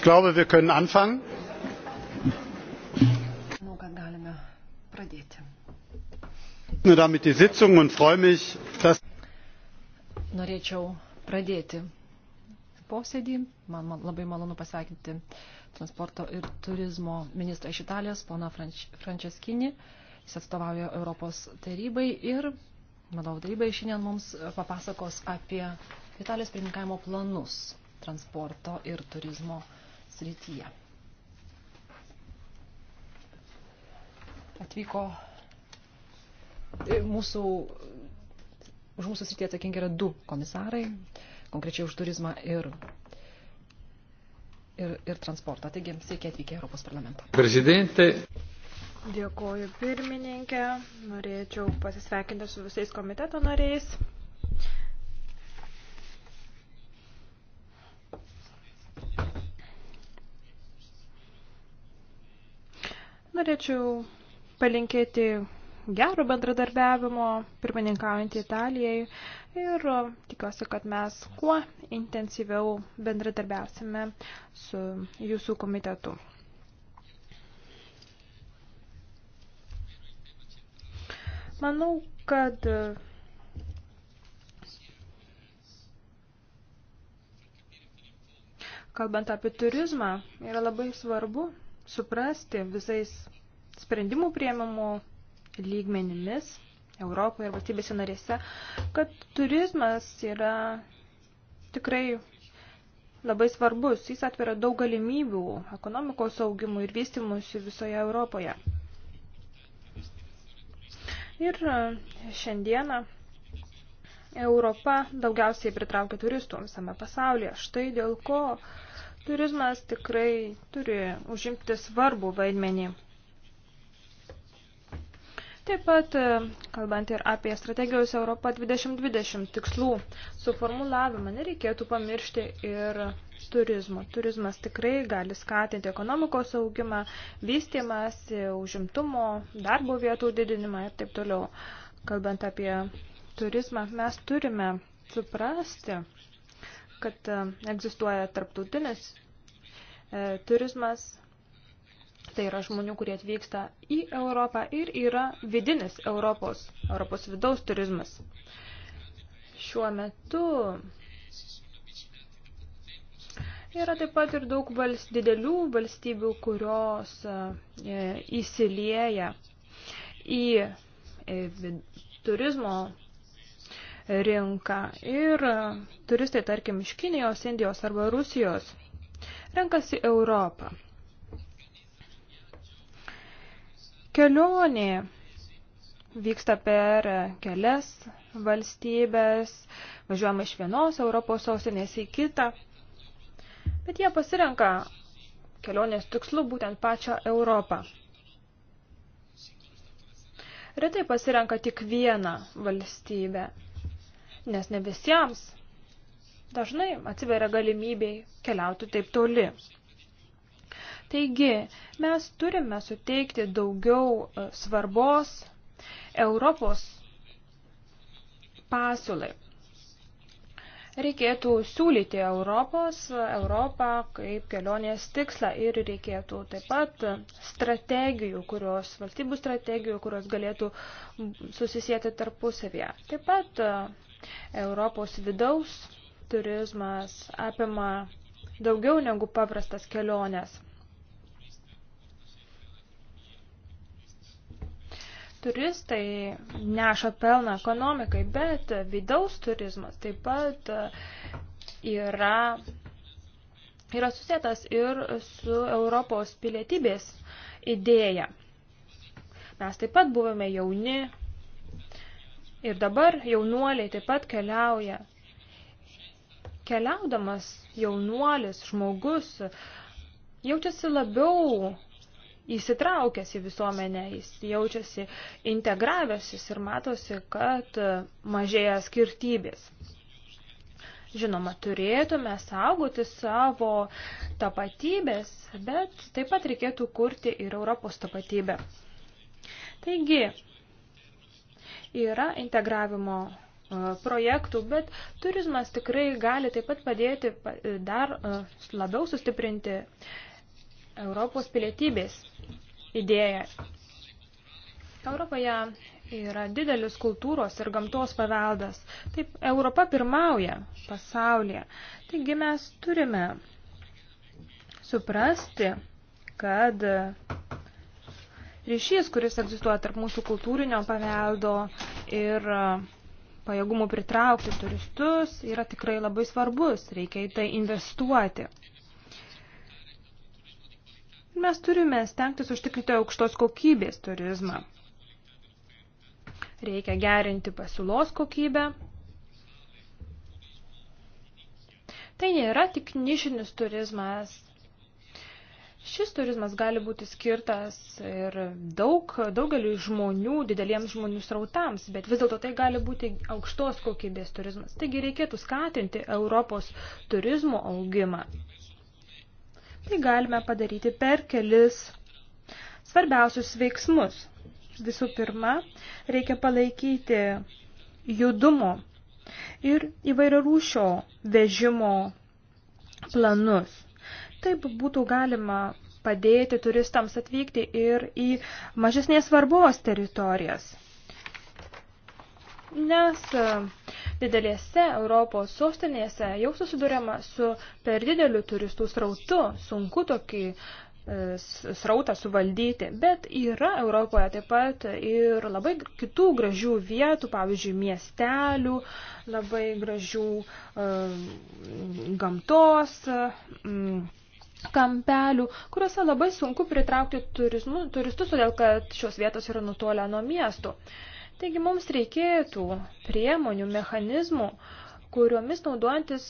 Ich glaube, wir können anfangen. Manau, kad galime pradėti. Damit die Sitzung und freue mich, dass Norėčiau pradėti posėdį. Man, man labai malonu pasveikinti transporto ir turizmo ministrą iš Italijos, pona Franč, Franceskini. Jis atstovauja Europos tarybai ir vadovų tarybai šiandien mums papasakos apie Italijos pirmininkavimo planus transporto ir turizmo srityje. Atvyko e, mūsų, už mūsų srityje atsakingi yra du komisarai, konkrečiai už turizmą ir, ir, ir transportą. Taigi, sveiki atvykę Europos parlamentą. Prezidentė. Dėkoju pirmininkė, norėčiau pasisveikinti su visais komiteto nariais. Norėčiau palinkėti gero bendradarbiavimo pirmininkaujant Italijai ir tikiuosi, kad mes kuo intensyviau bendradarbiausime su jūsų komitetu. Manau, kad kalbant apie turizmą, yra labai svarbu suprasti visais sprendimų prieimimo lygmenimis Europoje ir valstybėse narėse, kad turizmas yra tikrai labai svarbus. Jis atveria daug galimybių ekonomikos augimui ir vystimusi visoje Europoje. Ir šiandieną Europa daugiausiai pritraukia turistų visame pasaulyje. Štai dėl ko uh, Turizmas tikrai turi užimti svarbų vaidmenį. Taip pat, e, kalbant ir apie strategijos Europą 2020 tikslų suformulavimą, nereikėtų pamiršti ir turizmo. Turizmas tikrai gali skatinti ekonomikos augimą, vystimas, užimtumo, darbo vietų didinimą ir taip toliau. Kalbant apie turizmą, mes turime suprasti, kad e, egzistuoja tarptautinis e, turizmas, tai yra žmonių, kurie atvyksta į Europą ir yra vidinis Europos, Europos vidaus turizmas. Šiuo metu yra taip pat ir daug vals, didelių valstybių, kurios e, įsilieja į e, vid, turizmo rinką. Ir turistai, tarkim, iš Kinijos, Indijos arba Rusijos renkasi Europą. Kelionė vyksta per kelias valstybės, važiuojama iš vienos Europos sostinės į kitą, bet jie pasirenka kelionės tikslu būtent pačią Europą. Retai pasirenka tik vieną valstybę nes ne visiems dažnai atsiveria galimybėj keliauti taip toli. Taigi, mes turime suteikti daugiau e, svarbos Europos pasiūlai. Reikėtų siūlyti Europos, Europą kaip kelionės tikslą ir reikėtų taip pat strategijų, kurios, valstybių strategijų, kurios galėtų susisieti tarpusavėje. Taip pat Europos vidaus turizmas apima daugiau negu paprastas keliones. Turistai neša pelną ekonomikai, bet vidaus turizmas taip pat yra, yra susėtas ir su Europos pilietybės idėja. Mes taip pat buvome jauni, Ir dabar jaunuoliai taip pat keliauja. Keliaudamas jaunuolis, žmogus, jaučiasi labiau įsitraukęs į visuomenę, jis jaučiasi integravęsis ir matosi, kad mažėja skirtybės. Žinoma, turėtume saugoti savo tapatybės, bet taip pat reikėtų kurti ir Europos tapatybę. Taigi, Yra integravimo e, projektų, bet turizmas tikrai gali taip pat padėti e, dar e, labiau sustiprinti Europos pilietybės idėją. Europoje yra didelis kultūros ir gamtos paveldas. Taip, Europa pirmauja pasaulyje. Taigi mes turime suprasti, kad ryšys, kuris egzistuoja tarp mūsų kultūrinio paveldo ir e, pajėgumų pritraukti turistus, yra tikrai labai svarbus, reikia į tai investuoti. Mes turime stengtis užtikrinti aukštos kokybės turizmą. Reikia gerinti pasiūlos kokybę. Tai nėra tik nišinis turizmas, Šis turizmas gali būti skirtas ir daug, daugeliu žmonių, dideliems žmonių srautams, bet vis dėlto tai gali būti aukštos kokybės turizmas. Taigi reikėtų skatinti Europos turizmo augimą. Tai galime padaryti per kelis svarbiausius veiksmus. Visų pirma, reikia palaikyti judumo ir įvairiarūšio vežimo planus Taip būtų galima padėti turistams atvykti ir į mažesnės svarbos teritorijas. Nes e, didelėse Europos sostinėse jau susidurėma su per dideliu turistų srautu, sunku tokį e, srautą suvaldyti, bet yra Europoje taip pat ir labai kitų gražių vietų, pavyzdžiui, miestelių, labai gražių um, gamtos. Um, kampelių, kuriuose labai sunku pritraukti turizmu, turistus, todėl kad šios vietos yra nutolę nuo miestų. Taigi mums reikėtų priemonių, mechanizmų, kuriomis naudojantis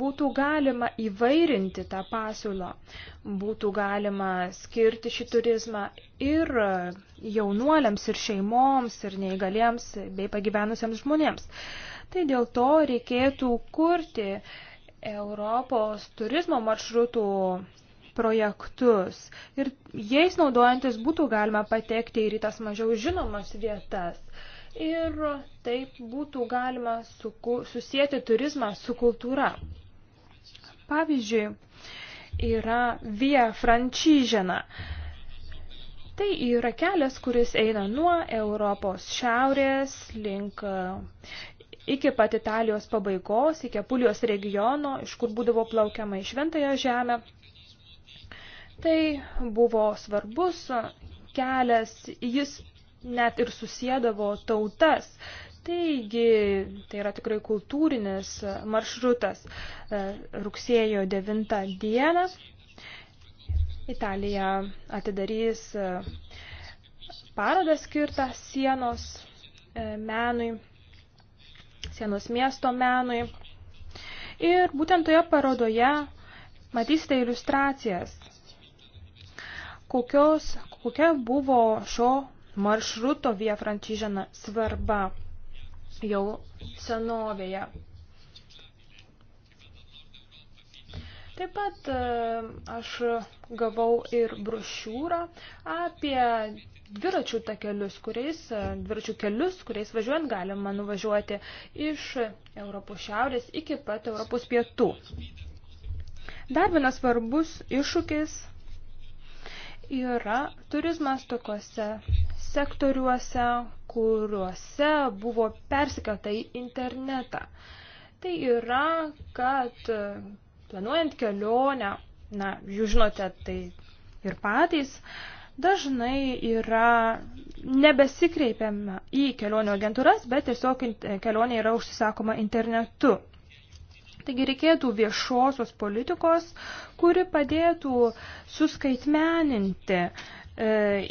būtų galima įvairinti tą pasiūlą, būtų galima skirti šį turizmą ir jaunuoliams, ir šeimoms, ir neįgaliems bei pagyvenusiems žmonėms. Tai dėl to reikėtų kurti uh, Europos turizmo maršrutų projektus ir jais naudojantis būtų galima patekti ir į tas mažiau žinomas vietas. Ir taip būtų galima suku, susijęti turizmą su kultūra. Pavyzdžiui, yra Via Frančyžena. Tai yra kelias, kuris eina nuo Europos šiaurės link iki pat Italijos pabaigos, iki Apulijos regiono, iš kur būdavo plaukiama į Šventąją žemę. Tai buvo svarbus kelias, jis net ir susėdavo tautas. Taigi, tai yra tikrai kultūrinis maršrutas rugsėjo 9 dieną. Italija atidarys e, parodą skirtą sienos e, menui sienos miesto menui. Ir būtent toje parodoje matysite iliustracijas, kokios, kokia buvo šio maršruto Via Frančižana svarba jau senovėje. Taip pat e, aš gavau ir brošiūrą apie dviračių takelius, kuriais, e, dviračių kelius, kuriais važiuojant galima nuvažiuoti iš Europos šiaurės iki pat Europos pietų. Dar vienas svarbus iššūkis yra turizmas tokiuose sektoriuose, kuriuose buvo persikelta į internetą. Tai yra, kad planuojant kelionę, na, jūs žinote, tai ir patys, dažnai yra nebesikreipiama į kelionių agentūras, bet tiesiog kelionė yra užsisakoma internetu. Taigi reikėtų viešosios politikos, kuri padėtų suskaitmeninti e,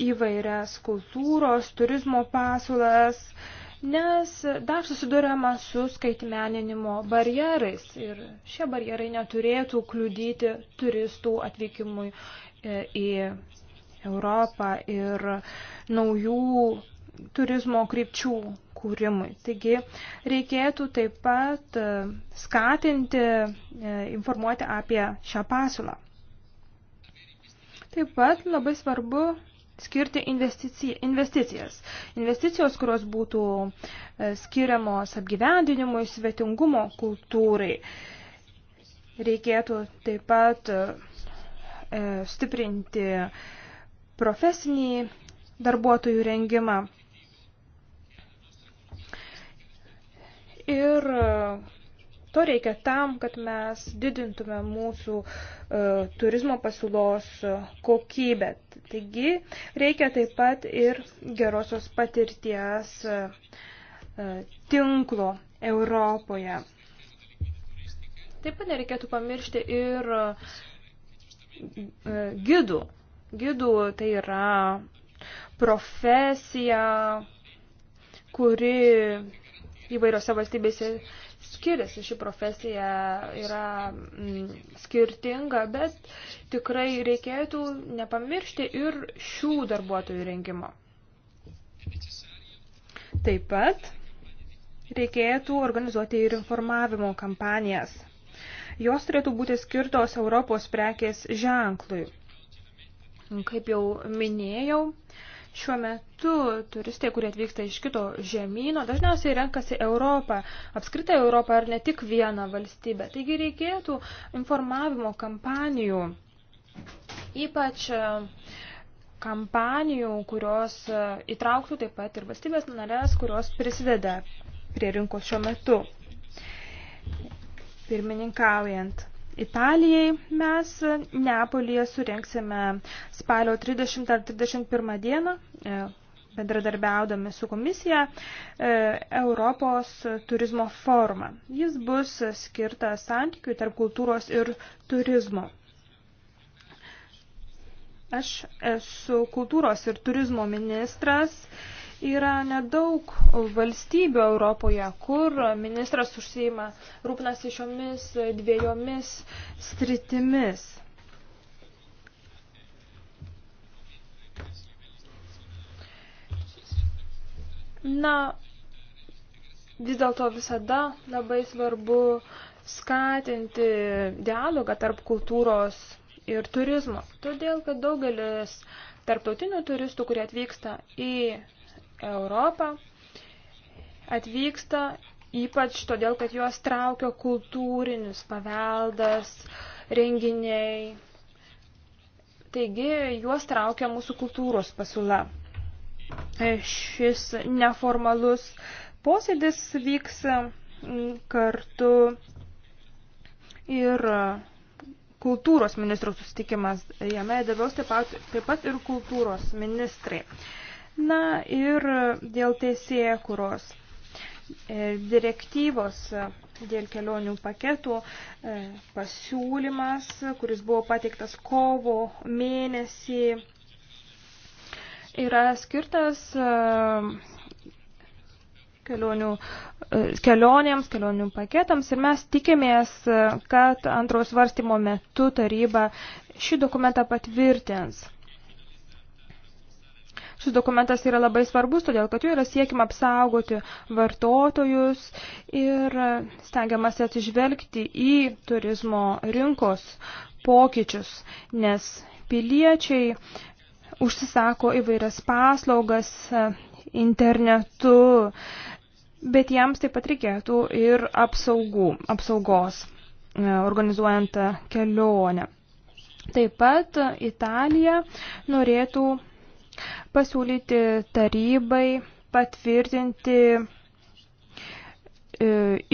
įvairias kultūros, turizmo pasiūlas, e, nes dar susidurėma su skaitmeninimo barjerais ir šie barjerai neturėtų kliudyti turistų atvykimui e, į Europą ir naujų turizmo krypčių kūrimui. Taigi reikėtų taip pat e, skatinti, e, informuoti apie šią pasiūlą. Taip pat labai svarbu skirti investicijas. Investicijos, kurios būtų e, skiriamos apgyvendinimui, svetingumo kultūrai. Reikėtų taip pat e, stiprinti profesinį darbuotojų rengimą. Ir e, to reikia tam, kad mes didintume mūsų turizmo pasiūlos kokybę. Taigi reikia taip pat ir gerosios patirties e, e, tinklo Europoje. Taip pat nereikėtų pamiršti ir e, gidų. Gidų tai yra profesija, kuri įvairiose valstybėse skiriasi, ši profesija yra mm, skirtinga, bet tikrai reikėtų nepamiršti ir šių darbuotojų rengimo. Taip pat reikėtų organizuoti ir informavimo kampanijas. Jos turėtų būti skirtos Europos prekės ženklui. Kaip jau minėjau, uh, Šiuo metu turistai, kurie atvyksta iš kito žemynų, dažniausiai renkasi Europą, apskritai Europą ar ne tik vieną valstybę. Taigi reikėtų informavimo kampanijų, ypač e, kampanijų, kurios e, įtrauktų taip pat ir valstybės narės, kurios prisideda prie rinkos šiuo metu pirmininkaujant. Italijai. Mes Neapolyje surenksime spalio 30 ar 31 dieną e, bendradarbiaudami su komisija e, Europos turizmo forumą. Jis bus skirtas santykiui tarp kultūros ir turizmo. Aš esu kultūros ir turizmo ministras Yra nedaug valstybių Europoje, kur ministras užsieima, rūpnasi šiomis dviejomis stritimis. Na, vis dėlto visada labai svarbu skatinti dialogą tarp kultūros ir turizmo. Todėl, kad daugelis tarptautinių turistų, kurie atvyksta į Europą, atvyksta ypač todėl, kad juos traukia kultūrinis paveldas, renginiai. Taigi juos traukia mūsų kultūros pasiūla. Šis neformalus posėdis vyks mm, kartu ir kultūros ministrų susitikimas. Jame dalyvaus taip, pat, taip pat ir kultūros ministrai. Uh, Na ir dėl teisėkuros e, direktyvos dėl kelionių paketų e, pasiūlymas, kuris buvo pateiktas kovo mėnesį, yra skirtas e, kelionių, kelionėms, kelionių paketams ir mes tikimės, kad antros varstymo metu taryba šį dokumentą patvirtins. Šis dokumentas yra labai svarbus, todėl kad jų yra siekima apsaugoti vartotojus ir stengiamasi atsižvelgti į turizmo rinkos pokyčius, nes piliečiai užsisako įvairias paslaugas e, internetu, bet jiems taip pat reikėtų ir apsaugų, apsaugos e, organizuojant kelionę. Taip pat Italija norėtų pasiūlyti tarybai patvirtinti e,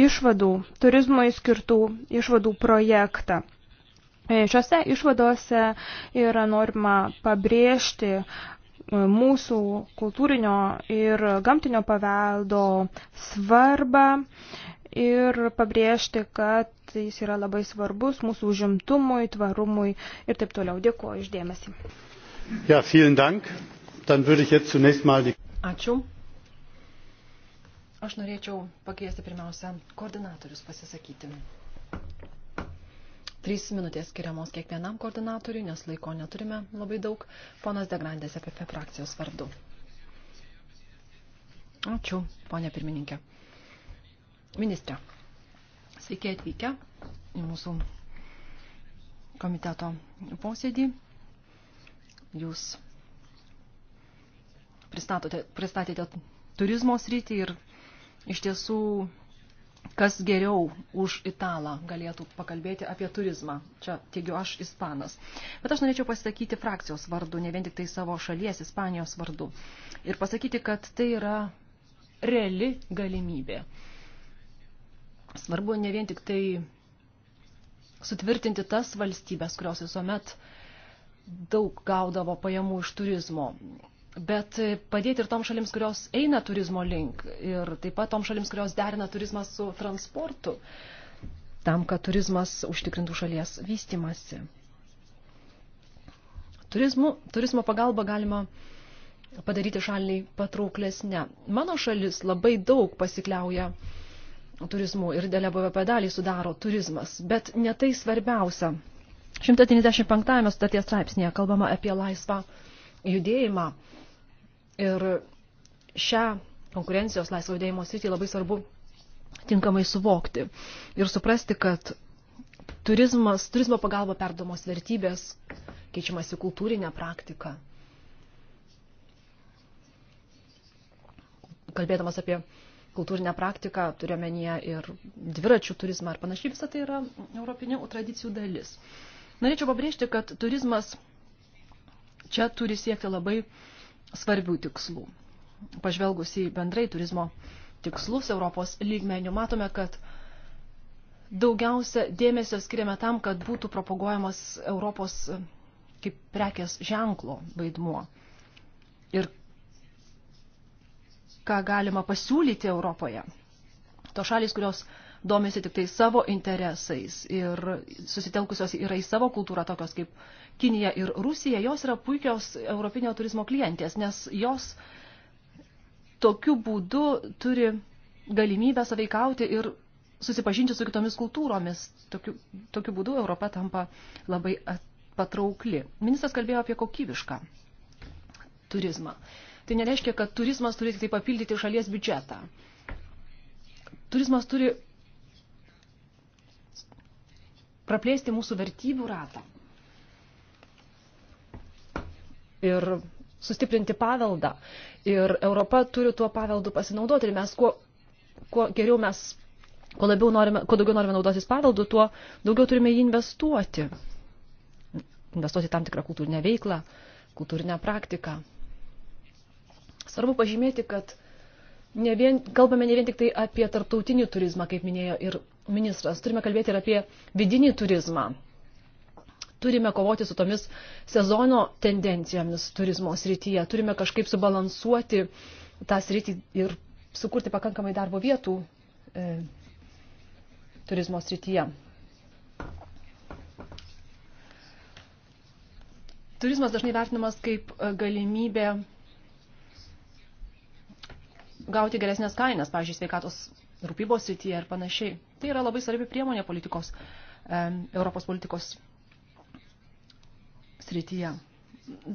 išvadų, turizmui skirtų išvadų projektą. E, Šiuose išvadose yra norima pabrėžti e, mūsų kultūrinio ir gamtinio paveldo svarbą ir pabrėžti, kad jis yra labai svarbus mūsų užimtumui, tvarumui ir taip toliau. Dėkuoju išdėmesi. Ja, vielen Dank. Dann würde ich jetzt zunächst mal die. Ačiū. Aš norėčiau pakviesti pirmiausia koordinatorius pasisakyti. Trys minutės skiriamos kiekvienam koordinatoriui, nes laiko neturime labai daug. Ponas Degrandės apie frakcijos vardu. Ačiū, ponė pirmininkė. Ministrė, sveiki atvykę į mūsų komiteto posėdį. Jūs pristatėte turizmo sritį ir iš tiesų, kas geriau už italą galėtų pakalbėti apie turizmą. Čia teigiu aš ispanas. Bet aš norėčiau pasakyti frakcijos vardu, ne vien tik tai savo šalies, Ispanijos vardu. Ir pasakyti, kad tai yra reali galimybė. Svarbu ne vien tik tai sutvirtinti tas valstybės, kurios visuomet daug gaudavo pajamų iš turizmo bet e, padėti ir tom šalims, kurios eina turizmo link ir taip pat tom šalims, kurios derina turizmą su transportu, tam, kad turizmas užtikrintų šalies vystimasi. Turizmu, turizmo pagalba galima padaryti šaliai patrauklesnę. Mano šalis labai daug pasikliauja turizmu ir dėlė e BVP dalį sudaro turizmas, bet ne tai svarbiausia. 195 sutarties straipsnėje kalbama apie laisvą judėjimą Ir šią konkurencijos laisvo judėjimo sritį labai svarbu tinkamai suvokti ir suprasti, kad turizmas, turizmo pagalba perdomos vertybės, keičiamasi kultūrinė praktika. Kalbėdamas apie kultūrinę praktiką, turiuomenyje ir dviračių turizmą ar panašiai, visą tai yra europinių tradicijų dalis. Norėčiau pabrėžti, kad turizmas čia turi siekti labai svarbių tikslų. Pažvelgus į bendrai turizmo tikslus Europos lygmenių, matome, kad daugiausia dėmesio skiriame tam, kad būtų propaguojamas Europos e, kaip prekės ženklo vaidmuo. Ir ką galima pasiūlyti Europoje. To šalis, kurios domisi tik tai savo interesais ir susitelkusios yra į savo kultūrą, tokios kaip Kinija ir Rusija, jos yra puikios europinio turizmo klientės, nes jos tokiu būdu turi galimybę saveikauti ir susipažinti su kitomis kultūromis. Tokiu, tokiu būdu Europa tampa labai patraukli. Ministras kalbėjo apie kokybišką turizmą. Tai nereiškia, kad turizmas turi tik tai papildyti šalies biudžetą. Turizmas turi praplėsti mūsų vertybių ratą ir sustiprinti paveldą. Ir Europa turi tuo paveldu pasinaudoti. Ir mes kuo, kuo geriau mes, kuo, labiau norime, kuo daugiau norime naudotis paveldu, tuo daugiau turime jį investuoti. Investuoti tam tikrą kultūrinę veiklą, kultūrinę praktiką. Svarbu pažymėti, kad ne vien, kalbame ne vien tik tai apie tarptautinį turizmą, kaip minėjo ir ministras, turime kalbėti ir apie vidinį turizmą. Turime kovoti su tomis sezono tendencijomis turizmo srityje. Turime kažkaip subalansuoti tą sritį ir sukurti pakankamai darbo vietų e, turizmo srityje. Turizmas dažnai vertinamas kaip e, galimybė gauti geresnės kainas, pavyzdžiui, sveikatos rūpybos srityje ir panašiai tai yra labai svarbi priemonė politikos, e, Europos politikos srityje.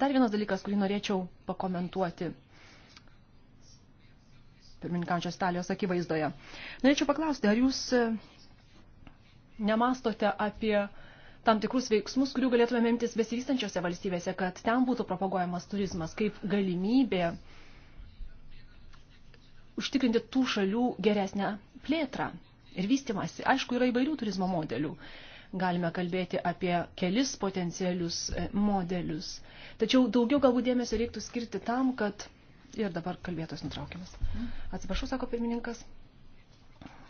Dar vienas dalykas, kurį norėčiau pakomentuoti pirmininkančios Italijos akivaizdoje. Norėčiau paklausti, ar jūs e, nemastote apie tam tikrus veiksmus, kurių galėtume imtis besivystančiose valstybėse, kad ten būtų propaguojamas turizmas kaip galimybė užtikrinti tų šalių geresnę plėtrą ir vystimasi. Aišku, yra įvairių turizmo modelių. Galime kalbėti apie kelis potencialius e, modelius. Tačiau daugiau galbūt dėmesio reiktų skirti tam, kad... Ir dabar kalbėtos nutraukiamas. Atsiprašau, sako pirmininkas.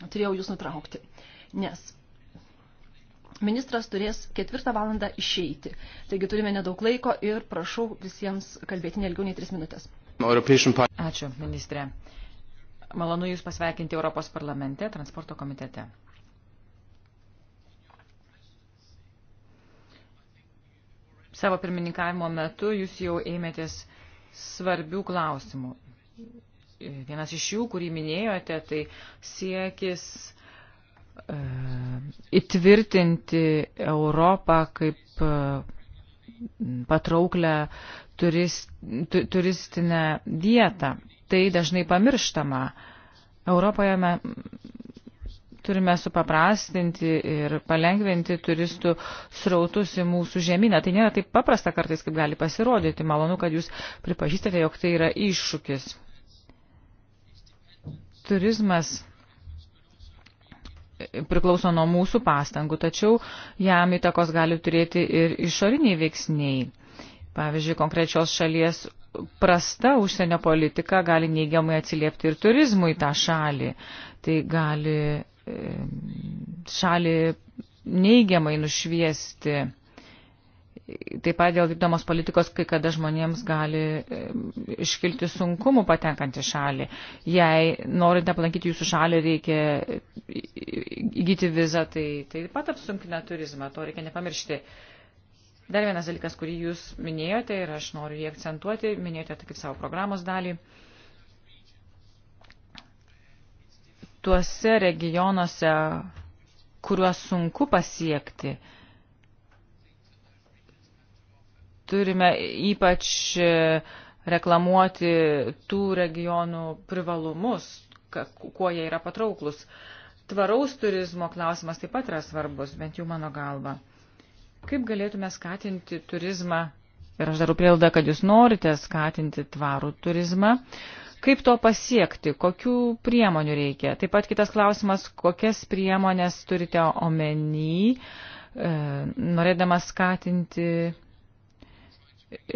Turėjau jūs nutraukti. Nes ministras turės ketvirtą valandą išeiti. Taigi turime nedaug laiko ir prašau visiems kalbėti nelgiau nei tris minutės. Ačiū, ministrė. Malonu Jūs pasveikinti Europos parlamente, transporto komitete. Savo pirmininkavimo metu Jūs jau ėmėtės svarbių klausimų. Vienas iš jų, kurį minėjote, tai siekis e, įtvirtinti Europą kaip e, patrauklę turist, tu, turistinę vietą. Tai dažnai pamirštama. Europoje me, turime supaprastinti ir palengventi turistų srautus į mūsų žemyną. Tai nėra taip paprasta kartais, kaip gali pasirodyti. Malonu, kad jūs pripažįstate, jog tai yra iššūkis. Turizmas priklauso nuo mūsų pastangų, tačiau jam įtakos gali turėti ir išoriniai veiksniai. Pavyzdžiui, konkrečios šalies prasta užsienio politika gali neigiamai atsiliepti ir turizmui tą šalį. Tai gali šalį neigiamai nušviesti. Taip pat dėl vykdomos politikos kai kada žmonėms gali iškilti sunkumų patenkant į šalį. Jei norint aplankyti jūsų šalį reikia įgyti vizą, tai taip pat apsunkina turizmą, to reikia nepamiršti. Uh, Dar vienas dalykas, kurį jūs minėjote ir aš noriu jį akcentuoti, minėjote tai kaip savo programos dalį. Tuose regionuose, kuriuos sunku pasiekti, turime ypač e, reklamuoti tų regionų privalumus, kuo jie yra patrauklus. Tvaraus turizmo klausimas taip pat yra svarbus, bent jau mano galva. Kaip galėtume skatinti turizmą, ir aš darau prielaidą, kad jūs norite skatinti tvarų turizmą, kaip to pasiekti, kokių priemonių reikia. Taip pat kitas klausimas, kokias priemonės turite omeny, e, norėdamas skatinti.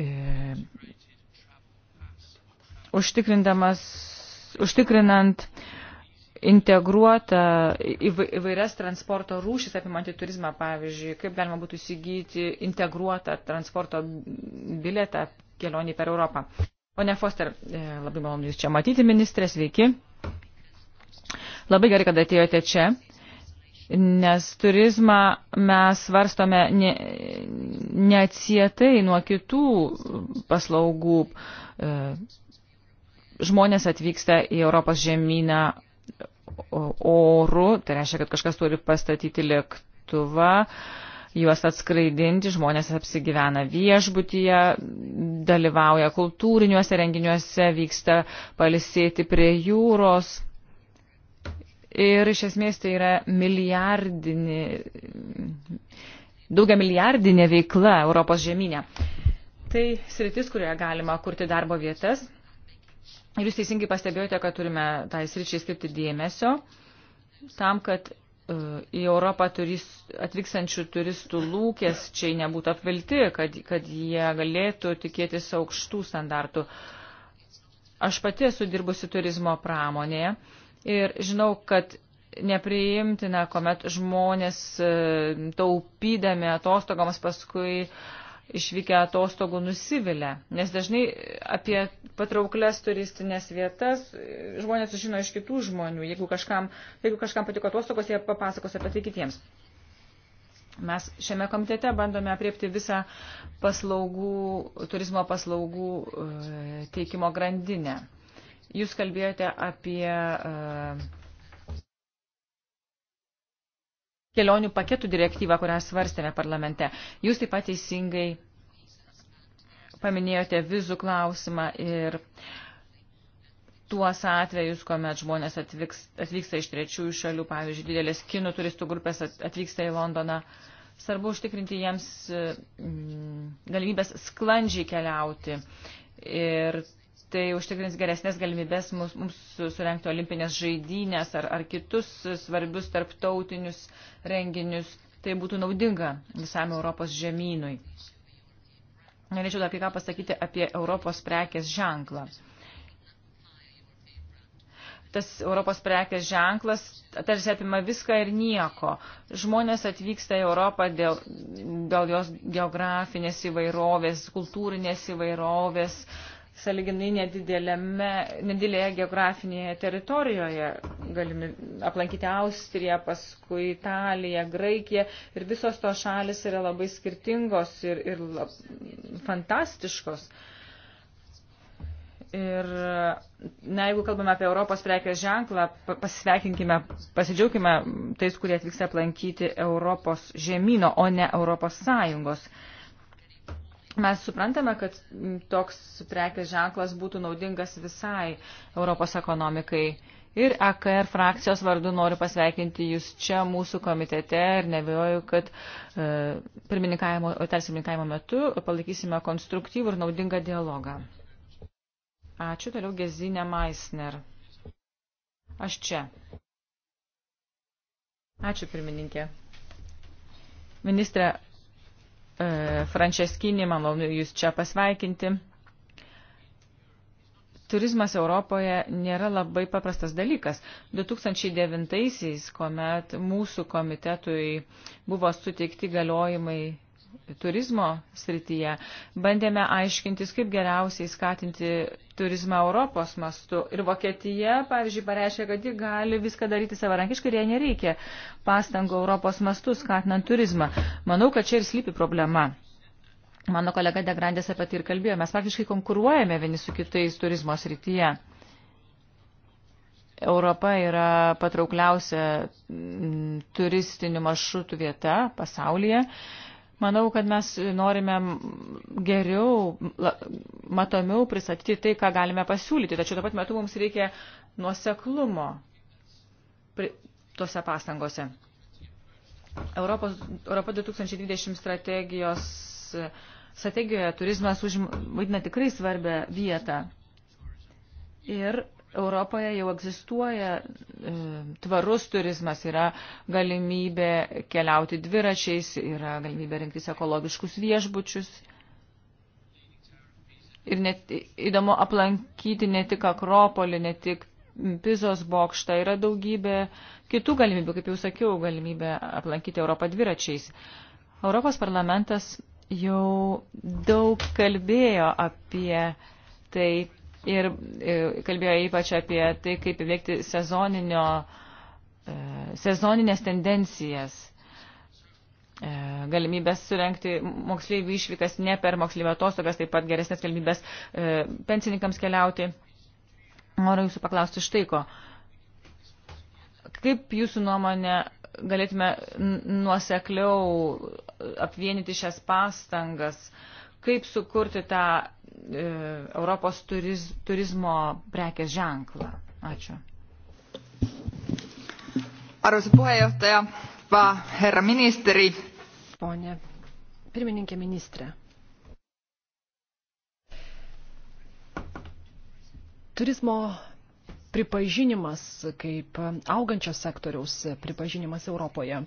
E, užtikrindamas, užtikrinant e, integruota įvairias transporto rūšis apimantį turizmą, pavyzdžiui, kaip galima būtų įsigyti integruotą transporto bilietą kelionį per Europą. Pone Foster, e, labai malonu Jūs čia matyti, ministrė, sveiki. Labai gerai, kad atėjote čia, nes turizmą mes svarstome ne, neatsietai nuo kitų paslaugų e, žmonės atvyksta į Europos žemyną oru, tai reiškia, kad kažkas turi pastatyti lėktuvą, juos atskraidinti, žmonės apsigyvena viešbutyje, dalyvauja kultūriniuose renginiuose, vyksta palisėti prie jūros. Ir iš esmės tai yra milijardinė, daugia milijardinė veikla Europos žemynė. Tai sritis, kurioje galima kurti darbo vietas, Ir jūs teisingai pastebėjote, kad turime tai sričiai skirti dėmesio tam, kad e, į Europą turis, atvykstančių turistų lūkesčiai nebūtų apvilti, kad, kad jie galėtų tikėtis aukštų standartų. Aš pati esu dirbusi turizmo pramonėje ir žinau, kad nepriimtina, kuomet žmonės e, taupydami atostogams paskui išvykę atostogų nusivilę, nes dažnai apie patrauklias turistinės vietas žmonės sužino iš kitų žmonių. Jeigu kažkam, jeigu kažkam patiko atostogos, jie papasakos apie tai kitiems. Mes šiame komitete bandome apriepti visą paslaugų, turizmo paslaugų e, teikimo grandinę. Jūs kalbėjote apie uh, kelionių paketų direktyvą, kurią svarstėme parlamente. Jūs taip pat teisingai paminėjote vizų klausimą ir tuos atvejus, kuomet žmonės atvyks, atvyksta iš trečiųjų šalių, pavyzdžiui, didelės kinų turistų grupės atvyksta į Londoną. Svarbu užtikrinti jiems mm, galimybės sklandžiai keliauti ir tai užtikrins geresnės galimybės mums, mums surenkti olimpinės žaidynės ar, ar kitus svarbius tarptautinius renginius. Tai būtų naudinga visam Europos žemynui. Norėčiau dar kai ką pasakyti apie Europos prekės ženklą tas Europos prekės ženklas tarsi apima viską ir nieko. Žmonės atvyksta į Europą dėl, dėl jos geografinės įvairovės, kultūrinės įvairovės, saliginai nedidelėje geografinėje teritorijoje. Galime aplankyti Austriją, paskui Italiją, Graikiją ir visos to šalis yra labai skirtingos ir, ir lab, fantastiškos. Ir na, jeigu kalbame apie Europos prekės ženklą, pasisveikinkime, pasidžiaugkime tais, kurie atvyksta aplankyti Europos žemynų, o ne Europos Sąjungos. Uh, Mes suprantame, kad toks prekės ženklas būtų naudingas visai Europos ekonomikai. Ir AKR frakcijos vardu noriu pasveikinti jūs čia mūsų komitete ir nevijoju, kad e, pirmininkavimo, tarsi pirmininkavimo metu palaikysime konstruktyvų ir naudingą dialogą. Ačiū, toliau Gezinė Maisner. Aš čia. Ačiū, pirmininkė. Ministrė, E, Franceskinį, malonu Jūs čia pasveikinti. Turizmas Europoje nėra labai paprastas dalykas. 2009-aisiais, kuomet mūsų komitetui buvo suteikti galiojimai turizmo srityje, bandėme aiškintis, kaip geriausiai skatinti turizmą Europos mastu. Ir Vokietija, pavyzdžiui, pareiškia, kad ji gali viską daryti savarankiškai ir jai nereikia pastangų Europos mastu skatinant turizmą. Manau, kad čia ir slypi problema. Mano kolega Degrandės apie tai ir kalbėjo. Mes praktiškai konkuruojame vieni su kitais turizmo srityje. Europa yra patraukliausia turistinių maršrutų vieta pasaulyje. Uh, Manau, kad mes norime geriau, matomiau pristatyti tai, ką galime pasiūlyti, tačiau taip pat metu mums reikia nuoseklumo tose pastangose. Europos, Europo 2020 strategijos, strategijoje turizmas užim, vaidina tikrai svarbę vietą. Ir Europoje jau egzistuoja e, tvarus turizmas, yra galimybė keliauti dviračiais, yra galimybė rinktis ekologiškus viešbučius. Ir net įdomu aplankyti ne tik Akropolį, ne tik Pizos bokštą, yra daugybė kitų galimybių, kaip jau sakiau, galimybė aplankyti Europą dviračiais. Europos parlamentas jau daug kalbėjo apie tai, ir e, kalbėjo ypač apie tai, kaip įveikti sezoninio, e, sezoninės tendencijas e, galimybės surenkti moksleivių išvykas ne per moksleivių atostogas, taip pat geresnės galimybės pensininkams keliauti. Noriu jūsų paklausti štai ko. Kaip jūsų nuomonė galėtume nuosekliau apvienyti šias pastangas, uh, kaip sukurti tą e, Europos turiz, turizmo prekės ženklą. Ačiū. Arvoisa puheenjohtaja, va herra ministeri. Pone, pirmininkė ministrė. Turizmo pripažinimas kaip augančio sektoriaus pripažinimas Europoje,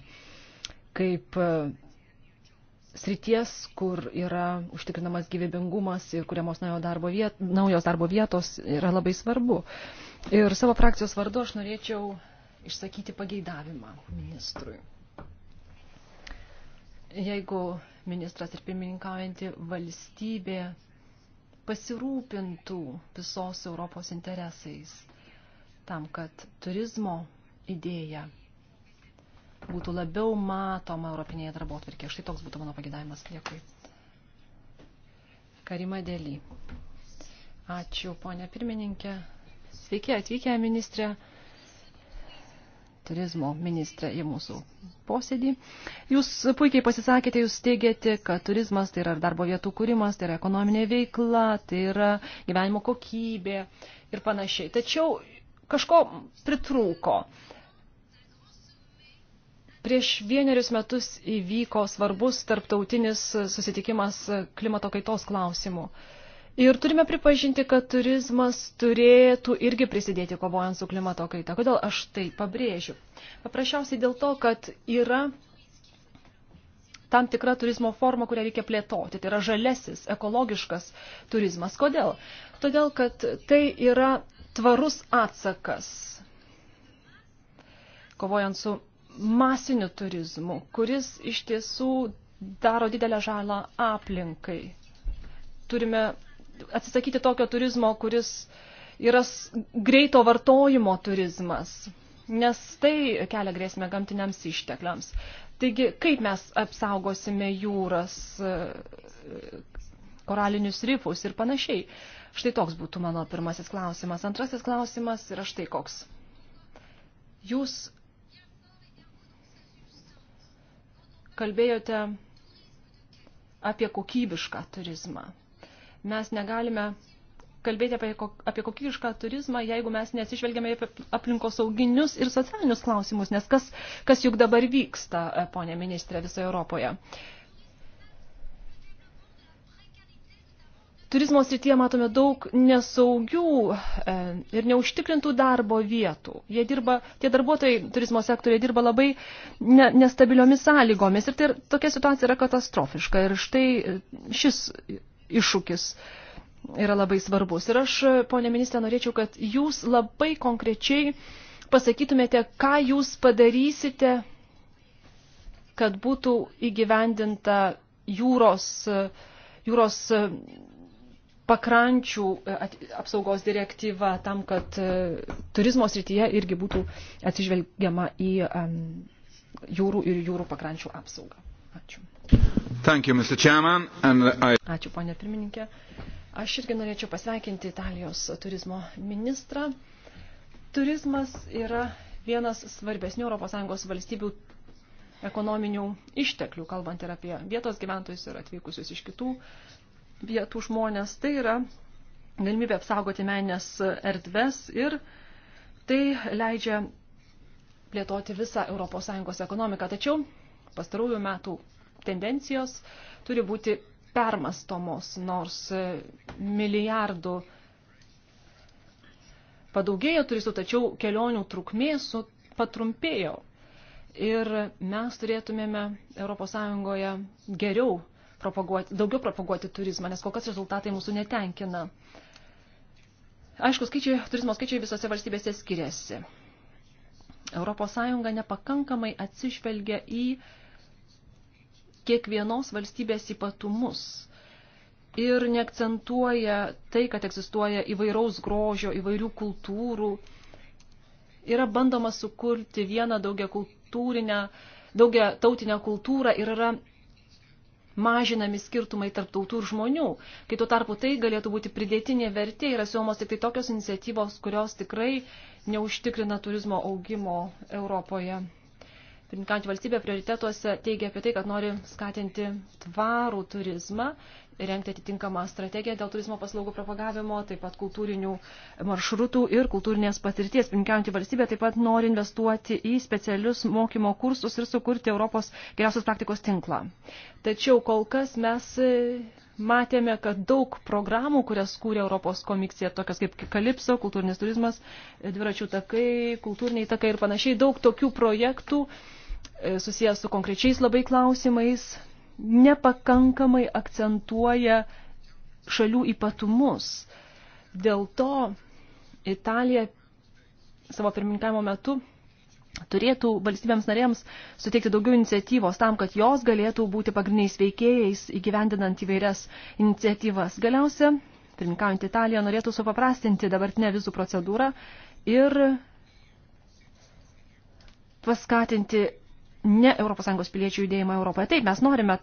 kaip srities, kur yra užtikrinamas gyvybingumas ir kuriamos darbo viet, naujos darbo vietos, yra labai svarbu. Ir savo frakcijos vardu aš norėčiau išsakyti pageidavimą ministrui. Jeigu ministras ir pirmininkaujanti valstybė pasirūpintų visos Europos interesais tam, kad turizmo idėja būtų labiau matoma Europinėje darbo atvirkėje. Štai toks būtų mano pagėdavimas. Dėkui. Karima Dėly. Ačiū, ponė pirmininkė. Sveiki atvykę, ministrė turizmo ministrė į mūsų posėdį. Jūs puikiai pasisakėte, jūs teigiate, kad turizmas tai yra darbo vietų kūrimas, tai yra ekonominė veikla, tai yra gyvenimo kokybė ir panašiai. Tačiau kažko pritrūko. Prieš vienerius metus įvyko svarbus tarptautinis susitikimas klimato kaitos klausimų. Ir turime pripažinti, kad turizmas turėtų irgi prisidėti kovojant su klimato kaita. Kodėl aš tai pabrėžiu? Paprasčiausiai dėl to, kad yra tam tikra turizmo forma, kurią reikia plėtoti. Tai yra žalesis, ekologiškas turizmas. Kodėl? Todėl, kad tai yra tvarus atsakas kovojant su masiniu turizmu, kuris iš tiesų daro didelę žalą aplinkai. Turime atsisakyti tokio turizmo, kuris yra greito vartojimo turizmas, nes tai kelia grėsmę gamtiniams ištekliams. Taigi, kaip mes apsaugosime jūras, koralinius rifus ir panašiai? Štai toks būtų mano pirmasis klausimas. Antrasis klausimas yra štai koks. Jūs kalbėjote apie kokybišką turizmą. Mes negalime kalbėti apie, apie kokybišką turizmą, jeigu mes nesižvelgiame apie aplinkosauginius ir socialinius klausimus, nes kas, kas juk dabar vyksta, e, ponė ministrė, visoje Europoje. Uh, Turizmo srityje matome daug nesaugių e, ir neužtikrintų darbo vietų. Jie dirba, tie darbuotojai turizmo sektorėje dirba labai ne, nestabiliomis sąlygomis ir tai, tokia situacija yra katastrofiška. Ir štai e, šis iššūkis yra labai svarbus. Ir aš, e, ponė ministrė, norėčiau, kad jūs labai konkrečiai pasakytumėte, ką jūs padarysite, kad būtų įgyvendinta jūros, jūros pakrančių e, apsaugos direktyva tam, kad e, turizmo srityje irgi būtų atsižvelgiama į jūrų ir jūrų pakrančių apsaugą. Ačiū. Thank you, Mr. Chairman, and I... Ačiū, ponė pirmininkė. Aš irgi norėčiau pasveikinti Italijos turizmo ministrą. Turizmas yra vienas svarbesnių ES valstybių ekonominių išteklių, kalbant ir apie vietos gyventojus ir atvykusius iš kitų vietų žmonės, tai yra galimybė apsaugoti meninės erdves ir tai leidžia plėtoti visą ES ekonomiką. Tačiau pastarųjų metų tendencijos turi būti permastomos, nors milijardų padaugėjo turistų, tačiau kelionių trukmė su patrumpėjo. Ir mes turėtumėme ES geriau propaguoti, daugiau propaguoti turizmą, nes kol kas rezultatai mūsų netenkina. Aišku, skaičiai, turizmo skaičiai visose valstybėse skiriasi. Europos Sąjunga nepakankamai atsižvelgia į kiekvienos valstybės ypatumus ir neakcentuoja tai, kad egzistuoja įvairaus grožio, įvairių kultūrų. Yra bandoma sukurti vieną daugia kultūrinę, daugia tautinę kultūrą ir yra mažinami skirtumai tarp tautų ir žmonių, kai tuo tarpu tai galėtų būti pridėtinė vertė ir siūlomos tik tai tokios iniciatyvos, kurios tikrai neužtikrina turizmo augimo Europoje pirminkantį valstybę prioritetuose teigia apie tai, kad nori skatinti tvarų turizmą, rengti atitinkamą strategiją dėl turizmo paslaugų propagavimo, taip pat kultūrinių maršrutų ir kultūrinės patirties. Pirminkantį valstybę taip pat nori investuoti į specialius mokymo kursus ir sukurti Europos geriausios praktikos tinklą. Tačiau kol kas mes e, matėme, kad daug programų, kurias kūrė Europos komisija, tokias kaip Kalipso, kultūrinis turizmas, e, dviračių takai, kultūriniai takai ir panašiai, daug tokių projektų, uh, E, susijęs su konkrečiais labai klausimais, nepakankamai akcentuoja šalių ypatumus. Dėl to Italija savo pirmininkavimo metu turėtų valstybėms narėms suteikti daugiau iniciatyvos tam, kad jos galėtų būti pagrindiniais veikėjais įgyvendinant įvairias iniciatyvas. Galiausia, pirmininkaujant Italiją norėtų supaprastinti dabartinę vizų procedūrą ir paskatinti ne ES piliečių judėjimą Europoje. Taip, mes norime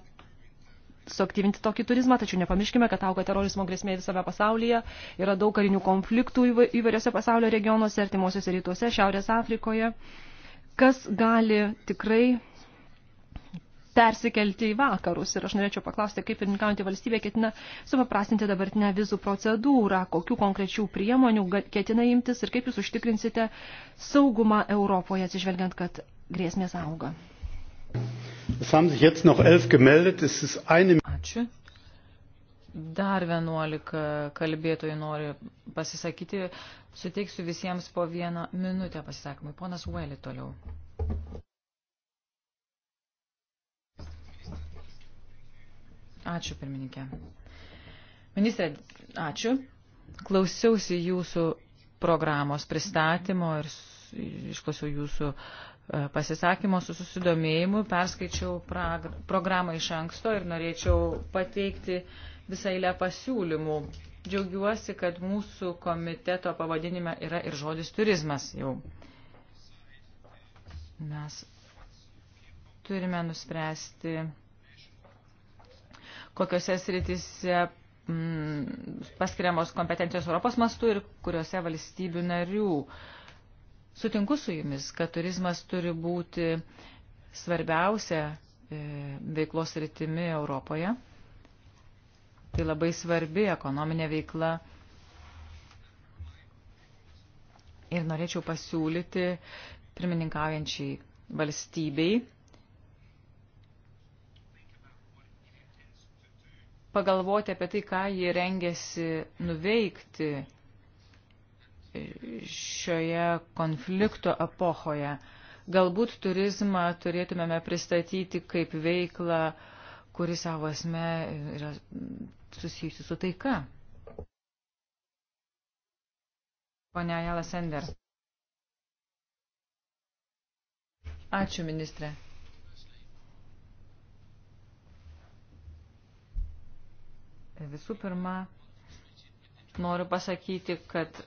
suaktyvinti tokį turizmą, tačiau nepamirškime, kad auga terorizmo grėsmė visame pasaulyje, yra daug karinių konfliktų įvairiose pasaulio regionuose, artimuosiuose rytuose, Šiaurės Afrikoje, kas gali tikrai persikelti į vakarus. Ir aš norėčiau paklausti, kaip pirmininkaujantį valstybė ketina supaprastinti dabartinę vizų procedūrą, kokių konkrečių priemonių ketina imtis ir kaip jūs užtikrinsite saugumą Europoje, atsižvelgiant, kad grėsmės auga. Ačiū. Dar 11 kalbėtojų nori pasisakyti. Suteiksiu visiems po vieną minutę pasisakymui. Ponas Ueli toliau. Ačiū, pirmininkė. Ministrė, ačiū. Klausiausi jūsų programos pristatymo ir išklausiau jūsų uh, E, pasisakymo su susidomėjimu, perskaičiau programą iš anksto ir norėčiau pateikti visą eilę pasiūlymų. Džiaugiuosi, kad mūsų komiteto pavadinime yra ir žodis turizmas jau. Mes turime nuspręsti, kokiuose sritise mm, paskiriamos kompetencijos Europos mastu ir kuriuose valstybių narių. Uh, Sutinku su jumis, kad turizmas turi būti svarbiausia e, veiklos rytimi Europoje. Tai labai svarbi ekonominė veikla. Ir norėčiau pasiūlyti pirmininkaujančiai valstybei pagalvoti apie tai, ką jie rengiasi nuveikti šioje konflikto epochoje. Galbūt turizmą turėtumėme pristatyti kaip veiklą, kuri savo esme yra susijusi su taika. Pone Ajala Sender. Ačiū, ministrė. Visų pirma, noriu pasakyti, kad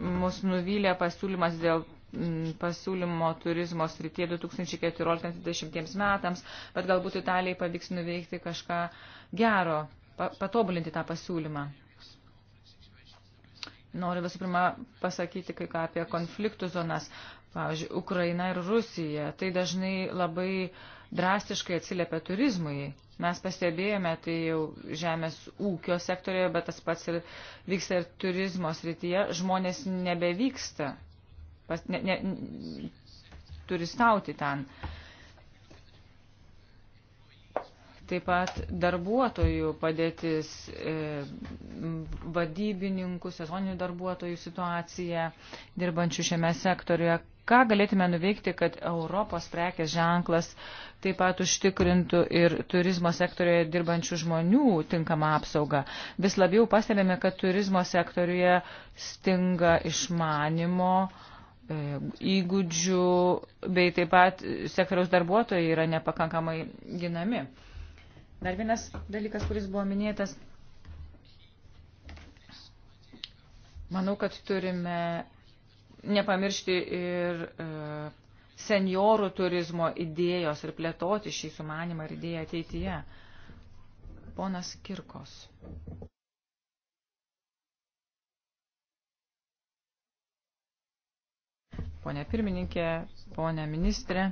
mus nuvylė pasiūlymas dėl mm, pasiūlymo turizmo srityje 2014-2020 metams, bet galbūt Italijai pavyks nuveikti kažką gero, patobulinti tą pasiūlymą. Noriu visų pirma pasakyti kai ką apie konfliktų zonas, pavyzdžiui, Ukraina ir Rusija. Tai dažnai labai uh, drastiškai atsiliepia turizmui. Mes pastebėjome tai jau žemės ūkio sektorioje, bet tas pats ir vyksta ir turizmo srityje. Žmonės nebevyksta pas, ne, ne, turistauti ten. Taip pat darbuotojų padėtis, e, vadybininkų, sezoninių darbuotojų situacija, dirbančių šiame sektoriuje, ką galėtume nuveikti, kad Europos prekės ženklas taip pat užtikrintų ir turizmo sektorioje dirbančių žmonių tinkamą apsaugą. Vis labiau pastebėme, kad turizmo sektorioje stinga išmanimo, e, įgūdžių, bei taip pat sektoriaus darbuotojai yra nepakankamai ginami. Dar vienas dalykas, kuris buvo minėtas. Manau, kad turime nepamiršti ir e, seniorų turizmo idėjos ir plėtoti šį sumanimą ir idėją ateityje. Ponas Kirkos. Pone pirmininkė, pone ministrė,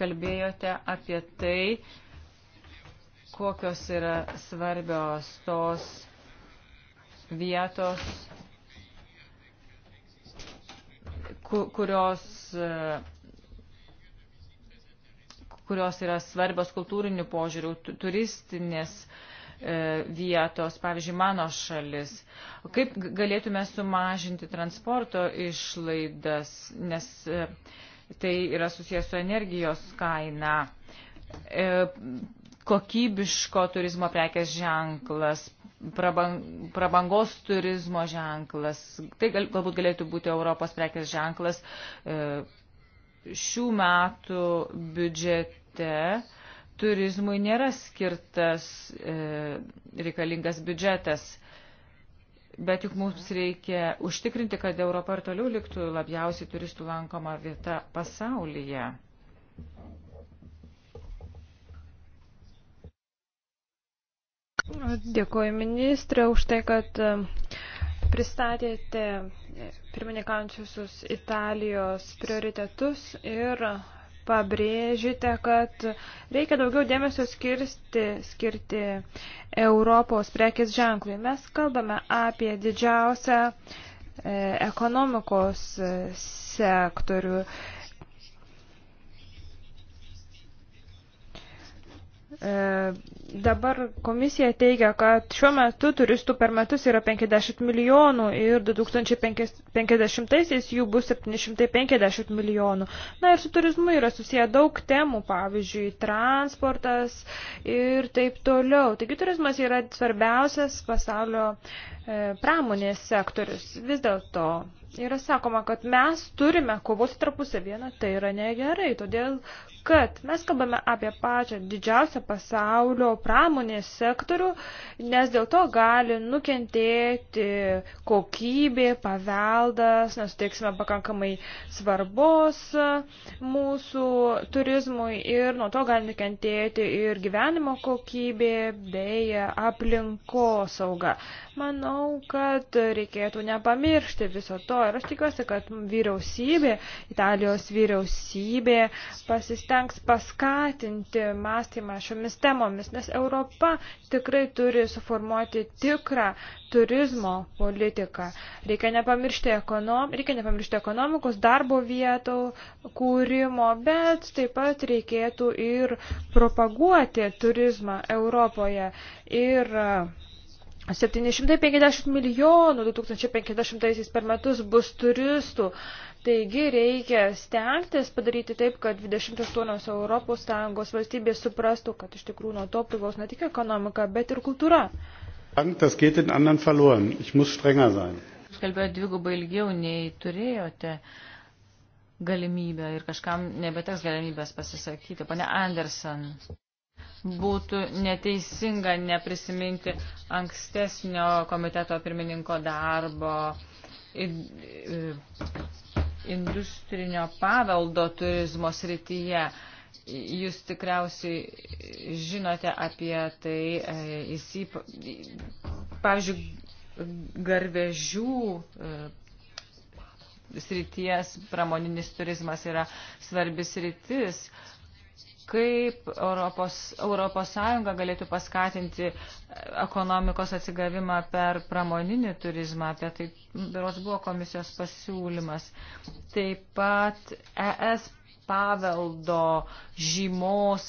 kalbėjote apie tai, kokios yra svarbios tos vietos kurios e, kurios yra svarbios kultūrinių požiūrių, turistinės e, vietos, pavyzdžiui, mano šalis. Kaip galėtume sumažinti transporto išlaidas, nes e, tai yra susijęs su energijos kaina. Kokybiško turizmo prekės ženklas, prabangos turizmo ženklas. Tai gal, galbūt galėtų būti Europos prekės ženklas e, šių metų biudžete. Turizmui nėra skirtas e, reikalingas biudžetas, bet juk mums reikia užtikrinti, kad Europa ir toliau liktų labiausiai turistų lankoma vieta pasaulyje. Dėkuoju ministrė už tai, kad e, pristatėte e, pirmininkaujančiusius Italijos prioritetus ir pabrėžite, kad reikia daugiau dėmesio skirsti, skirti Europos prekės ženklui. Mes kalbame apie didžiausią e, ekonomikos e, sektorių. E, Dabar komisija teigia, kad šiuo metu turistų per metus yra 50 milijonų ir 2050-aisiais jų bus 750 milijonų. Na ir su turizmu yra susiję daug temų, pavyzdžiui, transportas ir taip toliau. Taigi turizmas yra svarbiausias pasaulio e, pramonės sektorius. Vis dėlto yra sakoma, kad mes turime kovoti tarpusavieną, tai yra negerai, todėl kad mes kalbame apie pačią didžiausią pasaulio pramonės sektorių, nes dėl to gali nukentėti kokybė, paveldas, nesuteiksime pakankamai svarbos mūsų turizmui ir nuo to gali nukentėti ir gyvenimo kokybė bei aplinkosauga. Manau, kad reikėtų nepamiršti viso to ir aš tikiuosi, kad vyriausybė, Italijos vyriausybė pasistengs paskatinti mąstymą šiomis temomis, nes Europa tikrai turi suformuoti tikrą turizmo politiką. Reikia nepamiršti, ekonom, reikia nepamiršti ekonomikos, darbo vietų, kūrimo, bet taip pat reikėtų ir propaguoti turizmą Europoje. Ir 750 e, milijonų 2050 per metus bus turistų. Taigi reikia stengtis padaryti taip, kad 28 ES valstybės suprastų, kad iš tikrųjų nuo to priklauso ne tik ekonomika, bet ir kultūra. Das geht den anderen verloren. Ich muss strenger sein. Jūs kalbėjote dvigubai ilgiau, nei turėjote galimybę ir kažkam nebeteks galimybės pasisakyti. Pane Anderson, būtų neteisinga neprisiminti ankstesnio komiteto pirmininko darbo industrinio paveldo turizmo srityje. Jūs tikriausiai žinote apie tai, jis, e, pavyzdžiui, garvežių e, srities pramoninis turizmas yra svarbis rytis, kaip Europos, Europos Sąjunga galėtų paskatinti ekonomikos atsigavimą per pramoninį turizmą, apie tai beros buvo komisijos pasiūlymas. Taip pat ES paveldo žymos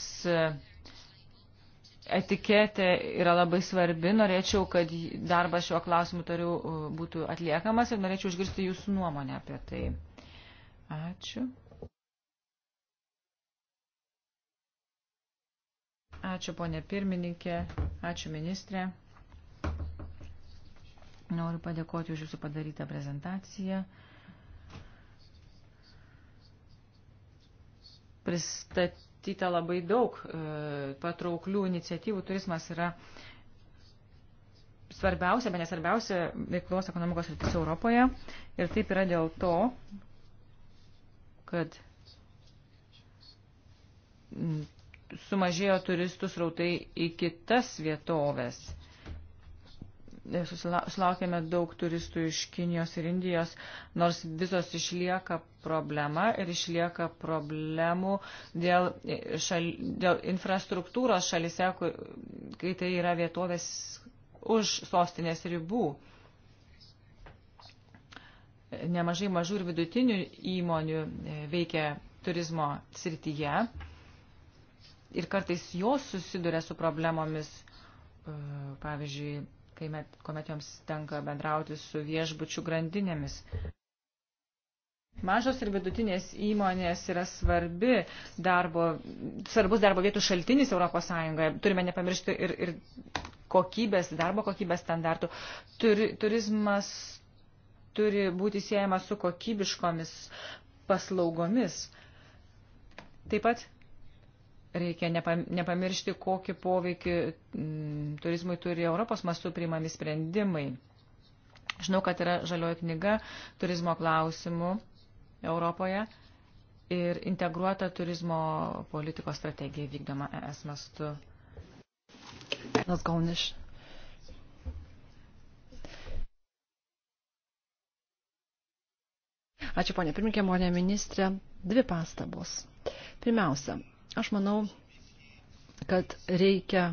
etiketė yra labai svarbi. Norėčiau, kad darbas šiuo klausimu tariu uh, būtų atliekamas ir norėčiau išgirsti jūsų nuomonę apie tai. Ačiū. Ačiū, ponė pirmininkė. Ačiū, ministrė. Noriu padėkoti už jūsų padarytą prezentaciją. Pristatyta labai daug e, patrauklių iniciatyvų. Turizmas yra svarbiausia, bet nesvarbiausia veiklos ekonomikos rytis Europoje. Ir taip yra dėl to, kad sumažėjo turistų srautai į kitas vietovės. Sulaukėme daug turistų iš Kinijos ir Indijos, nors visos išlieka problema ir išlieka problemų dėl, e, šal, dėl infrastruktūros šalise, kur, kai tai yra vietovės už sostinės ribų nemažai mažų ir vidutinių įmonių e, veikia turizmo srityje ir kartais jos susiduria su problemomis, e, pavyzdžiui, kai met, kuomet joms tenka bendrauti su viešbučių grandinėmis. Mažos ir vidutinės įmonės yra svarbi darbo, svarbus darbo vietų šaltinis ES. Turime nepamiršti ir, ir kokybės, darbo kokybės standartų. Turi, turizmas turi būti siejamas su kokybiškomis paslaugomis. Taip pat Reikia nepamiršti, kokį poveikį mm, turizmui turi Europos mastų priimami sprendimai. Žinau, kad yra žalioji knyga turizmo klausimų Europoje ir integruota turizmo politikos strategija vykdoma ES mastu. Galniš. Ačiū, ponė pirmininkė, ponė ministrė. Dvi pastabos. Pirmiausia, Aš manau, kad reikia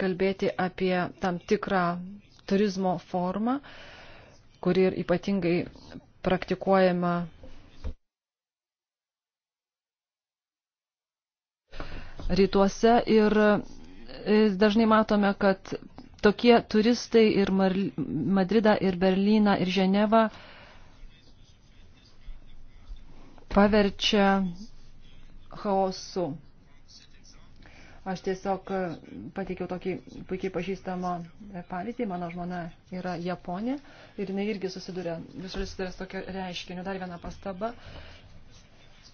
kalbėti apie tam tikrą turizmo formą, kuri ir ypatingai praktikuojama rytuose ir e, dažnai matome, kad tokie turistai ir Madridą, ir Berliną, ir Ženevą paverčia chaosu. Aš tiesiog pateikiau tokį puikiai pažįstamą pavyzdį. Mano žmona yra Japonė ir jinai irgi susiduria, visur susiduria su tokiu reiškiniu. Dar viena pastaba.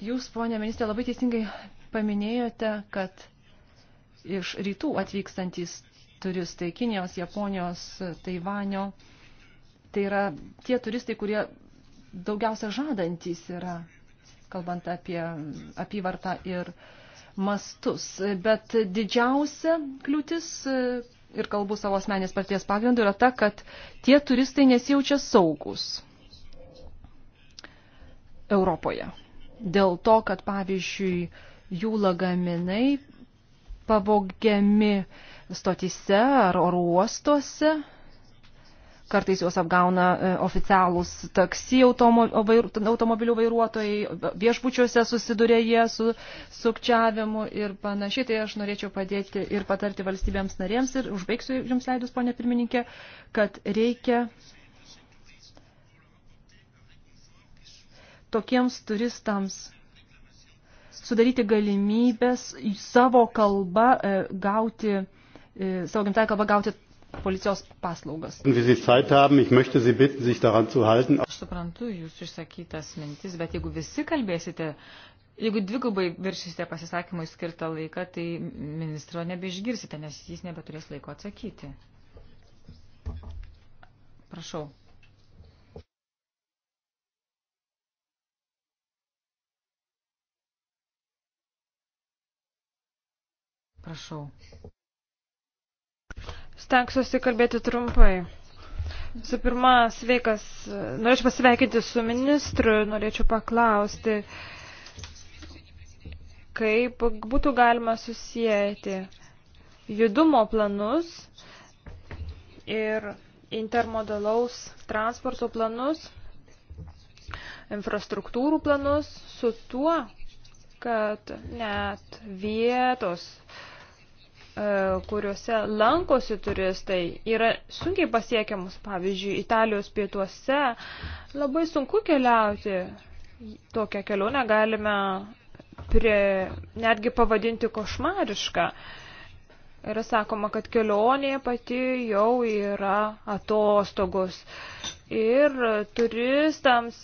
Jūs, ponė ministrė, labai teisingai paminėjote, kad iš rytų atvykstantis turistai Kinijos, Japonijos, Taivanio, tai yra tie turistai, kurie daugiausia žadantys yra kalbant apie apyvartą ir mastus. Bet didžiausia kliūtis, ir kalbu savo asmenės parties pagrindu, yra ta, kad tie turistai nesijaučia saugus Europoje. Dėl to, kad pavyzdžiui, jų lagaminai pavogiami stotise ar oro uostuose kartais juos apgauna e, oficialūs taksi automobilių vairuotojai, viešbučiuose susiduria jie su sukčiavimu ir panašiai. Tai aš norėčiau padėti ir patarti valstybėms narėms ir užbaigsiu jums leidus, ponė pirmininkė, kad reikia tokiems turistams sudaryti galimybės savo kalbą e, gauti, e, savo gimtąją kalbą gauti policijos paslaugas. Aš suprantu jūsų išsakytas mintis, bet jeigu visi kalbėsite, jeigu dvigubai viršysite pasisakymui skirtą laiką, tai ministro nebeišgirsite, nes jis nebeturės laiko atsakyti. Prašau. Prašau. Stengsiuosi kalbėti trumpai. Visų pirma, sveikas. Norėčiau pasveikinti su ministru, norėčiau paklausti, kaip būtų galima susijęti judumo planus ir intermodalaus transporto planus, infrastruktūrų planus su tuo, kad net vietos uh, E, kuriuose lankosi turistai, yra sunkiai pasiekiamus. Pavyzdžiui, Italijos pietuose labai sunku keliauti. Tokią kelionę galime prie, netgi pavadinti košmarišką. Yra sakoma, kad kelionė pati jau yra atostogos. Ir turistams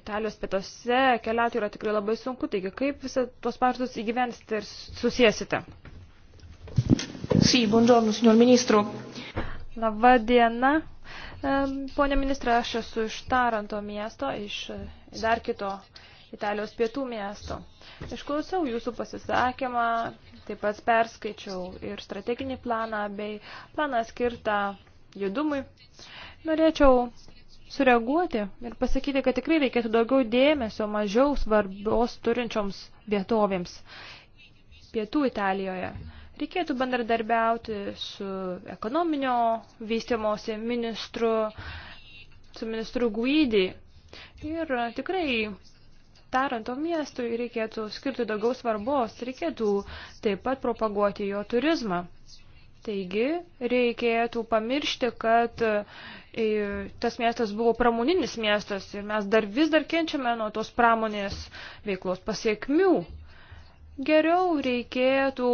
Italijos pietose keliauti yra tikrai labai sunku. Taigi, kaip visą tuos pažadus įgyvensite ir susėsite? Sì, buongiorno, signor ministro. Labą dieną. Pone ministrė, aš esu iš Taranto miesto, iš e, dar kito Italijos pietų miesto. Išklausiau jūsų pasisakymą, taip pat perskaičiau ir strateginį planą bei planą skirtą judumui. Norėčiau sureaguoti ir pasakyti, kad tikrai reikėtų daugiau dėmesio mažiau svarbios turinčioms vietovėms pietų Italijoje. Reikėtų bendradarbiauti su ekonominio vystimosi ministru, su ministru Guidį. Ir tikrai Taranto miestui reikėtų skirti daugiau svarbos, reikėtų taip pat propaguoti jo turizmą. Taigi reikėtų pamiršti, kad e, tas miestas buvo pramoninis miestas ir mes dar vis dar kenčiame nuo tos pramonės veiklos pasiekmių. Geriau reikėtų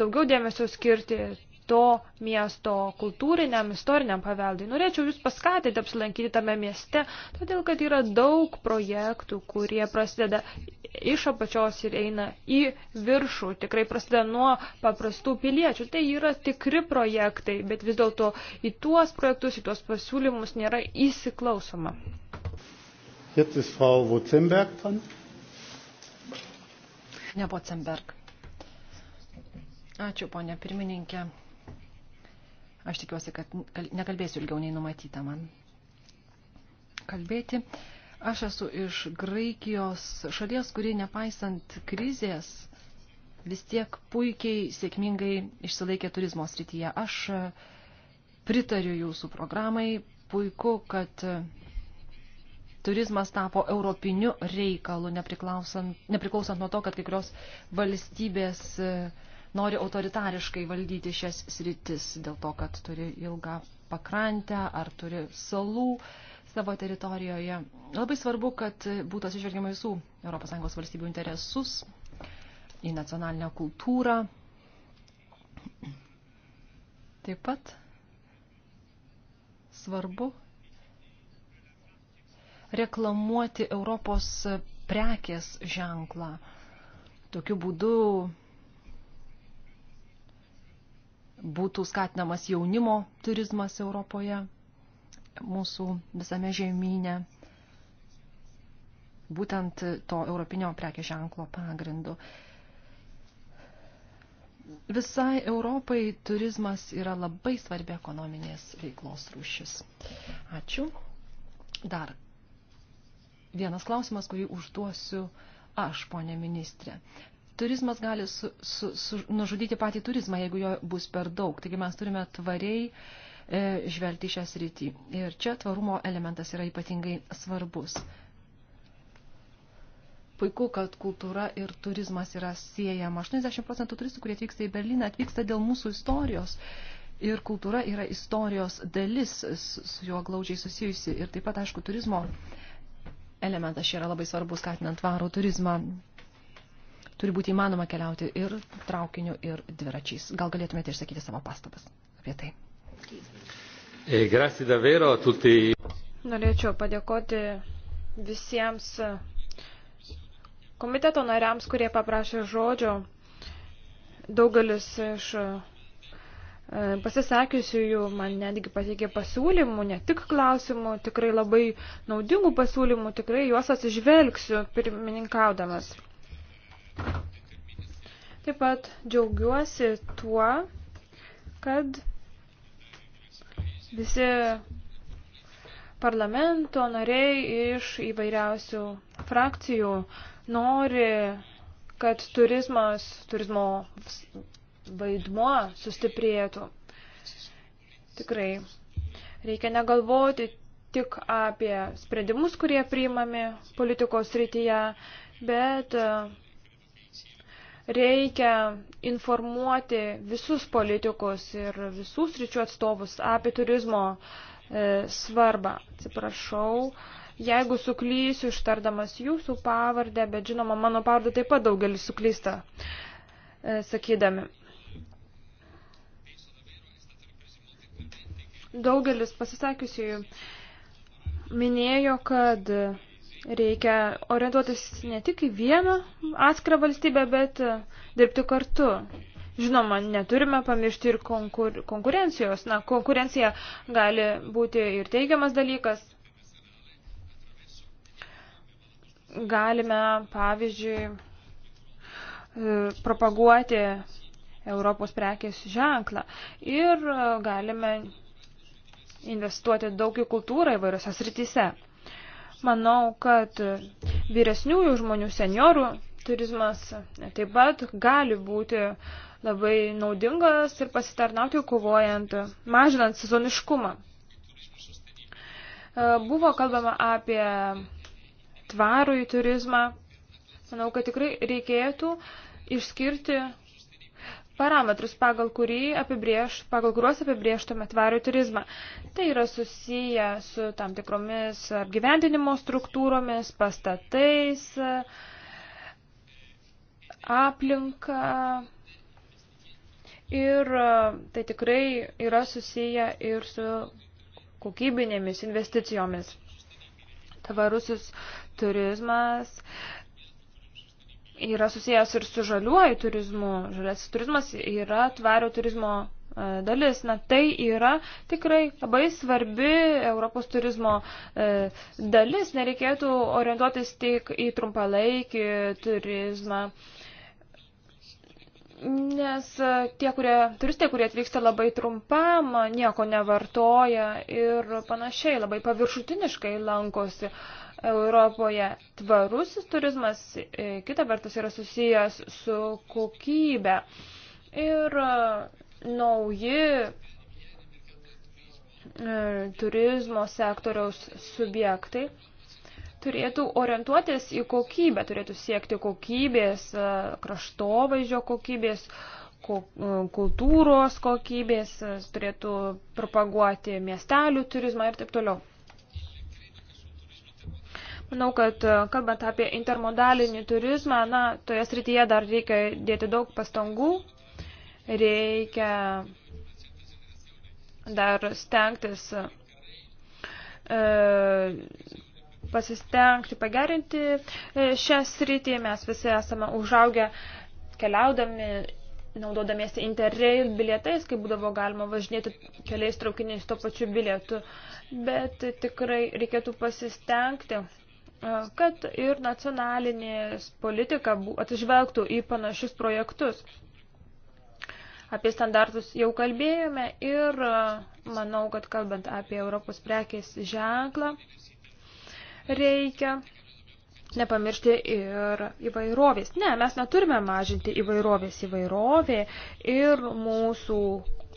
daugiau dėmesio skirti to miesto kultūriniam, istoriniam paveldai. Norėčiau Jūs paskatinti apsilankyti tame mieste, todėl kad yra daug projektų, kurie prasideda iš apačios ir eina į viršų, tikrai prasideda nuo paprastų piliečių. Tai yra tikri projektai, bet vis dėlto į tuos projektus, į tuos pasiūlymus nėra įsiklausoma. Jetzt ist Frau Wutzenberg dran. Ponia Bocenberg. Ačiū, ponia pirmininkė. Aš tikiuosi, kad nekalbėsiu ilgiau nei numatyta man kalbėti. Aš esu iš Graikijos šalies, kuri nepaisant krizės vis tiek puikiai, sėkmingai išsilaikė turizmo srityje. Aš pritariu jūsų programai, puiku, kad turizmas tapo europiniu reikalu, nepriklausant nuo to, kad kai kurios valstybės e, nori autoritariškai valdyti šias sritis, dėl to, kad turi ilgą pakrantę ar turi salų savo teritorijoje. Labai svarbu, kad būtų atsižvelgiama visų ES valstybių interesus į nacionalinę kultūrą. Taip pat svarbu reklamuoti Europos prekės ženklą. Tokiu būdu būtų skatinamas jaunimo turizmas Europoje, mūsų visame žemynė, būtent to europinio prekės ženklo pagrindu. Visai Europai turizmas yra labai svarbi ekonominės veiklos rūšis. Ačiū. Dar vienas klausimas, kurį užduosiu aš, ponė ministrė. Turizmas gali su, su, su, nužudyti patį turizmą, jeigu jo bus per daug. Taigi mes turime tvariai e, žvelgti šią sritį. Ir čia tvarumo elementas yra ypatingai svarbus. Puiku, kad kultūra ir turizmas yra siejama. 80 procentų turistų, kurie atvyksta į Berliną, atvyksta dėl mūsų istorijos ir kultūra yra istorijos dalis su juo glaudžiai susijusi. Ir taip pat, aišku, turizmo elementas čia yra labai svarbus, skatinant tvarų turizmą. Turi būti įmanoma keliauti ir traukiniu, ir dviračiais. Gal galėtumėte išsakyti savo pastabas apie tai. E, Norėčiau padėkoti visiems komiteto nariams, kurie paprašė žodžio. Daugelis iš pasisakiusiųjų man netgi pateikė pasiūlymų, ne tik klausimų, tikrai labai naudingų pasiūlymų, tikrai juos atsižvelgsiu pirmininkaudamas. Taip pat džiaugiuosi tuo, kad visi parlamento nariai iš įvairiausių frakcijų nori, kad turizmas, turizmo vaidmo sustiprėtų. Tikrai reikia negalvoti tik apie sprendimus, kurie priimami politikos rytyje, bet e, reikia informuoti visus politikus ir visų sričių atstovus apie turizmo e, svarbą. Atsiprašau, jeigu suklysiu ištardamas jūsų pavardę, bet žinoma, mano pavardę taip pat daugelis suklysta e, sakydami. Daugelis pasisakiusiųjų minėjo, kad reikia orientuotis ne tik į vieną atskirą valstybę, bet dirbti kartu. Žinoma, neturime pamiršti ir konkur konkurencijos. Na, konkurencija gali būti ir teigiamas dalykas. Galime, pavyzdžiui, e, propaguoti Europos prekės ženklą ir e, galime investuoti daug į kultūrą įvairiose srityse. Manau, kad vyresniųjų žmonių, seniorų turizmas taip pat gali būti labai naudingas ir pasitarnauti kovojant, mažinant sezoniškumą. E, buvo kalbama apie tvarų į turizmą. Manau, kad tikrai reikėtų išskirti parametrus, pagal, kurį apibrieš, pagal kuriuos apibrieštume tvarių turizmą. Tai yra susiję su tam tikromis apgyvendinimo struktūromis, pastatais, aplinka. Ir e, tai tikrai yra susiję ir su kokybinėmis investicijomis. Tvarusis turizmas. Uh, yra susijęs ir su žaliuoju turizmu. Žaliasis turizmas yra tvario turizmo e, dalis. Na, tai yra tikrai labai svarbi Europos turizmo e, dalis. Nereikėtų orientuotis tik į trumpalaikį turizmą. Nes e, tie, kurie, turistai, kurie atvyksta labai trumpam, nieko nevartoja ir panašiai, labai paviršutiniškai lankosi. Uh, Europoje tvarusis turizmas, e, kita vertus, yra susijęs su kokybė. Ir e, nauji e, turizmo sektoriaus subjektai turėtų orientuotis į kokybę, turėtų siekti kokybės, kraštovaizdžio kokybės, kultūros kokybės, turėtų propaguoti miestelių turizmą ir taip toliau. Manau, kad e, kalbant apie intermodalinį turizmą, na, toje srityje dar reikia dėti daug pastangų, reikia dar stengtis e, pasistengti pagerinti e, šią sritį. Mes visi esame užaugę keliaudami, naudodamiesi interrail bilietais, kai būdavo galima važinėti keliais traukiniais tuo pačiu bilietu. Bet tikrai reikėtų pasistengti kad ir nacionalinės politika atsižvelgtų į panašius projektus. Apie standartus jau kalbėjome ir e, manau, kad kalbant apie Europos prekės ženklą, reikia nepamiršti ir įvairovės. Ne, mes neturime mažinti įvairovės įvairovė ir mūsų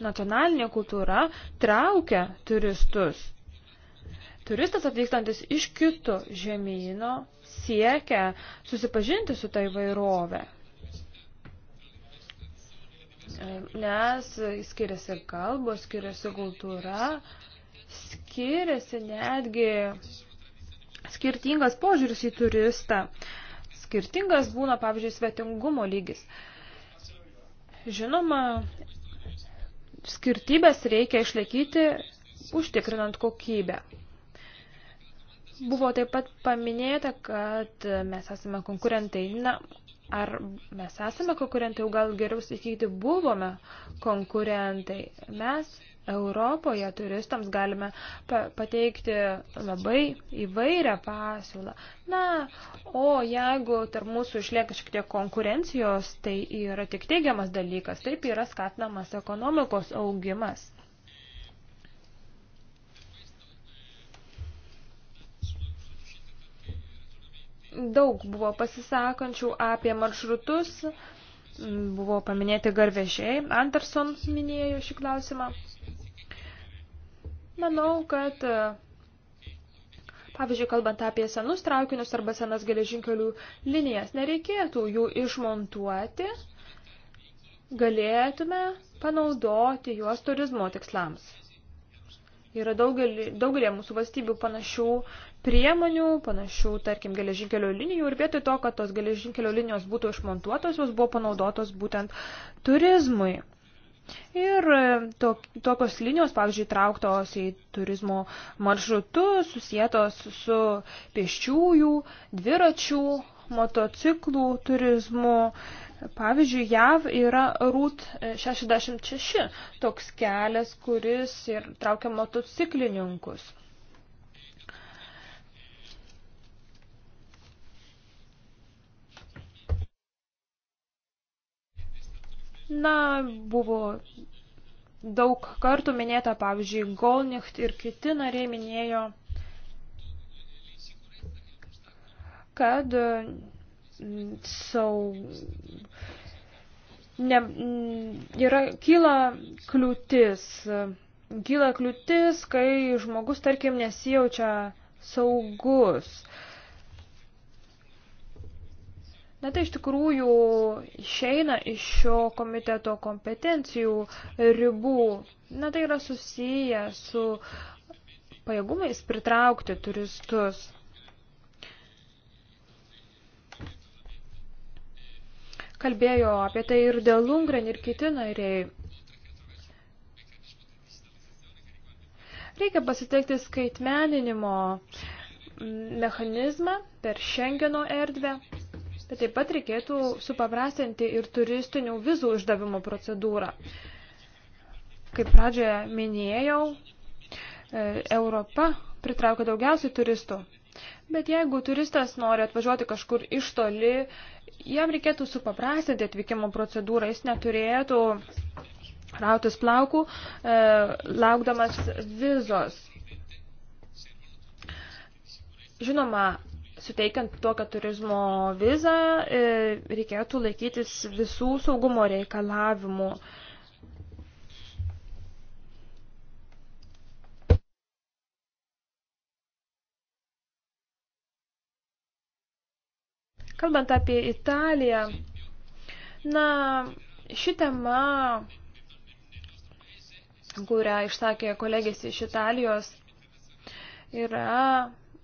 nacionalinė kultūra traukia turistus turistas atvykstantis iš kito žemyno siekia susipažinti su ta įvairove. Nes skiriasi kalbos, skiriasi kultūra, skiriasi netgi skirtingas požiūris į turistą. Skirtingas būna, pavyzdžiui, svetingumo lygis. Žinoma, skirtybės reikia išlaikyti užtikrinant kokybę. Buvo taip pat paminėta, kad mes esame konkurentai. Na, ar mes esame konkurentai, jau gal geriau sakyti, buvome konkurentai. Mes Europoje turistams galime pateikti labai įvairią pasiūlą. Na, o jeigu tarp mūsų išlieka šiek tiek konkurencijos, tai yra tik teigiamas dalykas, taip yra skatinamas ekonomikos augimas. Daug buvo pasisakančių apie maršrutus, buvo paminėti garvežiai. Anderson minėjo šį klausimą. Manau, kad Pavyzdžiui, kalbant apie senus traukinius arba senas geležinkelių linijas, nereikėtų jų išmontuoti, galėtume panaudoti juos turizmo tikslams. Yra daugelį, daugelį mūsų valstybių panašių priemonių, panašių, tarkim, geležinkelio linijų ir vietoj to, kad tos geležinkelio linijos būtų išmontuotos, jos buvo panaudotos būtent turizmui. Ir e, to, tokios linijos, pavyzdžiui, trauktos į turizmo maršrutus, susijėtos su pėsčiųjų, dviračių, motociklų turizmu. Pavyzdžiui, JAV yra RUT 66 toks kelias, kuris ir traukia motociklininkus. Na, buvo daug kartų minėta, pavyzdžiui, Golnicht ir kiti nariai minėjo, kad mm, sau, ne, mm, yra kyla kliūtis. Kyla kliūtis, kai žmogus, tarkim, nesijaučia saugus. Uh, Na tai iš tikrųjų išeina iš šio komiteto kompetencijų ribų. Na tai yra susiję su pajėgumais pritraukti turistus. Kalbėjo apie tai ir dėl Lungren ir kiti nariai. Reikia pasitelkti skaitmeninimo mechanizmą per Schengeno erdvę Bet taip pat reikėtų supaprastinti ir turistinių vizų išdavimo procedūrą. Kaip pradžioje minėjau, e, Europa pritraukia daugiausiai turistų. Bet jeigu turistas nori atvažiuoti kažkur iš toli, jam reikėtų supaprastinti atvykimo procedūrą, jis neturėtų rautis plaukų, e, laukdamas vizos. Žinoma, suteikiant tokią turizmo vizą, e, reikėtų laikytis visų saugumo reikalavimų. Kalbant apie Italiją, na, ši tema, kurią išsakė kolegės iš Italijos, yra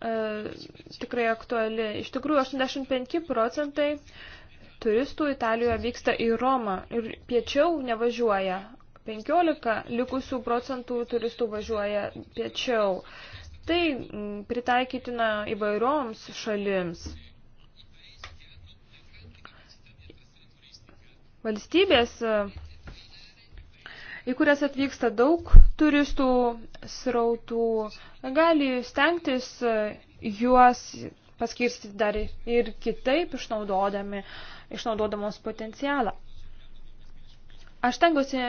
E, tikrai aktuali. Iš tikrųjų, 85 procentai turistų Italijoje vyksta į Romą ir piečiau nevažiuoja. 15 likusių procentų turistų važiuoja piečiau. Tai pritaikytina įvairioms šalims. Valstybės į kurias atvyksta daug turistų srautų, gali stengtis juos paskirstyti dar ir kitaip, išnaudodami, išnaudodamos potencialą. Aš tengiuosi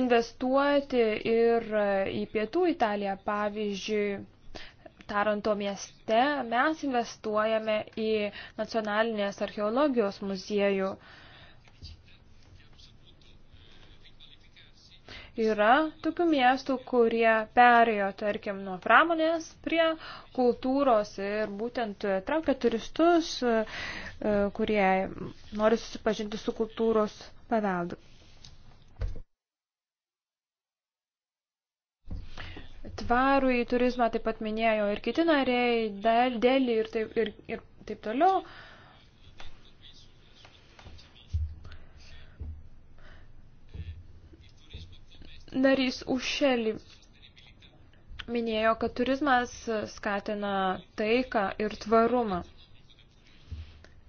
investuoti ir į pietų Italiją, pavyzdžiui, Taranto mieste mes investuojame į nacionalinės archeologijos muziejų. Uh, Yra tokių miestų, kurie perėjo, tarkim, nuo pramonės prie kultūros ir būtent traukia turistus, e, e, kurie nori susipažinti su kultūros paveldu. Tvarų į turizmą taip pat minėjo ir kiti nariai, dėl, dėl ir taip, ir, ir taip toliau. Uh, narys Ušelį minėjo, kad turizmas skatina taiką ir tvarumą.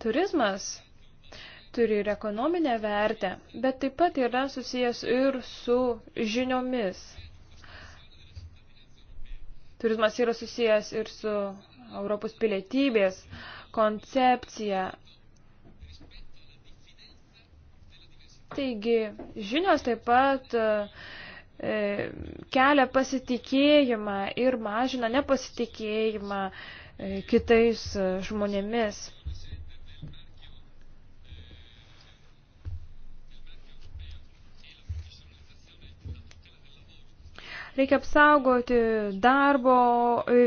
Turizmas turi ir ekonominę vertę, bet taip pat yra susijęs ir su žiniomis. Turizmas yra susijęs ir su Europos pilietybės koncepcija. Taigi, žinios taip pat uh, E, kelia pasitikėjimą ir mažina nepasitikėjimą e, kitais žmonėmis. Reikia apsaugoti darbo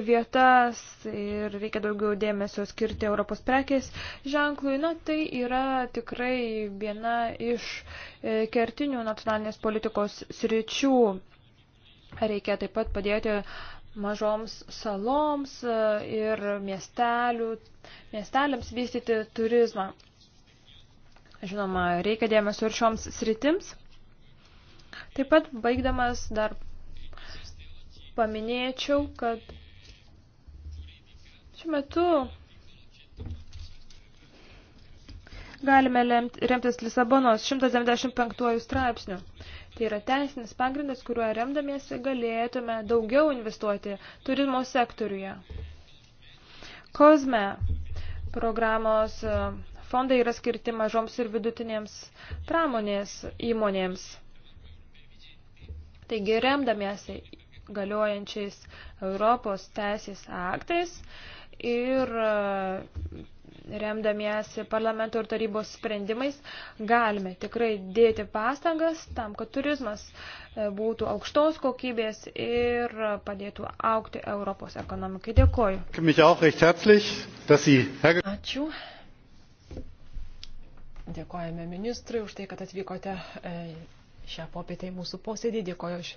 vietas ir reikia daugiau dėmesio skirti Europos prekės ženklui. Na, tai yra tikrai viena iš e, kertinių nacionalinės politikos sričių. Reikia taip pat padėti mažoms saloms e, ir miestelių, miesteliams vystyti turizmą. Žinoma, reikia dėmesio ir šioms sritims. Taip pat baigdamas dar paminėčiau, kad šiuo metu galime remtis Lisabonos 195 straipsnių. Tai yra teisinis pagrindas, kuriuo remdamiesi galėtume daugiau investuoti turizmo sektoriuje. Kozme programos e, fondai yra skirti mažoms ir vidutinėms pramonės įmonėms. Taigi remdamiesi galiojančiais Europos teisės aktais ir e, remdamiesi parlamento ir tarybos sprendimais galime tikrai dėti pastangas tam, kad turizmas e, būtų aukštos kokybės ir padėtų aukti Europos ekonomikai. Dėkoju. Ačiū. Dėkojame ministrui už tai, kad atvykote e, šią popietę į mūsų posėdį. Dėkoju už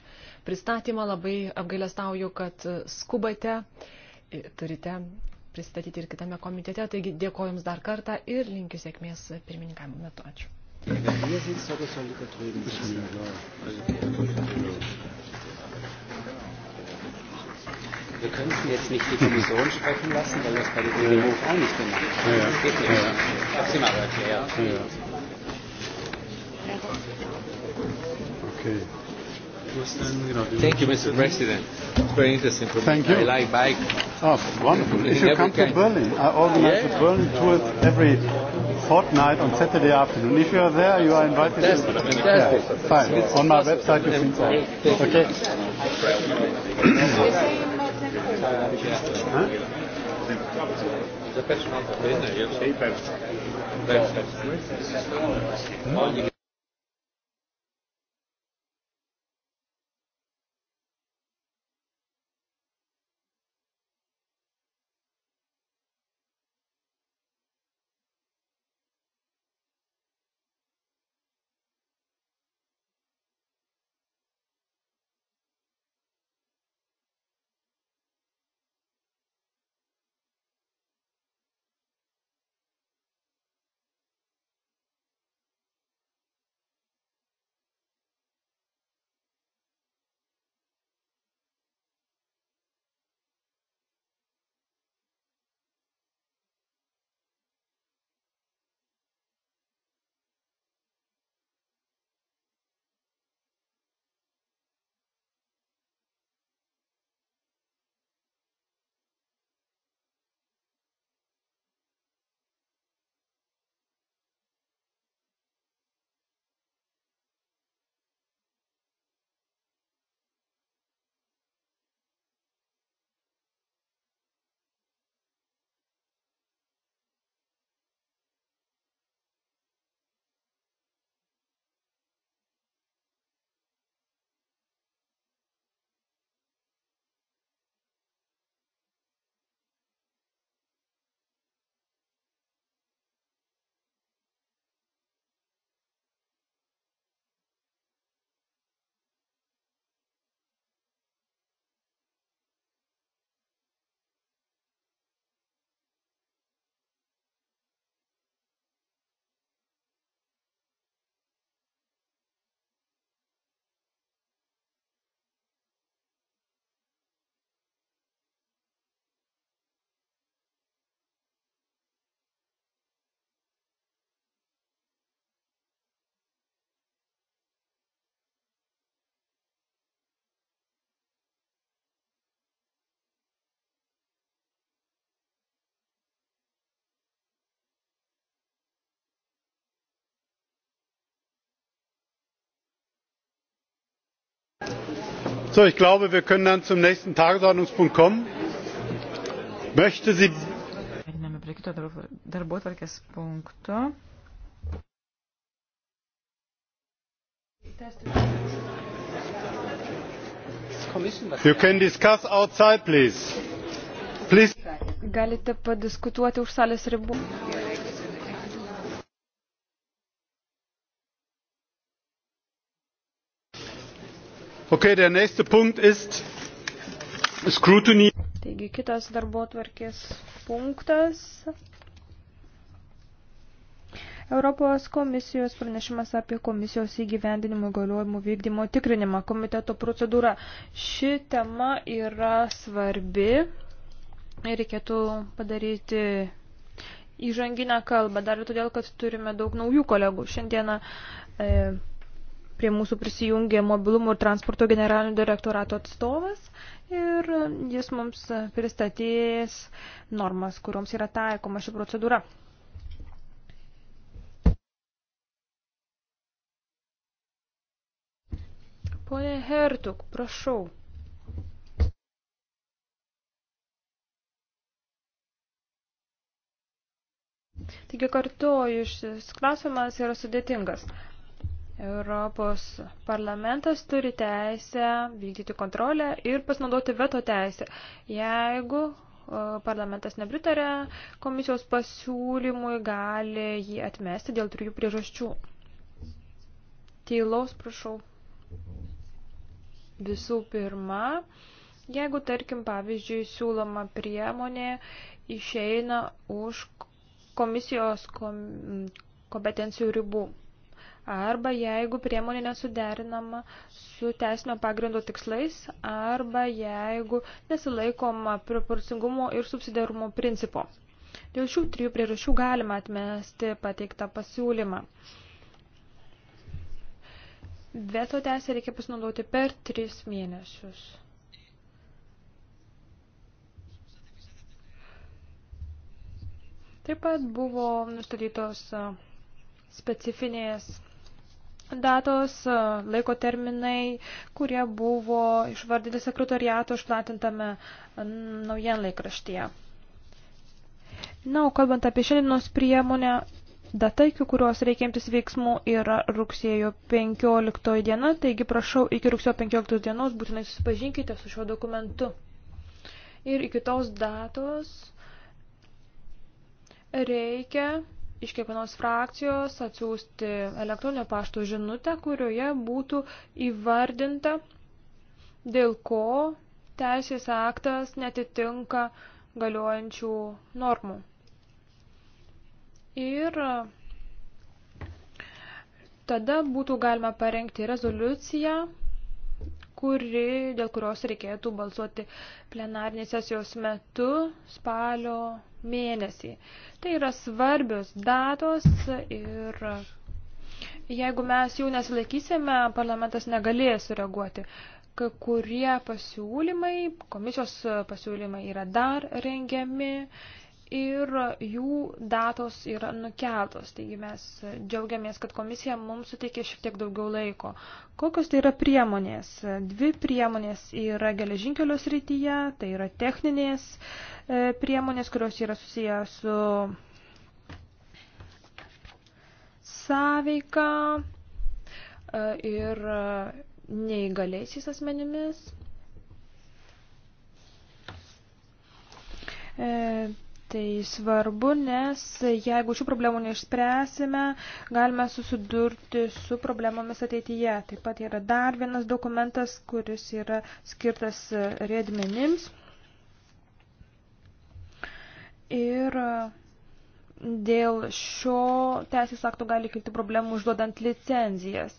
pristatymą, labai apgailestauju, kad skubate, turite pristatyti ir kitame komitete. Taigi dėkoju Jums dar kartą ir linkiu sėkmės pirmininkavimo metu. Ačiū. Wir könnten jetzt nicht die Kommission sprechen lassen, weil das bei der DDR auch nicht gemacht wird. Ja, ja. Das geht nicht. Ich habe es ihm aber erklärt. Ja, ja. Okay. And, you know, Thank you, Mr. President. It's very interesting for me. Thank me. You. I like bike. Oh, wonderful. If In you come kind. to Berlin, I organize yeah. the Berlin tour every fortnight on Saturday afternoon. If you are there, you are invited. Fantastic. To... Fantastic. Yeah, fine. It's on my website, you can see. Okay. huh? So, ich glaube, wir können dann zum nächsten Tagesordnungspunkt kommen. Möchte Sie. Einame prie kito darbotvarkės punkto. You can discuss outside, please. Please. Galite padiskutuoti už salės ribų. Okay, der nächste Punkt ist Scrutiny. Taigi kitas darbo tvarkės punktas. Europos komisijos pranešimas apie komisijos įgyvendinimo galiojimų vykdymo tikrinimą komiteto procedūra. Ši tema yra svarbi. Reikėtų padaryti įžanginę kalbą, dar ir todėl, kad turime daug naujų kolegų. Šiandieną e, Prie mūsų prisijungė mobilumo ir transporto generalinio direktorato atstovas ir jis mums pristatys normas, kuriuoms yra taikoma ši procedūra. Pone Hertuk, prašau. Taigi kartuoju, šis klausimas yra sudėtingas. Europos parlamentas turi teisę vykdyti kontrolę ir pasinaudoti veto teisę. Jeigu parlamentas nepritarė komisijos pasiūlymui, gali jį atmesti dėl trijų priežasčių. Tylaus prašau. Visų pirma, jeigu, tarkim, pavyzdžiui, siūloma priemonė išeina už komisijos kom kompetencijų ribų arba jeigu priemonė nesuderinama su teisinio pagrindo tikslais, arba jeigu nesilaikoma proporcingumo ir subsidiarumo principo. Dėl šių trijų priežasčių galima atmesti pateiktą pasiūlymą. Veto teisę reikia pasinaudoti per tris mėnesius. Taip pat buvo nustatytos specifinės datos, e, laiko terminai, kurie buvo išvardyti sekretoriato išplatintame e, naujienlaikraštyje. Na, o kalbant apie šiandienos priemonę, data, iki kurios reikia imtis veiksmų, yra rugsėjo 15 diena, taigi prašau iki rugsėjo 15 dienos būtinai susipažinkite su šiuo dokumentu. Ir iki tos datos reikia iš kiekvienos frakcijos atsiųsti elektroninio pašto žinutę, kurioje būtų įvardinta, dėl ko teisės aktas netitinka galiojančių normų. Ir tada būtų galima parengti rezoliuciją, kuri, dėl kurios reikėtų balsuoti plenarnės sesijos metu spalio mėnesį. Tai yra svarbios datos ir jeigu mes jų nesilaikysime, parlamentas negalės sureaguoti. Kai kurie pasiūlymai, komisijos pasiūlymai yra dar rengiami ir jų datos yra nukeltos. Taigi mes džiaugiamės, kad komisija mums suteikė šiek tiek daugiau laiko. Kokios tai yra priemonės? Dvi priemonės yra geležinkelio srityje, tai yra techninės e, priemonės, kurios yra susiję su sąveika e, ir e, neįgaliaisiais asmenimis. E, Tai svarbu, nes jeigu šių problemų neišspręsime, galime susidurti su problemomis ateityje. Taip pat yra dar vienas dokumentas, kuris yra skirtas riedmenims. Ir dėl šio teisės akto gali kilti problemų užduodant licenzijas.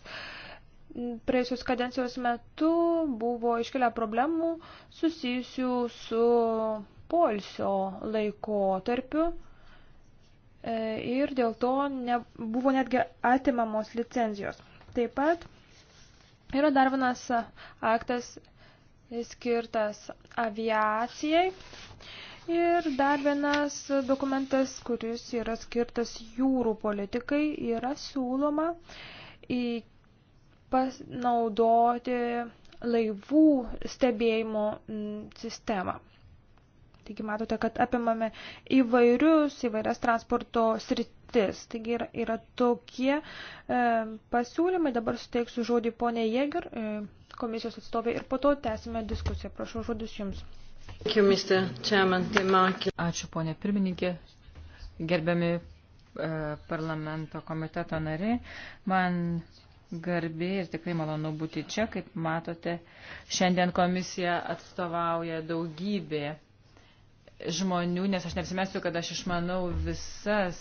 Praėjusios kadencijos metu buvo iškelia problemų susijusių su polsio laikotarpiu e, ir dėl to ne, buvo netgi atimamos licenzijos. Taip pat yra dar vienas aktas skirtas aviacijai ir dar vienas dokumentas, kuris yra skirtas jūrų politikai, yra siūloma į pasinaudoti laivų stebėjimo sistemą. Taigi matote, kad apimame įvairius, įvairias transporto sritis. Taigi yra, yra tokie e, pasiūlymai. Dabar suteiksiu žodį ponė Jėger, e, komisijos atstovė, ir po to tęsime diskusiją. Prašau žodis jums. Ačiū, ponė pirmininkė. Gerbiami e, parlamento komiteto nariai, man garbė ir tikrai malonu būti čia. Kaip matote, šiandien komisija atstovauja daugybė žmonių, nes aš neapsimesiu, kad aš išmanau visas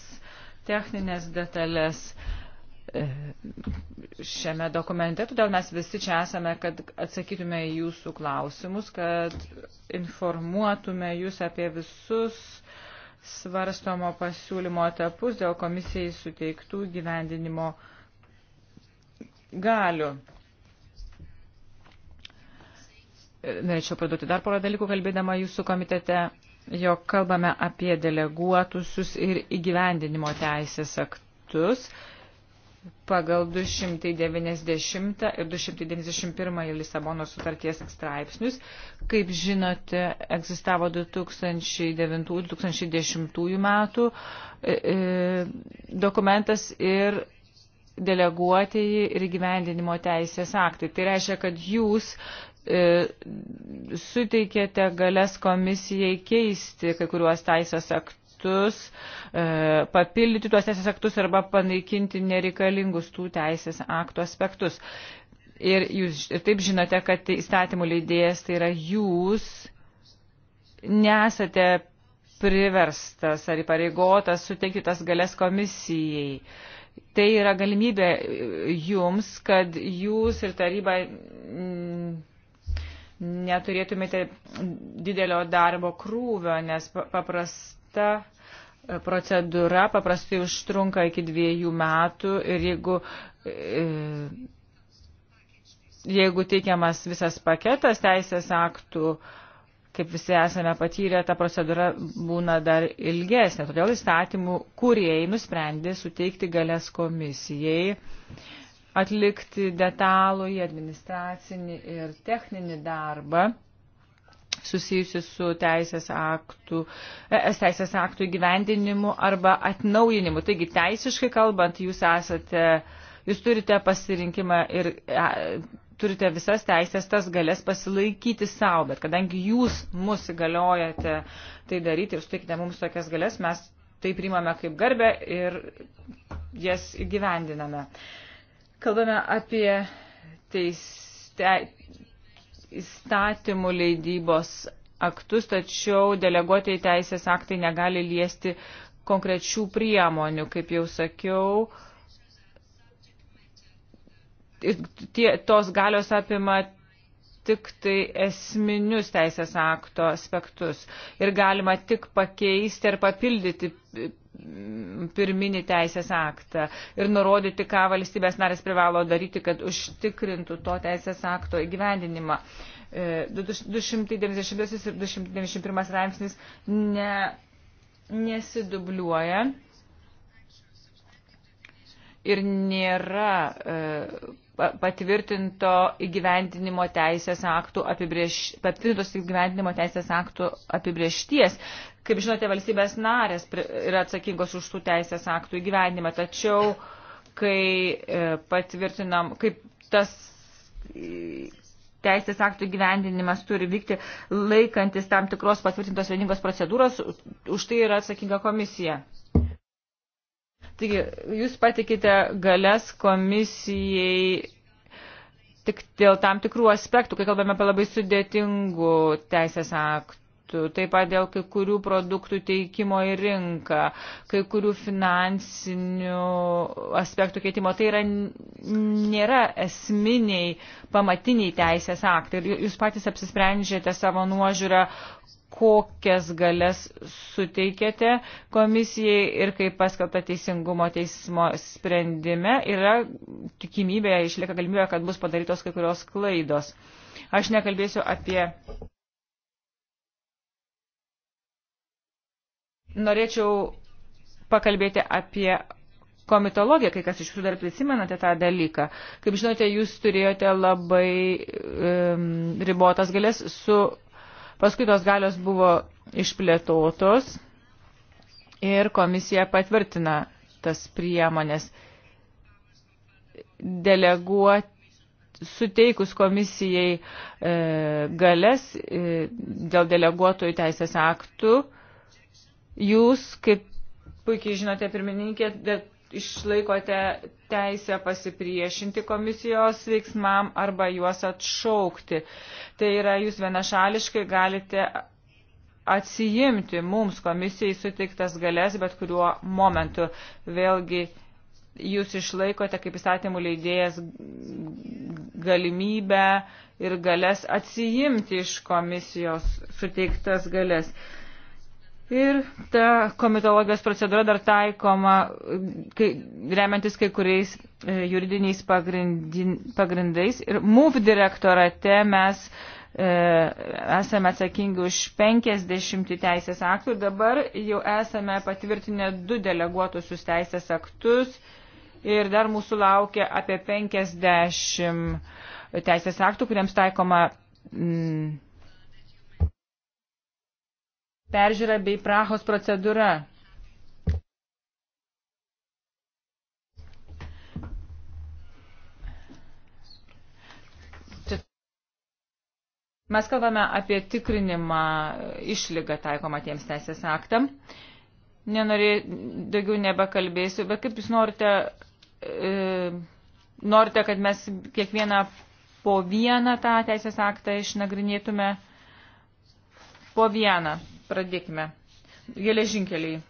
techninės detalės e, šiame dokumente, todėl mes visi čia esame, kad atsakytume į jūsų klausimus, kad informuotume jūs apie visus svarstomo pasiūlymo etapus dėl komisijai suteiktų gyvendinimo galių. Norėčiau pridurti dar porą dalykų, kalbėdama jūsų komitete jog kalbame apie deleguotusius ir įgyvendinimo teisės aktus pagal 290 ir 291 Lisabonos sutarties straipsnius. Kaip žinote, egzistavo 2009-2010 metų e, e, dokumentas ir deleguotieji ir gyvendinimo teisės aktai. Tai reiškia, kad jūs E, suteikėte galės komisijai keisti kai kuriuos teisės aktus, e, papildyti tuos teisės aktus arba panaikinti nereikalingus tų teisės aktų aspektus. Ir jūs ir taip žinote, kad įstatymų leidėjas tai yra jūs, nesate priverstas ar įpareigotas suteikti tas galės komisijai. Tai yra galimybė jums, kad jūs ir taryba. Mm, neturėtumėte didelio darbo krūvio, nes paprasta e, procedūra paprastai užtrunka iki dviejų metų ir jeigu, e, jeigu teikiamas visas paketas teisės aktų, kaip visi esame patyrę, ta procedūra būna dar ilgesnė. Todėl įstatymų kuriejai nusprendė suteikti galės komisijai atlikti detalų į administracinį ir techninį darbą susijusi su teisės aktų, es teisės aktų įgyvendinimu arba atnaujinimu. Taigi teisiškai kalbant, jūs esate, jūs turite pasirinkimą ir e, turite visas teisės tas galės pasilaikyti savo, bet kadangi jūs mus įgaliojate tai daryti ir sutikite mums tokias galės, mes tai primame kaip garbę ir jas įgyvendiname. Uh, Kalbame apie teiste, įstatymų leidybos aktus, tačiau deleguotai teisės aktai negali liesti konkrečių priemonių, kaip jau sakiau. Tie, tos galios apima tik tai esminius teisės akto aspektus ir galima tik pakeisti ar papildyti Mm, pirminį teisės aktą ir nurodyti, ką valstybės narės privalo daryti, kad užtikrintų to teisės akto įgyvendinimą. 290 e, ir 291 straipsnis ne, nesidubliuoja ir nėra e, patvirtinto įgyvendinimo teisės aktų apibrieš, patvirtintos įgyvendinimo teisės aktų apibriešties. Kaip žinote, valstybės narės yra atsakingos už tų teisės aktų įgyvendinimą, tačiau kai e, patvirtinam, kaip tas e, teisės aktų gyvendinimas turi vykti laikantis tam tikros patvirtintos vieningos procedūros, už tai yra atsakinga komisija. Taigi, jūs patikite galės komisijai tik dėl tam tikrų aspektų, kai kalbame apie labai sudėtingų teisės aktų, taip pat dėl kai kurių produktų teikimo į rinką, kai kurių finansinių aspektų keitimo. Tai yra, nėra esminiai, pamatiniai teisės aktai. Ir jūs patys apsisprendžiate savo nuožiūrą, kokias galės suteikėte komisijai ir kaip paskelbta teisingumo teismo sprendime yra tikimybė, išlieka galimybė, kad bus padarytos kai kurios klaidos. Aš nekalbėsiu apie. Norėčiau pakalbėti apie komitologiją, kai kas iš jūsų dar prisimenate tą dalyką. Kaip žinote, jūs turėjote labai um, ribotas galės su Paskui tos galios buvo išplėtotos ir komisija patvirtina tas priemonės. Deleguoti suteikus komisijai e, galės e, dėl deleguotojų teisės aktų, jūs, kaip puikiai žinote, pirmininkė, išlaikote teisę pasipriešinti komisijos veiksmam arba juos atšaukti. Tai yra, jūs vienašališkai galite atsijimti mums komisijai suteiktas galės bet kuriuo momentu. Vėlgi, jūs išlaikote kaip įstatymų leidėjas galimybę ir galės atsijimti iš komisijos suteiktas galės. Ir ta komitologijos procedūra dar taikoma, kai, remiantis kai kuriais e, juridiniais pagrindin, pagrindais. Ir MUV direktorate mes e, esame atsakingi už 50 teisės aktų ir dabar jau esame patvirtinę du deleguotusius teisės aktus ir dar mūsų laukia apie 50 teisės aktų, kuriems taikoma. Mm, peržiūra bei Prahos procedūra. Mes kalbame apie tikrinimą išlygą taikomą tiems teisės aktam. Nenorė, daugiau nebekalbėsiu, bet kaip jūs norite, e, norite, kad mes kiekvieną po vieną tą teisės aktą išnagrinėtume po vieną. Pradėkime. Geležinkeliai.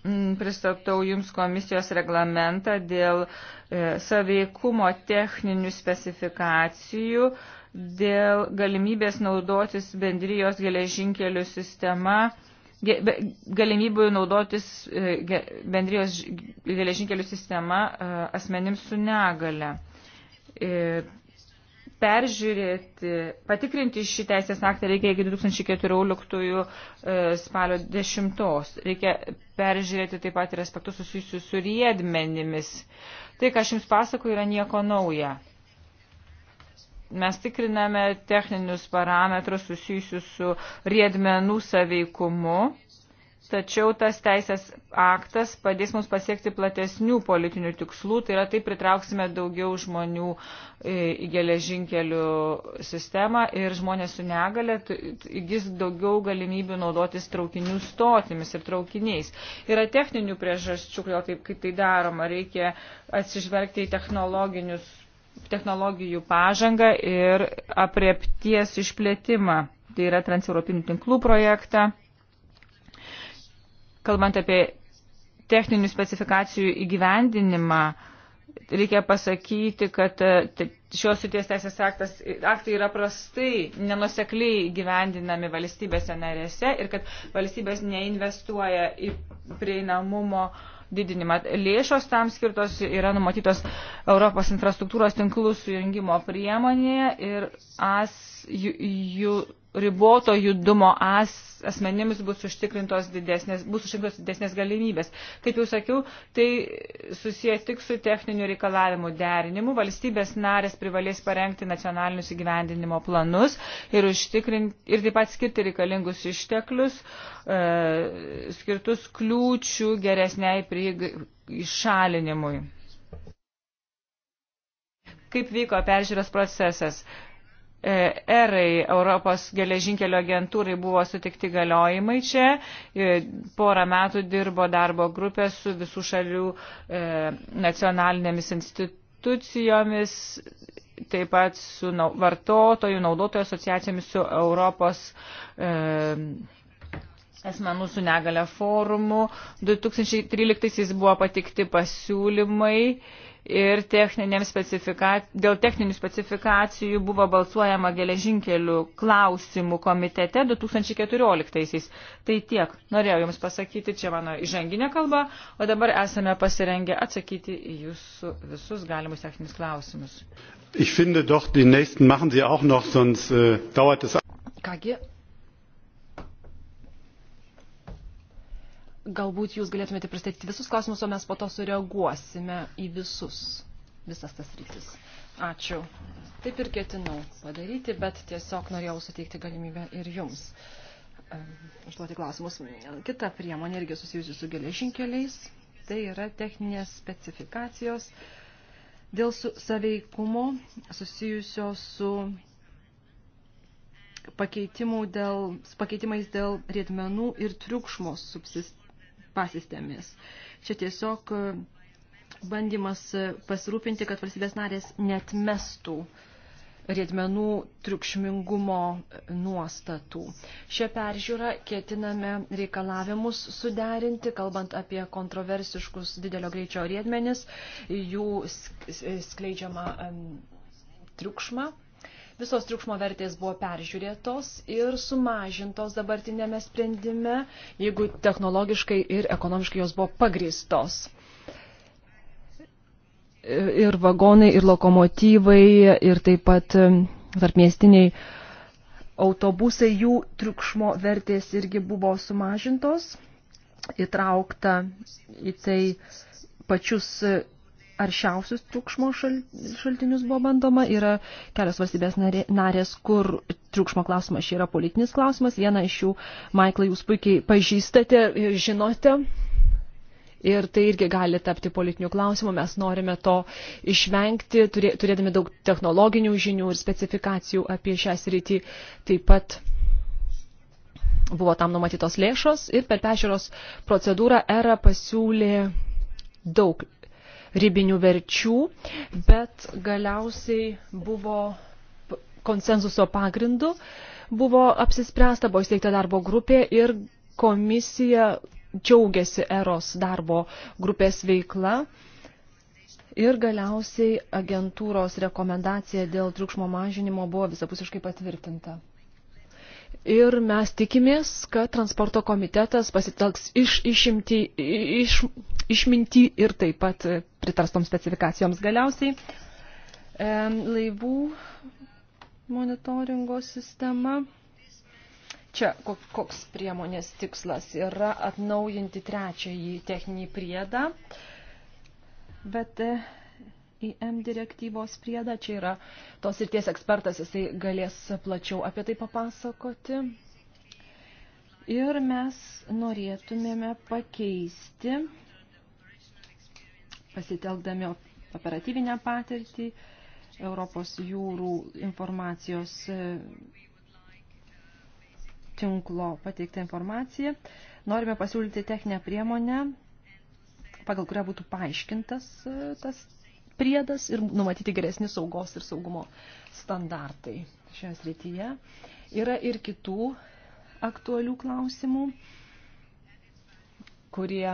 Mm, pristatau Jums komisijos reglamentą dėl e, saveikumo techninių specifikacijų, dėl galimybės naudotis bendrijos geležinkelių sistema, galimybių naudotis e, bendrijos geležinkelių sistema e, asmenims su negale peržiūrėti, patikrinti šį teisės aktą reikia iki 2014 e, spalio 10. Reikia peržiūrėti taip pat ir aspektus susijusius su riedmenimis. Tai, ką aš jums pasakoju, yra nieko nauja. Mes tikriname techninius parametrus susijusius su riedmenų saveikumu tačiau tas teisės aktas padės mums pasiekti platesnių politinių tikslų, tai yra taip pritrauksime daugiau žmonių į geležinkelių sistemą ir žmonės su negale įgis daugiau galimybių naudotis traukinių stotimis ir traukiniais. Yra techninių priežasčių, kodėl taip kaip tai daroma, reikia atsižvelgti į technologinius technologijų pažangą ir apriepties išplėtimą. Tai yra transeuropinių tinklų projektą kalbant apie techninių specifikacijų įgyvendinimą, reikia pasakyti, kad e, šios suties teisės aktas, aktai yra prastai, nenusekliai gyvendinami valstybėse narėse ir kad valstybės neinvestuoja į prieinamumo didinimą. Lėšos tam skirtos yra numatytos Europos infrastruktūros tinklų sujungimo priemonėje ir AS jų, jų riboto judumo as, asmenims bus užtikrintos didesnės, bus užtikrintos didesnės galimybės. Kaip jau sakiau, tai susijęs tik su techniniu reikalavimu derinimu. Valstybės narės privalės parengti nacionalinius įgyvendinimo planus ir, ir taip pat skirti reikalingus išteklius, e, skirtus kliūčių geresniai prieigai šalinimui. Kaip vyko peržiūros procesas? E, E, erai Europos geležinkelio agentūrai buvo sutikti galiojimai čia. E, porą metų dirbo darbo grupė su visų šalių e, nacionalinėmis institucijomis, taip pat su vartotojų, naudotojų asociacijomis, su Europos asmenų su negale forumu. 2013 buvo patikti pasiūlymai ir dėl techninių specifikacijų buvo balsuojama geležinkelių klausimų komitete 2014-aisiais. Tai tiek, norėjau Jums pasakyti, čia mano įžanginė kalba, o dabar esame pasirengę atsakyti į Jūsų visus galimus techninius klausimus. Ich finde doch, die nächsten machen Sie auch noch, sonst äh, dauert es. Kągi, galbūt jūs galėtumėte pristatyti visus klausimus, o mes po to sureaguosime į visus, visas tas rytis. Ačiū. Taip ir ketinau padaryti, bet tiesiog norėjau suteikti galimybę ir jums užduoti klausimus. Kita priemonė irgi susijusi su geležinkeliais, tai yra techninės specifikacijos dėl su, saveikumo susijusio su pakeitimų dėl, pakeitimais dėl riedmenų ir triukšmo subsist, pasistėmis. Čia tiesiog e, bandymas e, pasirūpinti, kad valstybės narės netmestų riedmenų triukšmingumo e, nuostatų. Šią peržiūrą ketiname reikalavimus suderinti, kalbant apie kontroversiškus didelio greičio riedmenis, jų skleidžiamą triukšmą Visos triukšmo vertės buvo peržiūrėtos ir sumažintos dabartinėme sprendime, jeigu technologiškai ir ekonomiškai jos buvo pagrįstos. Ir vagonai, ir lokomotyvai, ir taip pat e, tarpmiestiniai autobusai, jų triukšmo vertės irgi buvo sumažintos, įtraukta į tai pačius e, aršiausius triukšmo šaltinius buvo bandoma. Yra kelios valstybės narės, kur triukšmo klausimas yra politinis klausimas. Vieną iš jų, Maiklai, jūs puikiai pažįstate ir žinote. Ir tai irgi gali tapti politinių klausimų. Mes norime to išvengti, turėdami daug technologinių žinių ir specifikacijų apie šią sritį. Taip pat buvo tam numatytos lėšos ir per pešiūros procedūrą ERA pasiūlė daug ribinių verčių, bet galiausiai buvo konsensuso pagrindu, buvo apsispręsta, buvo įsteigta darbo grupė ir komisija džiaugiasi eros darbo grupės veikla. Ir galiausiai agentūros rekomendacija dėl triukšmo mažinimo buvo visapusiškai patvirtinta. Ir mes tikimės, kad transporto komitetas pasitelks iš, išimti, iš, išminti ir taip pat pritarstoms specifikacijoms galiausiai. E, laivų monitoringo sistema. Čia koks priemonės tikslas yra atnaujinti trečiąjį techninį priedą. Bet IM direktyvos priedą. Čia yra tos ir ties ekspertas, jisai galės plačiau apie tai papasakoti. Ir mes norėtumėme pakeisti, pasitelkdami operatyvinę patirtį, Europos jūrų informacijos e, tinklo pateiktą informaciją. Norime pasiūlyti techninę priemonę, pagal kurią būtų paaiškintas e, tas priedas ir numatyti geresni saugos ir saugumo standartai šioje srityje. Yra ir kitų aktualių klausimų, kurie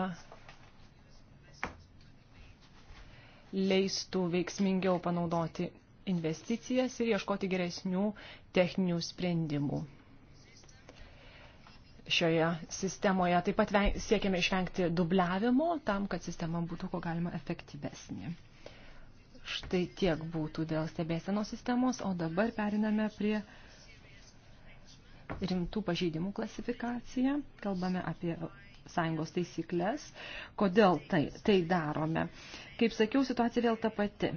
leistų veiksmingiau panaudoti investicijas ir ieškoti geresnių techninių sprendimų. Šioje sistemoje taip pat siekiame išvengti dubliavimo tam, kad sistema būtų ko galima efektyvesnė. Štai tiek būtų dėl stebėsenos sistemos, o dabar periname prie rimtų pažeidimų klasifikaciją. Kalbame apie sąjungos taisyklės. Kodėl tai, tai darome? Kaip sakiau, situacija vėl ta pati.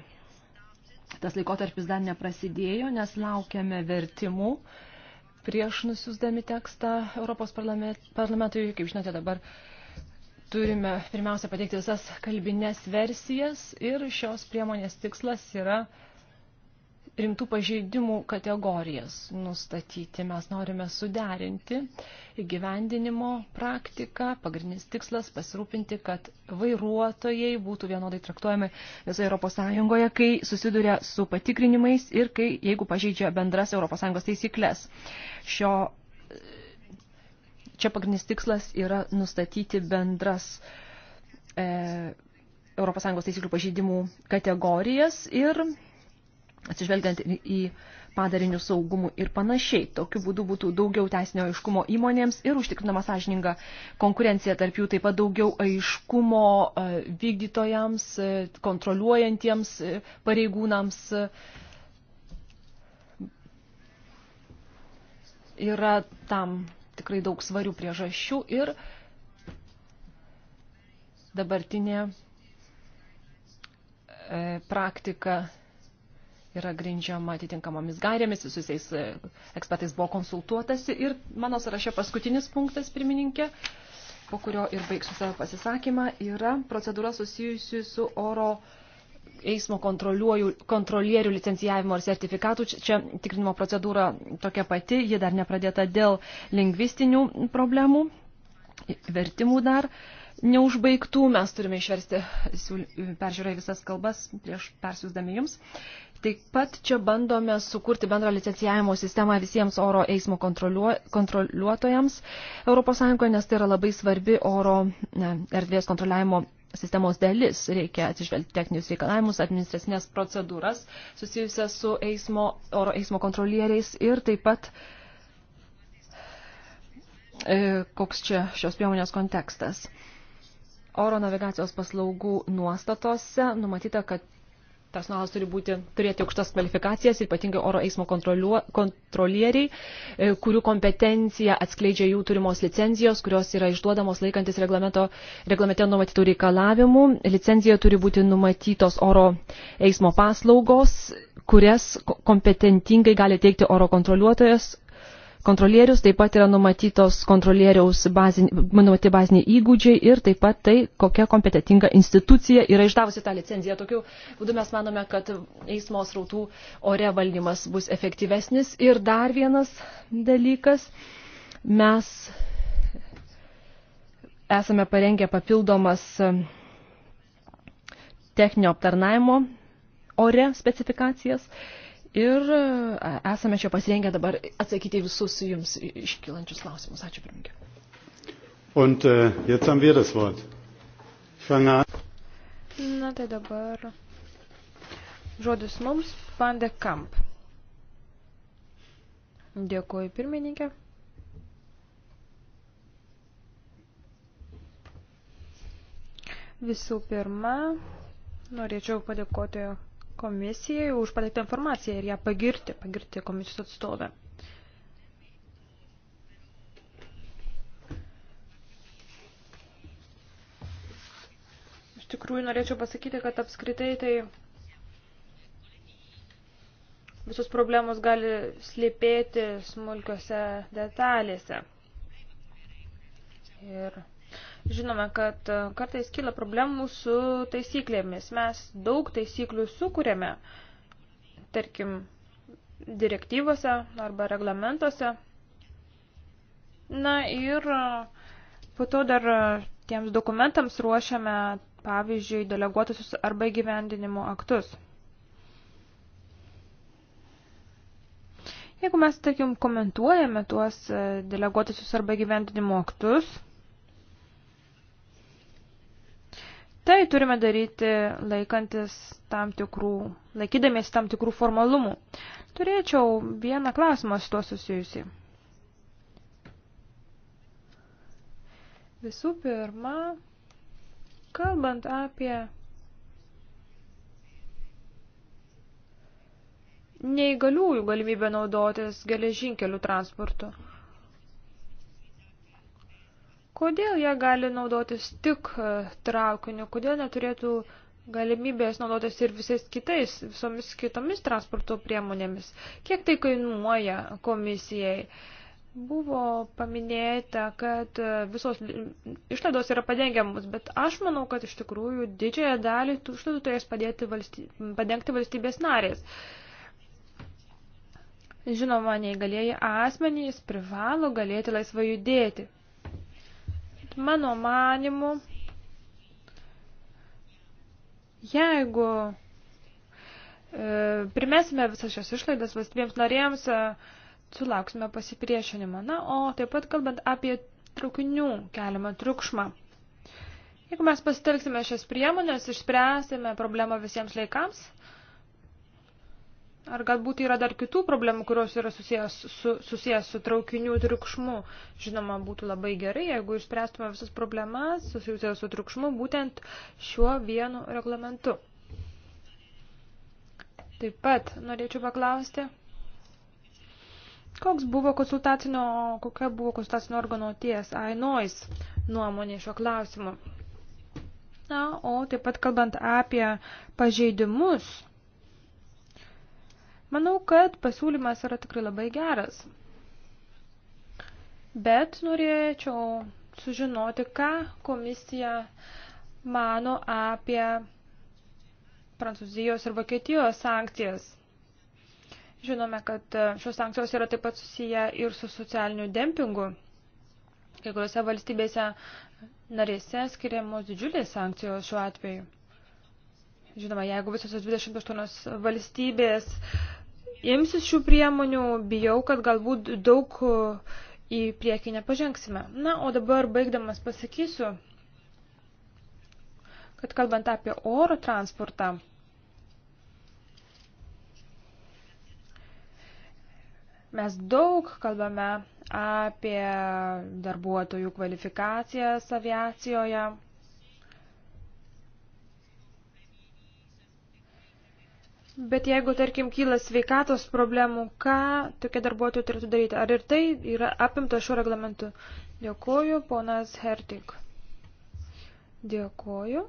Tas laikotarpis dar neprasidėjo, nes laukiame vertimų prieš nusiusdami tekstą Europos parlamentui. Kaip žinote, dabar uh, turime pirmiausia pateikti visas kalbinės versijas ir šios priemonės tikslas yra rimtų pažeidimų kategorijas nustatyti. Mes norime suderinti įgyvendinimo praktiką. Pagrindinis tikslas pasirūpinti, kad vairuotojai būtų vienodai traktuojami visoje Europos Sąjungoje, kai susiduria su patikrinimais ir kai, jeigu pažeidžia bendras Europos Sąjungos taisyklės. Šio čia pagrindinis tikslas yra nustatyti bendras e, ES taisyklių pažeidimų kategorijas ir atsižvelgiant į padarinių saugumų ir panašiai. Tokiu būdu būtų daugiau teisinio aiškumo įmonėms ir užtikrinama sąžininga konkurencija tarp jų, taip pat daugiau aiškumo e, vykdytojams, e, kontroliuojantiems e, pareigūnams. Yra tam tikrai daug svarių priežasčių ir dabartinė e, praktika yra grindžiama atitinkamomis gairėmis, visais e, ekspertais buvo konsultuotasi ir mano sąraše paskutinis punktas, pirmininkė, po kurio ir baigsiu savo pasisakymą, yra procedūra susijusi su oro eismo kontrolierių licencijavimo ir sertifikatų. Čia tikrinimo procedūra tokia pati, ji dar nepradėta dėl lingvistinių problemų, vertimų dar neužbaigtų. Mes turime išversti peržiūrai visas kalbas prieš persiūsdami jums. Taip pat čia bandome sukurti bendrą licencijavimo sistemą visiems oro eismo kontroliuo, kontroliuotojams ES, nes tai yra labai svarbi oro ne, erdvės kontroliavimo sistemos dalis. Reikia atsižvelgti techninius reikalavimus, administracinės procedūras susijusias su eismo, oro eismo kontrolieriais ir taip pat e, koks čia šios priemonės kontekstas. Oro navigacijos paslaugų nuostatose numatyta, kad Personalas turi būti, turėti aukštas kvalifikacijas, ypatingai oro eismo kontrolieriai, e, kurių kompetencija atskleidžia jų turimos licenzijos, kurios yra išduodamos laikantis reglamente numatytų reikalavimų. Licencija turi būti numatytos oro eismo paslaugos, kurias kompetentingai gali teikti oro kontroliuotojas kontrolierius, taip pat yra numatytos kontrolieriaus bazin, numatyti baziniai įgūdžiai ir taip pat tai, kokia kompetitinga institucija yra išdavusi tą licenciją. Tokiu būdu mes manome, kad eismo srautų ore valdymas bus efektyvesnis. Ir dar vienas dalykas, mes esame parengę papildomas ehm, techninio aptarnaimo ore specifikacijas Ir e, esame čia pasirengę dabar atsakyti visus jums iškylančius klausimus. Ačiū, pirmininkė. Und äh, jetzt haben wir das Wort. Ich fange an. Na tai dabar žodis mums, Van de Kamp. Dėkuoju, pirmininkė. Visų pirma, norėčiau padėkoti komisijai už pateiktą informaciją ir ją pagirti, pagirti komisijos atstovę. Iš tikrųjų norėčiau pasakyti, kad apskritai tai visos problemos gali slėpėti smulkiose detalėse. Ir Žinome, kad e, kartais kyla problemų su taisyklėmis. Mes daug taisyklių sukūrėme, tarkim, direktyvose arba reglamentuose. Na ir e, po to dar e, tiems dokumentams ruošiame, pavyzdžiui, deleguotusius arba įgyvendinimo aktus. Jeigu mes, tarkim, komentuojame tuos deleguotusius arba gyvendinimo aktus, Tai turime daryti laikantis tam tikrų, laikydamės tam tikrų formalumų. Turėčiau vieną klausimą su tuo susijusi. Visų pirma, kalbant apie neįgaliųjų galimybę naudotis geležinkelių transportu. Kodėl jie gali naudotis tik e, traukiniu, kodėl neturėtų galimybės naudotis ir visais kitais, visomis kitomis transporto priemonėmis. Kiek tai kainuoja komisijai? Buvo paminėta, kad e, visos išlaidos yra padengiamos, bet aš manau, kad iš tikrųjų didžiąją dalį tų išlaidų turės valsty... padengti valstybės narės. Žinoma, neįgalėjai asmenys privalo galėti laisvai judėti. Mano manimu, jeigu e, primesime visas šios išlaidas valstybėms narėms, e, sulauksime pasipriešinimą. Na, o taip pat kalbant apie traukinių keliamą triukšmą. Jeigu mes pasitelksime šias priemonės, išspręsime problemą visiems laikams, e, Ar galbūt yra dar kitų problemų, kurios yra susijęs su, susijęs su traukinių triukšmu? Žinoma, būtų labai gerai, jeigu išspręstume visas problemas susijusias su triukšmu būtent šiuo vienu reglamentu. Taip pat norėčiau paklausti, koks buvo konsultacinio, kokia buvo konsultacinio organo ties AINOIS nuomonė šiuo klausimu. Na, o taip pat kalbant apie pažeidimus Manau, kad pasiūlymas yra tikrai labai geras. Bet norėčiau sužinoti, ką komisija mano apie Prancūzijos ir Vokietijos sankcijas. Žinome, kad šios sankcijos yra taip pat susiję ir su socialiniu dempingu. Kai kuriuose valstybėse narėse skiriamos didžiulės sankcijos šiuo atveju. Žinoma, jeigu visos 28 valstybės imsis šių priemonių, bijau, kad galbūt daug e, į priekį nepažengsime. Na, o dabar baigdamas pasakysiu, kad kalbant apie oro transportą, mes daug kalbame apie darbuotojų kvalifikacijas aviacijoje. Bet jeigu, tarkim, kyla sveikatos problemų, ką tokie darbuotojai turėtų daryti? Ar ir tai yra apimta šiuo reglamentu? Dėkoju, ponas Hertik. Dėkoju.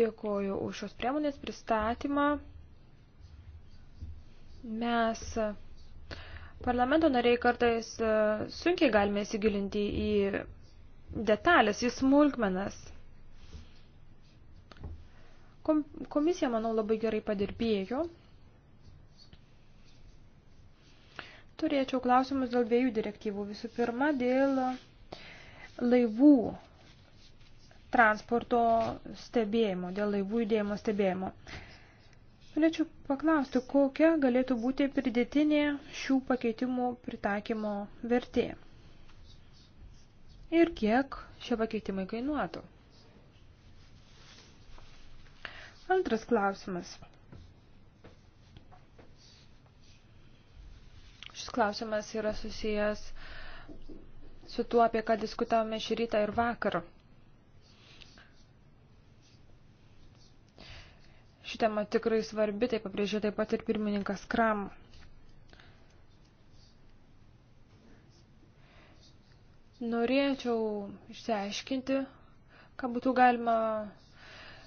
Dėkoju už šios priemonės pristatymą. Mes parlamento nariai kartais e, sunkiai galime įsigilinti į detalės, į smulkmenas. Komisija, manau, labai gerai padirbėjo. Turėčiau klausimus dėl dviejų direktyvų. Visų pirma, dėl laivų transporto stebėjimo, dėl laivų judėjimo stebėjimo. Norėčiau paklausti, kokia galėtų būti pridėtinė šių pakeitimų pritaikymo vertė ir kiek šie pakeitimai kainuotų. Antras klausimas. Šis klausimas yra susijęs su tuo, apie ką diskutavome šį rytą ir vakar. Ši tema tikrai svarbi, tai pabrėžė taip pat ir pirmininkas Kram. Norėčiau išsiaiškinti, ką būtų galima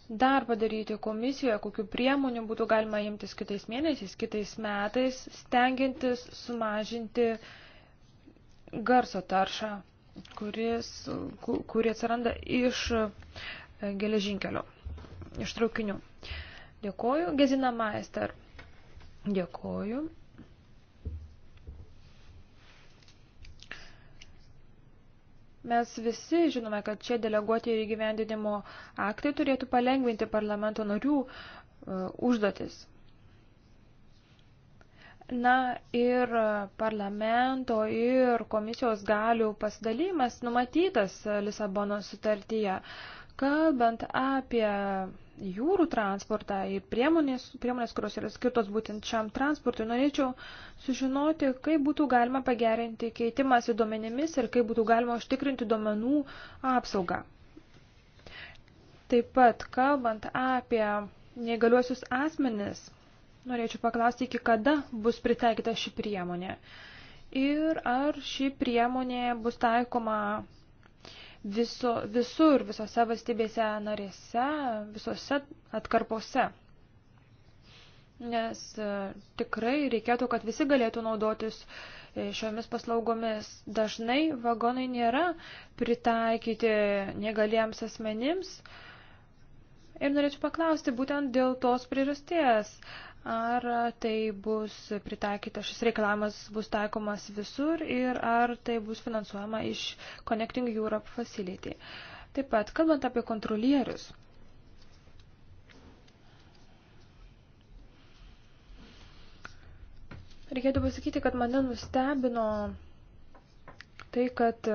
dar padaryti komisijoje, kokiu priemonių būtų galima imtis kitais mėnesiais, kitais metais, stengiantis sumažinti garso taršą, kuris, kuri atsiranda iš e, geležinkelio, iš traukinių. Dėkoju, Gezina Meister. Dėkoju. Mes visi žinome, kad šie deleguoti ir įgyvendinimo aktai turėtų palengvinti parlamento narių e, užduotis. Na ir parlamento ir komisijos galių pasidalymas numatytas Lisabono sutartyje. Kalbant apie jūrų transportą ir priemonės, priemonės, kurios yra skirtos būtent šiam transportui, norėčiau sužinoti, kaip būtų galima pagerinti keitimąsi duomenimis ir kaip būtų galima užtikrinti duomenų apsaugą. Taip pat, kalbant apie neįgaliuosius asmenis, norėčiau paklausti, iki kada bus pritaikyta ši priemonė ir ar ši priemonė bus taikoma viso, visur, visose valstybėse narėse, visose atkarpose. Nes e, tikrai reikėtų, kad visi galėtų naudotis e, šiomis paslaugomis. Dažnai vagonai nėra pritaikyti negaliems asmenims. Ir norėčiau paklausti būtent dėl tos priežasties ar tai bus pritaikyta, šis reikalavimas bus taikomas visur ir ar tai bus finansuojama iš Connecting Europe Facility. Taip pat, kalbant apie kontrolierius, Reikėtų pasakyti, kad mane nustebino tai, kad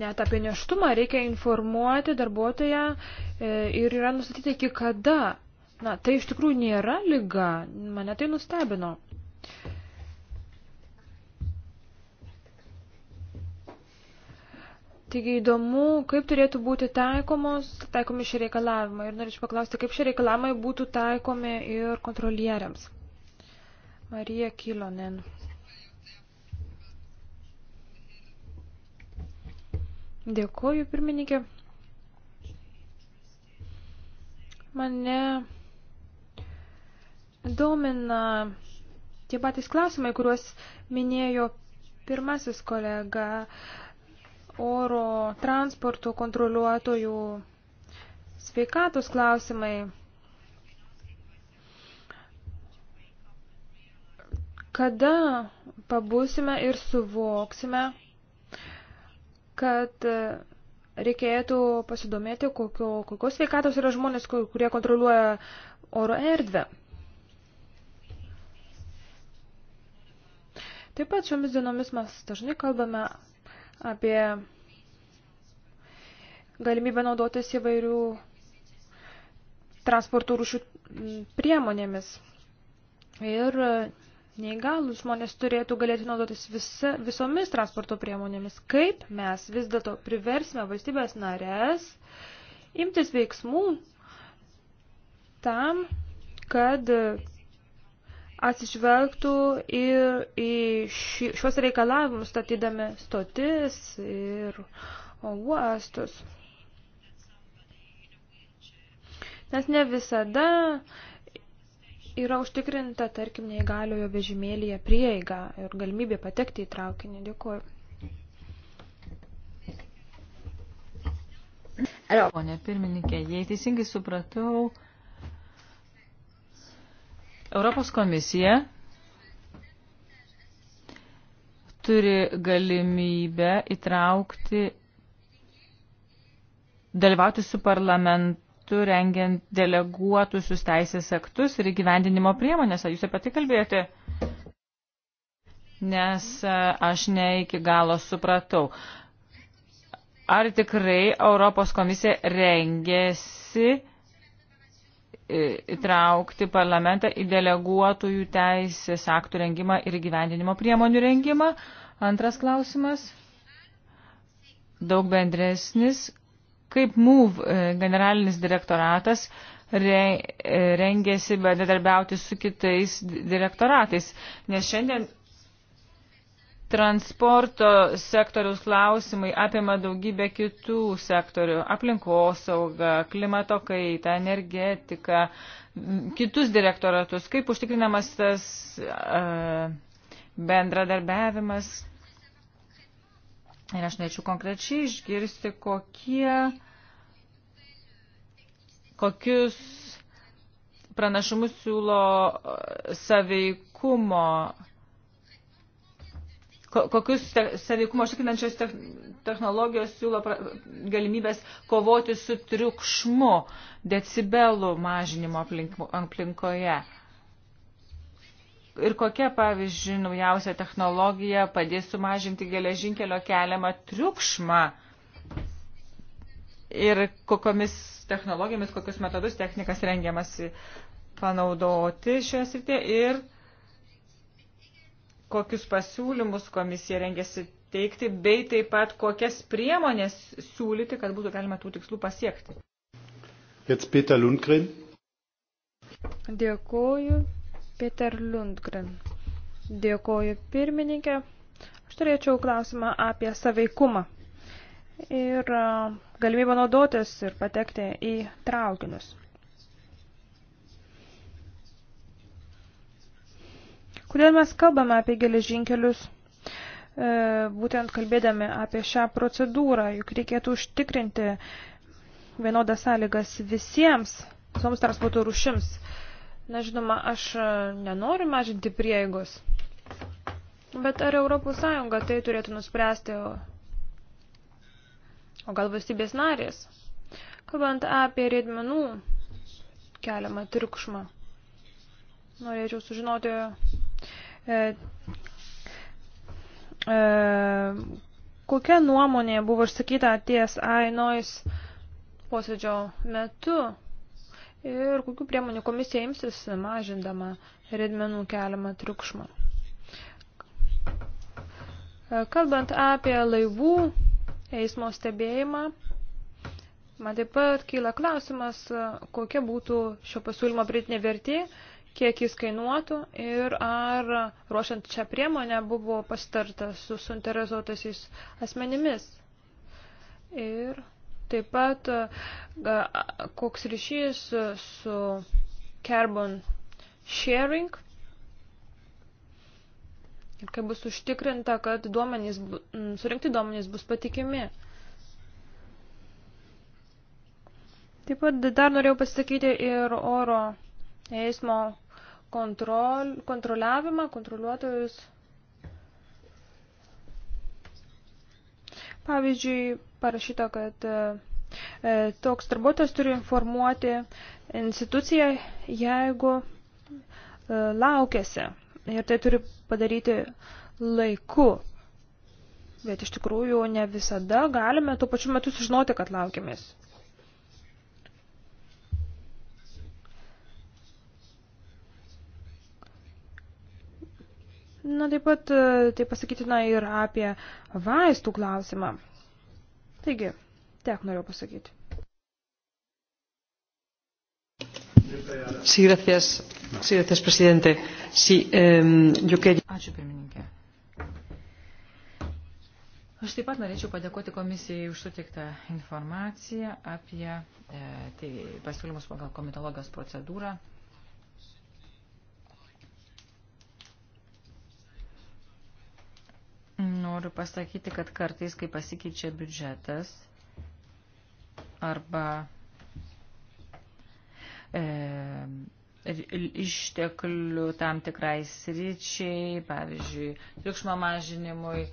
Net apie neštumą reikia informuoti darbuotoją e, ir yra nustatyta iki kada. Na, tai iš tikrųjų nėra lyga. Mane tai nustebino. Taigi įdomu, kaip turėtų būti taikomos, taikomi šie reikalavimai. Ir norėčiau paklausti, kaip šie reikalavimai būtų taikomi ir kontrolieriams. Marija Kilonen. Dėkuoju, pirmininkė. Mane domina tie patys klausimai, kuriuos minėjo pirmasis kolega oro transporto kontroliuotojų sveikatos klausimai. Kada pabūsime ir suvoksime, kad e, reikėtų pasidomėti, kokio, kokios sveikatos yra žmonės, kurie kontroliuoja oro erdvę. Taip pat šiomis dienomis mes dažnai kalbame apie galimybę naudotis įvairių transporto rūšių priemonėmis. Ir neįgalus žmonės turėtų galėti naudotis visa, visomis transporto priemonėmis. Kaip mes vis dėlto priversime valstybės narės imtis veiksmų tam, kad atsižvelgtų ir į šiuos reikalavimus statydami stotis ir uostus. Nes ne visada uh, yra užtikrinta, tarkim, neįgaliojo vežimėlėje prieiga ir galimybė patekti į traukinį. Dėkuoju. Pone pirmininkė, jei teisingai supratau, Europos komisija turi galimybę įtraukti, dalyvauti su parlamentu metu rengiant deleguotusius teisės aktus ir įgyvendinimo priemonės. Ar jūs apie tai kalbėjote? Nes e, aš ne iki galo supratau. Ar tikrai Europos komisija rengėsi e, įtraukti parlamentą į deleguotųjų teisės aktų rengimą ir gyvendinimo priemonių rengimą. Antras klausimas, daug bendresnis, kaip MUV e, generalinis direktoratas re, e, rengėsi bendradarbiauti su kitais direktoratais, nes šiandien transporto sektoriaus klausimai apima daugybę kitų sektorių - aplinkosaugą, klimato kaitą, energetiką, kitus direktoratus. Kaip užtikrinamas tas uh, bendradarbiavimas Ir aš norėčiau konkrečiai išgirsti, kokie, kokius pranašumus siūlo e, saveikumo, kokius te, saveikumo užtikrinančios technologijos siūlo pra, galimybės kovoti su triukšmu, decibelų mažinimo aplink, aplinkoje. Aplink, ir kokia, pavyzdžiui, naujausia technologija padės sumažinti geležinkelio keliamą triukšmą ir kokiamis technologijomis, kokius metodus technikas rengiamasi panaudoti šioje srityje ir kokius pasiūlymus komisija rengiasi teikti, bei taip pat kokias priemonės siūlyti, kad būtų galima tų tikslų pasiekti. Jetzt Peter Lundgren. Dėkuoju. Peter Lundgren. Dėkoju pirmininkė. Aš turėčiau klausimą apie saveikumą ir galimybę naudotis ir patekti į traukinius. Kodėl mes kalbame apie geležinkelius, e, būtent kalbėdami apie šią procedūrą, juk reikėtų užtikrinti vienodas sąlygas visiems, visoms transporto rušims. Na žinoma, aš e, nenoriu mažinti prieigos. Bet ar ES tai turėtų nuspręsti, o gal valstybės narės? Kalbant apie riedmenų keliamą triukšmą, norėčiau sužinoti, e, e, kokia nuomonė buvo išsakyta ties Ainois posėdžio metu ir kokių priemonių komisija imsis mažindama redmenų keliamą triukšmą. Kalbant apie laivų eismo stebėjimą, man taip pat kyla klausimas, kokia būtų šio pasiūlymo pritinė vertė, kiek jis kainuotų ir ar ruošiant šią priemonę buvo pastarta su suinteresuotaisiais asmenimis. Ir Taip pat koks ryšys su carbon sharing ir kaip bus užtikrinta, kad duomenys, surinkti duomenys bus patikimi. Taip pat dar norėjau pasakyti ir oro eismo kontrol, kontroliavimą, kontroliuotojus. Pavyzdžiui, parašyta, kad e, toks darbuotojas turi informuoti instituciją, jeigu e, laukiasi. Ir tai turi padaryti laiku. Bet iš tikrųjų ne visada galime tuo pačiu metu sužinoti, kad laukiamės. Na taip pat e, tai pasakytina ir apie vaistų klausimą. Taigi, tiek noriu pasakyti. Sí, gracias. Sí, gracias, presidente. Sí, um, yo quería... Ačiū, pirmininkė. Aš taip pat norėčiau padėkoti komisijai už sutiktą informaciją apie e, tai, pasiūlymus pagal komitologijos procedūrą noriu pasakyti, kad kartais, kai pasikeičia biudžetas arba e, išteklių tam tikrai sričiai, pavyzdžiui, triukšmo mažinimui,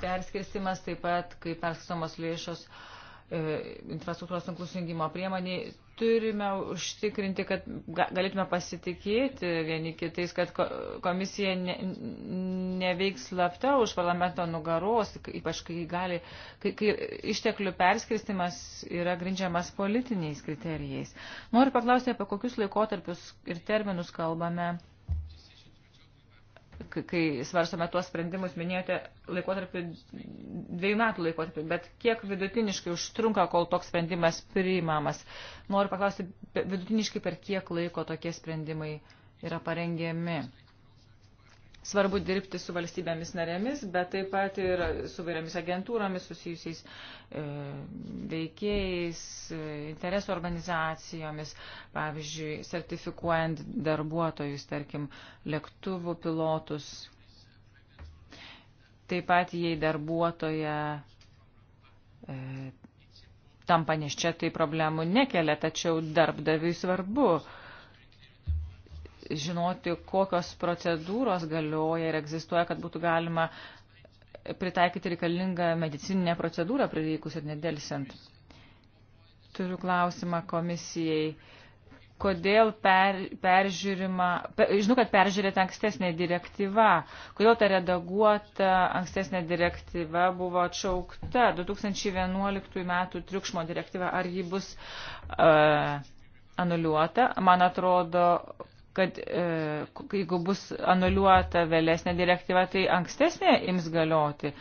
perskirstimas taip pat, kai perskirstomos lėšos e, infrastruktūros tinklų sujungimo priemoniai, turime užtikrinti, kad galėtume pasitikėti vieni kitais, kad komisija ne, neveiks slapta už parlamento nugaros, ypač kai, gali, kai, kai išteklių perskristimas yra grindžiamas politiniais kriterijais. Noriu paklausti, apie kokius laikotarpius ir terminus kalbame kai svarstome tuos sprendimus, minėjote laikotarpį, dviejų metų laikotarpį, bet kiek vidutiniškai užtrunka, kol toks sprendimas priimamas? Noriu paklausti, vidutiniškai per kiek laiko tokie sprendimai yra parengiami? Svarbu dirbti su valstybėmis narėmis, bet taip pat ir su vairiomis agentūromis susijusiais e, veikėjais, e, interesų organizacijomis, pavyzdžiui, sertifikuojant darbuotojus, tarkim, lėktuvų pilotus. Taip pat, jei darbuotoja e, tampa neščia, tai problemų nekelia, tačiau darbdaviui svarbu. E, žinoti, kokios procedūros galioja ir egzistuoja, kad būtų galima pritaikyti reikalingą medicininę procedūrą prireikus ir nedelsiant. Turiu klausimą komisijai. Kodėl per, peržiūrima, per, žinau, kad peržiūrėta ankstesnė direktyva, kodėl ta redaguota ankstesnė direktyva buvo atšaukta 2011 metų triukšmo direktyva, ar ji bus uh, anuliuota? Man atrodo, kad e, jeigu bus anuliuota vėlesnė direktyva, tai ankstesnė ims galioti.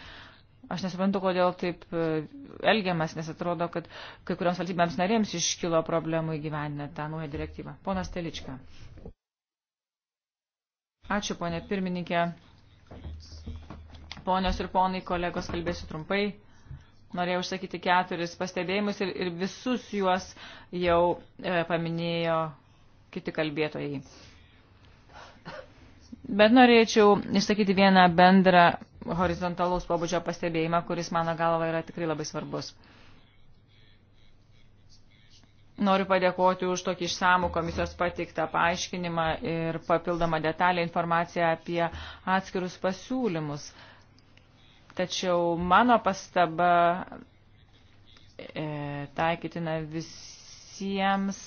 Aš nesuprantu, kodėl taip e, elgiamas, nes atrodo, kad kai kurioms valstybėms narėms iškilo problemų įgyveninę tą naują direktyvą. Ponas Telička. Ačiū, ponė pirmininkė. Ponios ir ponai, kolegos, kalbėsiu trumpai. Norėjau užsakyti keturis pastebėjimus ir, ir visus juos jau e, paminėjo kiti kalbėtojai. Bet norėčiau išsakyti vieną bendrą horizontalaus pobūdžio pastebėjimą, kuris mano galva yra tikrai labai svarbus. Noriu padėkoti už tokį išsamų komisijos patiktą paaiškinimą ir papildomą detalę informaciją apie atskirus pasiūlymus. Tačiau mano pastaba e, taikytina visiems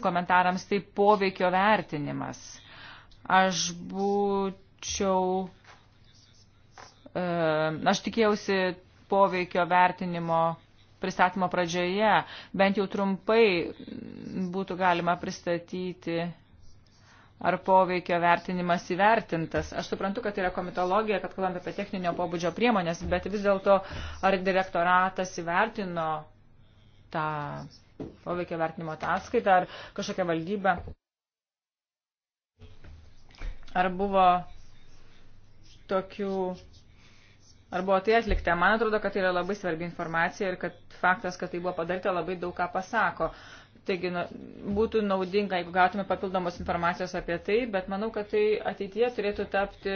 komentarams, tai poveikio vertinimas. Aš būčiau, e, aš tikėjausi poveikio vertinimo pristatymo pradžioje, bent jau trumpai būtų galima pristatyti ar poveikio vertinimas įvertintas. Aš suprantu, kad yra komitologija, kad kalbame apie techninio pobūdžio priemonės, bet vis dėlto ar direktoratas įvertino tą poveikio vertinimo ataskaitą ar kažkokią valdybą. Ar buvo tokių, ar buvo tai atlikta. Man atrodo, kad tai yra labai svarbi informacija ir kad faktas, kad tai buvo padaryta, labai daug ką pasako. Taigi na, būtų naudinga, jeigu gautume papildomos informacijos apie tai, bet manau, kad tai ateityje turėtų tapti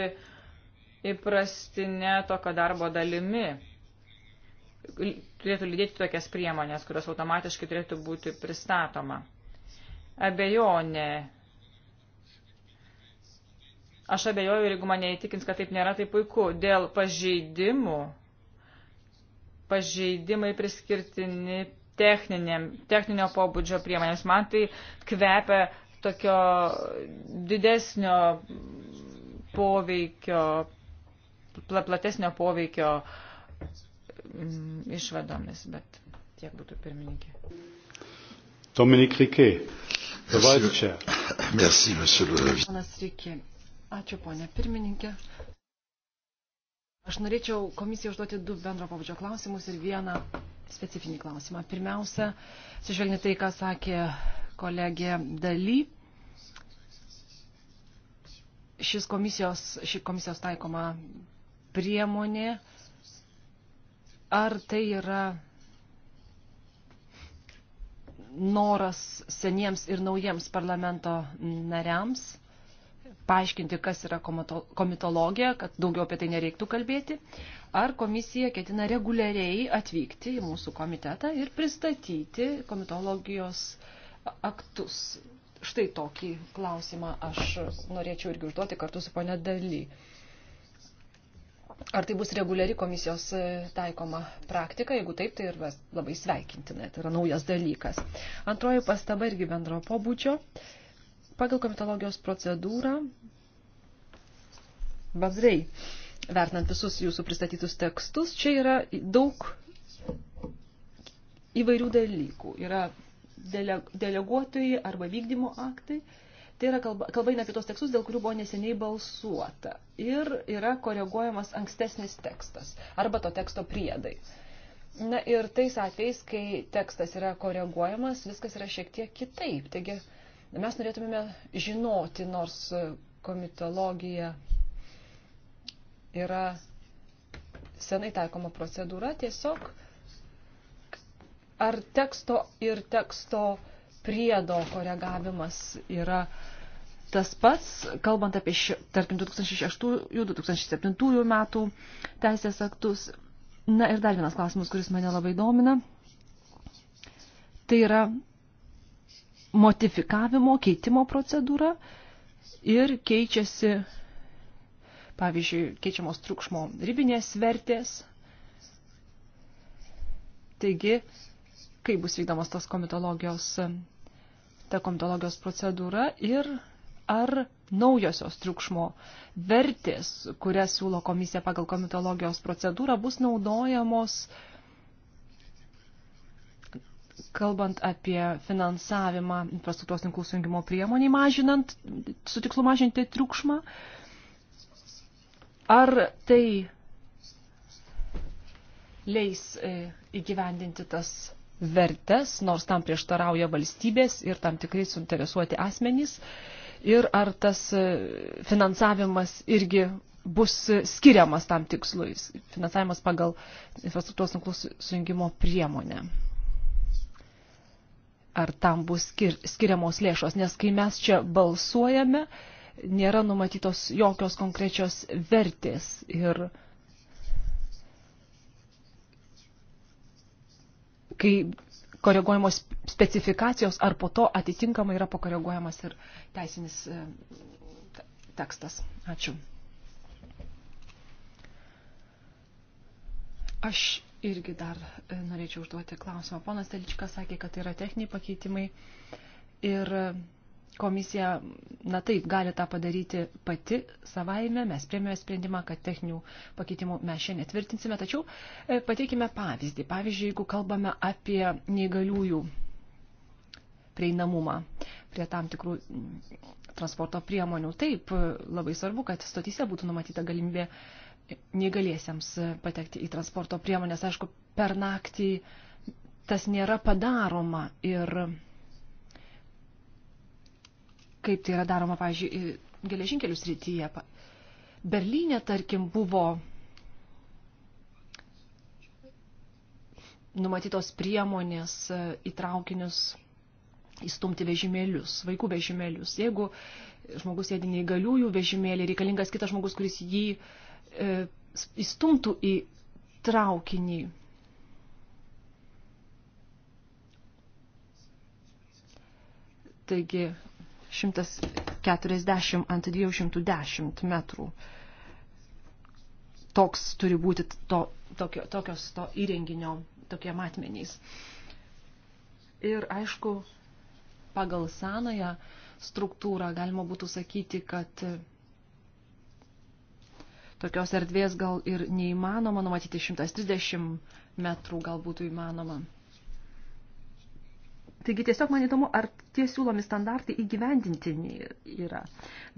įprastinė tokio darbo dalimi turėtų lydėti tokias priemonės, kurios automatiškai turėtų būti pristatoma. Abejonė. Aš abejoju, jeigu mane įtikins, kad taip nėra, tai puiku. Dėl pažeidimų, pažeidimai priskirtini techninio pobūdžio priemonėms. Man tai kvepia tokio didesnio poveikio, platesnio poveikio mm, išvadomis, bet tiek būtų pirmininkė. Dominik Rikė, dabar čia. Merci, monsieur le Ponas Rikė, ačiū ponė pirmininkė. Aš norėčiau komisijai užduoti du bendro pabudžio klausimus ir vieną specifinį klausimą. Pirmiausia, sužvelni tai, ką sakė kolegė Daly. Šis komisijos, ši komisijos taikoma priemonė Ar tai yra noras seniems ir naujiems parlamento nariams paaiškinti, kas yra komitologija, kad daugiau apie tai nereiktų kalbėti, ar komisija ketina reguliariai atvykti į mūsų komitetą ir pristatyti komitologijos aktus. Štai tokį klausimą aš norėčiau irgi užduoti kartu su ponia Daly. Ar tai bus reguliari komisijos e, taikoma praktika? Jeigu taip, tai ir labai sveikintina, tai yra naujas dalykas. Antroji pastaba irgi bendro pobūdžio. Pagal komitologijos procedūrą, bazrai, vertinant visus jūsų pristatytus tekstus, čia yra daug įvairių dalykų. Yra deleguotojai arba vykdymo aktai Tai yra kalba, kalba eina apie tos tekstus, dėl kurių buvo neseniai balsuota. Ir yra koreguojamas ankstesnis tekstas arba to teksto priedai. Na ir tais atvejais, kai tekstas yra koreguojamas, viskas yra šiek tiek kitaip. Taigi mes norėtumėme žinoti, nors komitologija yra senai taikoma procedūra, tiesiog ar teksto ir teksto uh, priedo koregavimas yra tas pats, kalbant apie, ši, tarkim, 2006-2007 metų teisės aktus. Na ir dar vienas klausimas, kuris mane labai domina. Tai yra modifikavimo, keitimo procedūra ir keičiasi, pavyzdžiui, keičiamos triukšmo ribinės vertės. Taigi, kai bus vykdomas tas komitologijos tekontologijos procedūra ir ar naujosios triukšmo vertės, kurias siūlo komisija pagal komitologijos procedūrą, bus naudojamos, kalbant apie finansavimą infrastruktūros tinklų sujungimo priemoniai, mažinant, su tikslu mažinti triukšmą. Ar tai leis e, įgyvendinti tas vertes, nors tam prieštarauja valstybės ir tam tikrai suinteresuoti asmenys. Ir ar tas e, finansavimas irgi bus skiriamas tam tikslui, finansavimas pagal infrastruktūros tinklų sujungimo priemonę. Ar tam bus skir skiriamos lėšos, nes kai mes čia balsuojame, nėra numatytos jokios konkrečios vertės ir uh, kai koreguojamos specifikacijos, ar po to atitinkamai yra pakoreguojamas ir teisinis e, tekstas. Ačiū. Aš irgi dar e, norėčiau užduoti klausimą. Ponas Teličkas sakė, kad tai yra techniniai pakeitimai ir Komisija, na taip, gali tą padaryti pati savaime. Mes priemėme sprendimą, kad techninių pakeitimų mes šiandien tvirtinsime, tačiau e, pateikime pavyzdį. Pavyzdžiui, jeigu kalbame apie neįgaliųjų prieinamumą prie tam tikrų mm, transporto priemonių. Taip, labai svarbu, kad stotyse būtų numatyta galimybė negalėsiams patekti į transporto priemonės. Aišku, per naktį tas nėra padaroma ir kaip tai yra daroma, pavyzdžiui, geležinkelių srityje. Berlyne, tarkim, buvo numatytos priemonės e, įtraukinius įstumti vežimėlius, vaikų vežimėlius. Jeigu žmogus sėdi neįgaliųjų vežimėlį, reikalingas kitas žmogus, kuris jį e, įstumtų į traukinį. Taigi, 140 ant 210 metrų. Toks turi būti to, tokio, tokios to įrenginio tokie matmenys. Ir aišku, pagal senąją struktūrą galima būtų sakyti, kad tokios erdvės gal ir neįmanoma numatyti 130 metrų, gal būtų įmanoma. Taigi tiesiog man įdomu, ar tie siūlomi standartai įgyvendintini yra.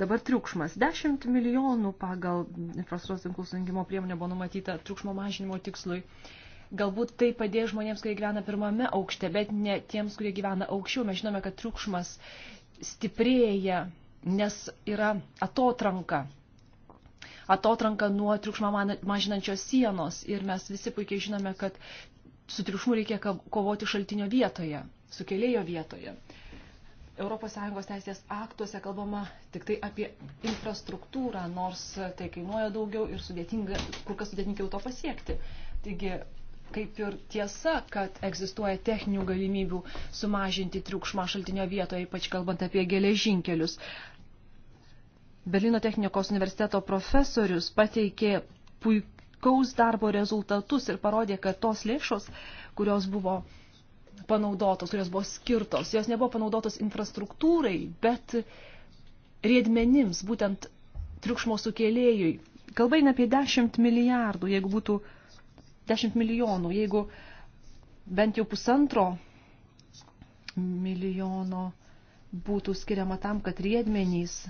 Dabar triukšmas. 10 milijonų pagal infrastruktūros tinklų sujungimo priemonė buvo numatyta triukšmo mažinimo tikslui. Galbūt tai padės žmonėms, kurie gyvena pirmame aukšte, bet ne tiems, kurie gyvena aukščiau. Mes žinome, kad triukšmas stiprėja, nes yra atotranka. Atotranka nuo triukšmą mažinančios sienos ir mes visi puikiai žinome, kad su triukšmu reikia kovoti šaltinio vietoje sukėlėjo vietoje. ES teisės aktuose kalbama tik tai apie infrastruktūrą, nors tai kainuoja daugiau ir sudėtinga, kur kas sudėtingiau to pasiekti. Taigi, kaip ir tiesa, kad egzistuoja techninių galimybių sumažinti triukšmą šaltinio vietoje, ypač kalbant apie geležinkelius. Berlyno technikos universiteto profesorius pateikė puikaus darbo rezultatus ir parodė, kad tos lėšos, kurios buvo panaudotos, kurios buvo skirtos. Jos nebuvo panaudotos infrastruktūrai, bet riedmenims, būtent triukšmo sukėlėjui. Kalba eina apie 10 milijardų, jeigu būtų 10 milijonų, jeigu bent jau pusantro milijono būtų skiriama tam, kad riedmenys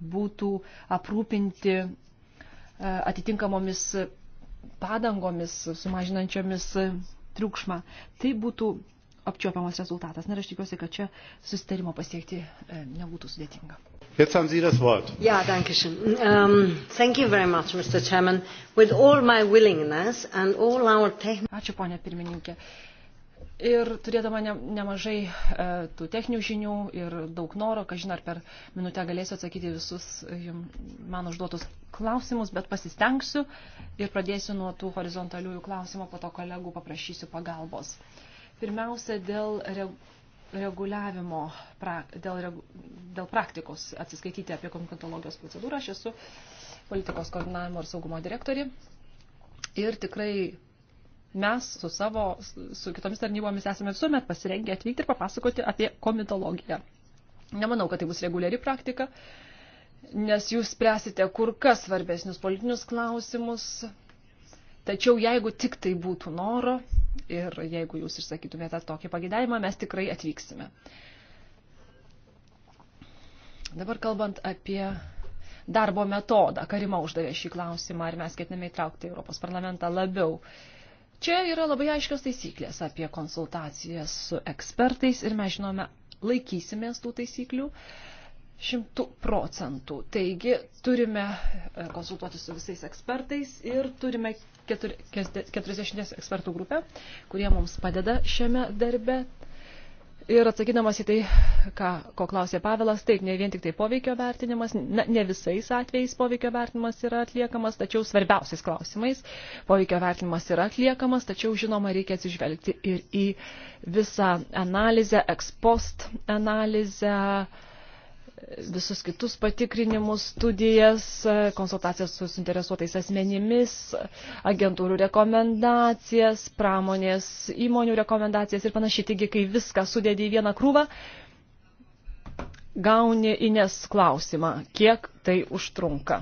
būtų aprūpinti e, atitinkamomis padangomis, sumažinančiomis triukšmą. Tai būtų apčiuopiamas rezultatas. Na ir aš tikiuosi, kad čia susitarimo pasiekti e, nebūtų sudėtinga. Jetzt haben Sie das Wort. Ja, danke schön. Um, thank you very much, Mr. Chairman. With all my willingness and all our technical... Ačiū, ponė pirmininkė. Ir turėdama ne, nemažai e, tų techninių žinių ir daug noro, kažin ar per minutę galėsiu atsakyti visus e, jum, man užduotus klausimus, bet pasistengsiu ir pradėsiu nuo tų horizontaliųjų klausimų, po to kolegų paprašysiu pagalbos. E, Pirmiausia, dėl reguliavimo, dėl, dėl praktikos atsiskaityti apie komitologijos procedūrą. Aš esu politikos koordinavimo ir saugumo direktori ir tikrai mes su savo, su kitomis tarnybomis esame visuomet pasirengę atvykti ir papasakoti apie komitologiją. Nemanau, kad tai bus reguliari praktika, nes jūs spręsite kur kas svarbesnius politinius klausimus, Tačiau jeigu tik tai būtų noro ir jeigu jūs išsakytumėte tokį pagidavimą, mes tikrai atvyksime. Dabar kalbant apie darbo metodą, Karima uždavė šį klausimą, ar mes ketiname įtraukti Europos parlamentą labiau. Čia yra labai aiškios taisyklės apie konsultacijas su ekspertais ir mes žinome, laikysimės tų taisyklių šimtų procentų. Taigi turime e, konsultuoti su visais ekspertais ir turime 40 ekspertų grupę, kurie mums padeda šiame darbe. Ir atsakydamas į tai, ką, ko klausė Pavelas, taip, ne vien tik tai poveikio vertinimas, na, ne visais atvejais poveikio vertinimas yra atliekamas, tačiau svarbiausiais klausimais poveikio vertinimas yra atliekamas, tačiau žinoma reikia atsižvelgti ir į visą analizę, ekspost analizę, uh, visus kitus patikrinimus, studijas, konsultacijas su suinteresuotais asmenimis, agentūrų rekomendacijas, pramonės įmonių rekomendacijas ir panašiai. Taigi, kai viską sudėdė į vieną krūvą, gauni Ines klausimą, kiek tai užtrunka.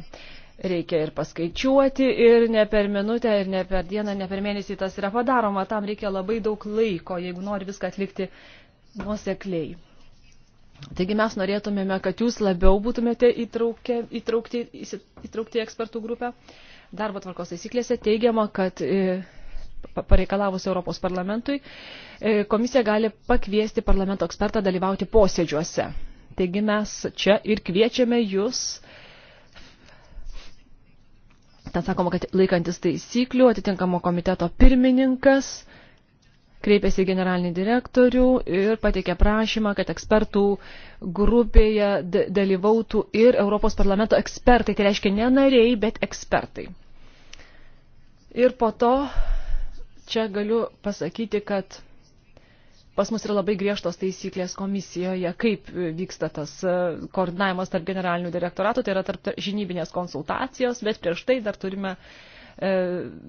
Reikia ir paskaičiuoti, ir ne per minutę, ir ne per dieną, ne per mėnesį tas yra padaroma. Tam reikia labai daug laiko, jeigu nori viską atlikti nuosekliai. Taigi mes norėtumėme, kad jūs labiau būtumėte įtraukti, įtraukti, įtraukti į ekspertų grupę. Darbo tvarkos taisyklėse teigiama, kad e, pareikalavus Europos parlamentui, e, komisija gali pakviesti parlamento ekspertą dalyvauti posėdžiuose. Taigi mes čia ir kviečiame jūs. Ten sakoma, kad laikantis taisyklių atitinkamo komiteto pirmininkas kreipėsi generalinį direktorių ir pateikė prašymą, kad ekspertų grupėje dalyvautų ir Europos parlamento ekspertai, tai reiškia ne nariai, bet ekspertai. Ir po to čia galiu pasakyti, kad pas mus yra labai griežtos taisyklės komisijoje, kaip vyksta tas e, koordinavimas tarp generalinių direktoratų, tai yra tarp žinybinės konsultacijos, bet prieš tai dar turime uh, E,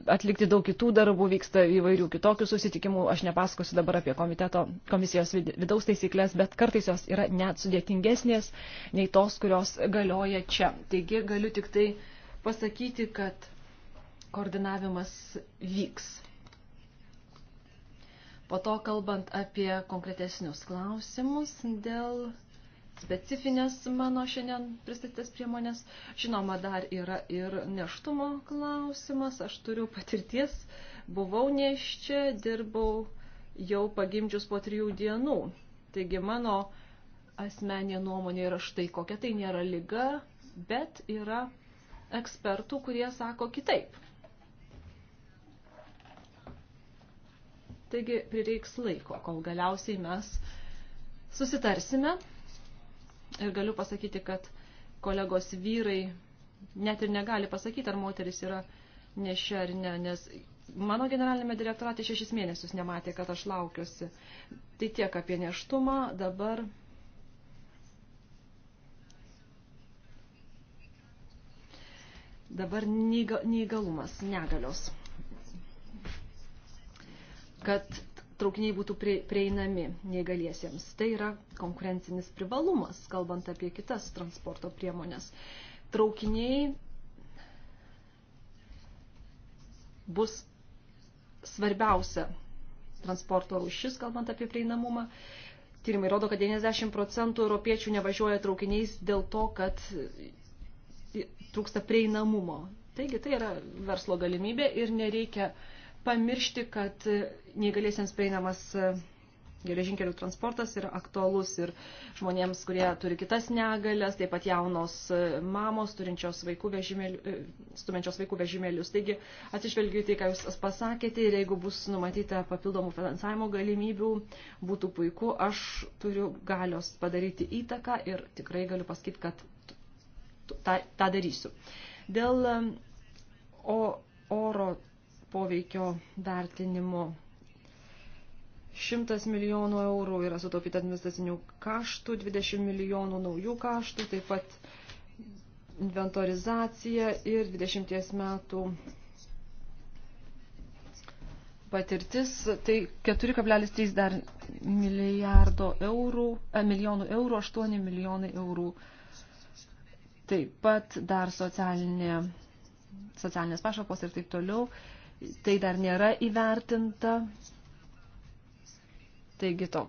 atlikti daug kitų darbų, vyksta įvairių kitokių susitikimų. Aš nepasakosiu dabar apie komiteto komisijos vidaus taisyklės, bet kartais jos yra net sudėtingesnės nei tos, kurios galioja čia. Taigi galiu tik tai pasakyti, kad koordinavimas vyks. Po to kalbant apie konkretesnius klausimus dėl specifinės mano šiandien pristatytas priemonės. Žinoma, dar yra ir neštumo klausimas. Aš turiu patirties, buvau neščia, dirbau jau pagimdžius po trijų dienų. Taigi mano asmenė nuomonė yra štai kokia tai nėra lyga, bet yra ekspertų, kurie sako kitaip. Taigi prireiks laiko, kol galiausiai mes susitarsime Ir galiu pasakyti, kad kolegos vyrai net ir negali pasakyti, ar moteris yra nešia ar ne, nes mano generalinėme direktorate šešis mėnesius nematė, kad aš laukiuosi. Tai tiek apie neštumą, dabar dabar neįgalumas, negalios. Kad traukiniai būtų prieinami neįgaliesiems. Tai yra konkurencinis privalumas, kalbant apie kitas transporto priemonės. Traukiniai bus svarbiausia transporto rūšis, kalbant apie prieinamumą. Tyrimai rodo, kad 90 procentų europiečių nevažiuoja traukiniais dėl to, kad trūksta prieinamumo. Taigi tai yra verslo galimybė ir nereikia uh, pamiršti, kad neįgaliesiams prieinamas e, geležinkelių transportas yra aktualus ir žmonėms, kurie turi kitas negalės, taip pat jaunos e, mamos, turinčios vaikų e, stumiančios vaikų vežimėlius. Taigi atsižvelgiu į tai, ką Jūs pasakėte ir jeigu bus numatyta papildomų finansavimo galimybių, būtų puiku, aš turiu galios padaryti įtaką ir tikrai galiu pasakyti, kad tą, tą darysiu. Dėl o, oro poveikio vertinimu. 100 milijonų eurų yra sutaupyta administracinių kaštų, 20 milijonų naujų kaštų, taip pat inventorizacija ir 20 metų patirtis. Tai 4,3 dar milijardo eurų, a, e, milijonų eurų, 8 milijonai eurų. Taip pat dar socialinė, socialinės pašalpos ir taip toliau tai dar nėra įvertinta. Taigi to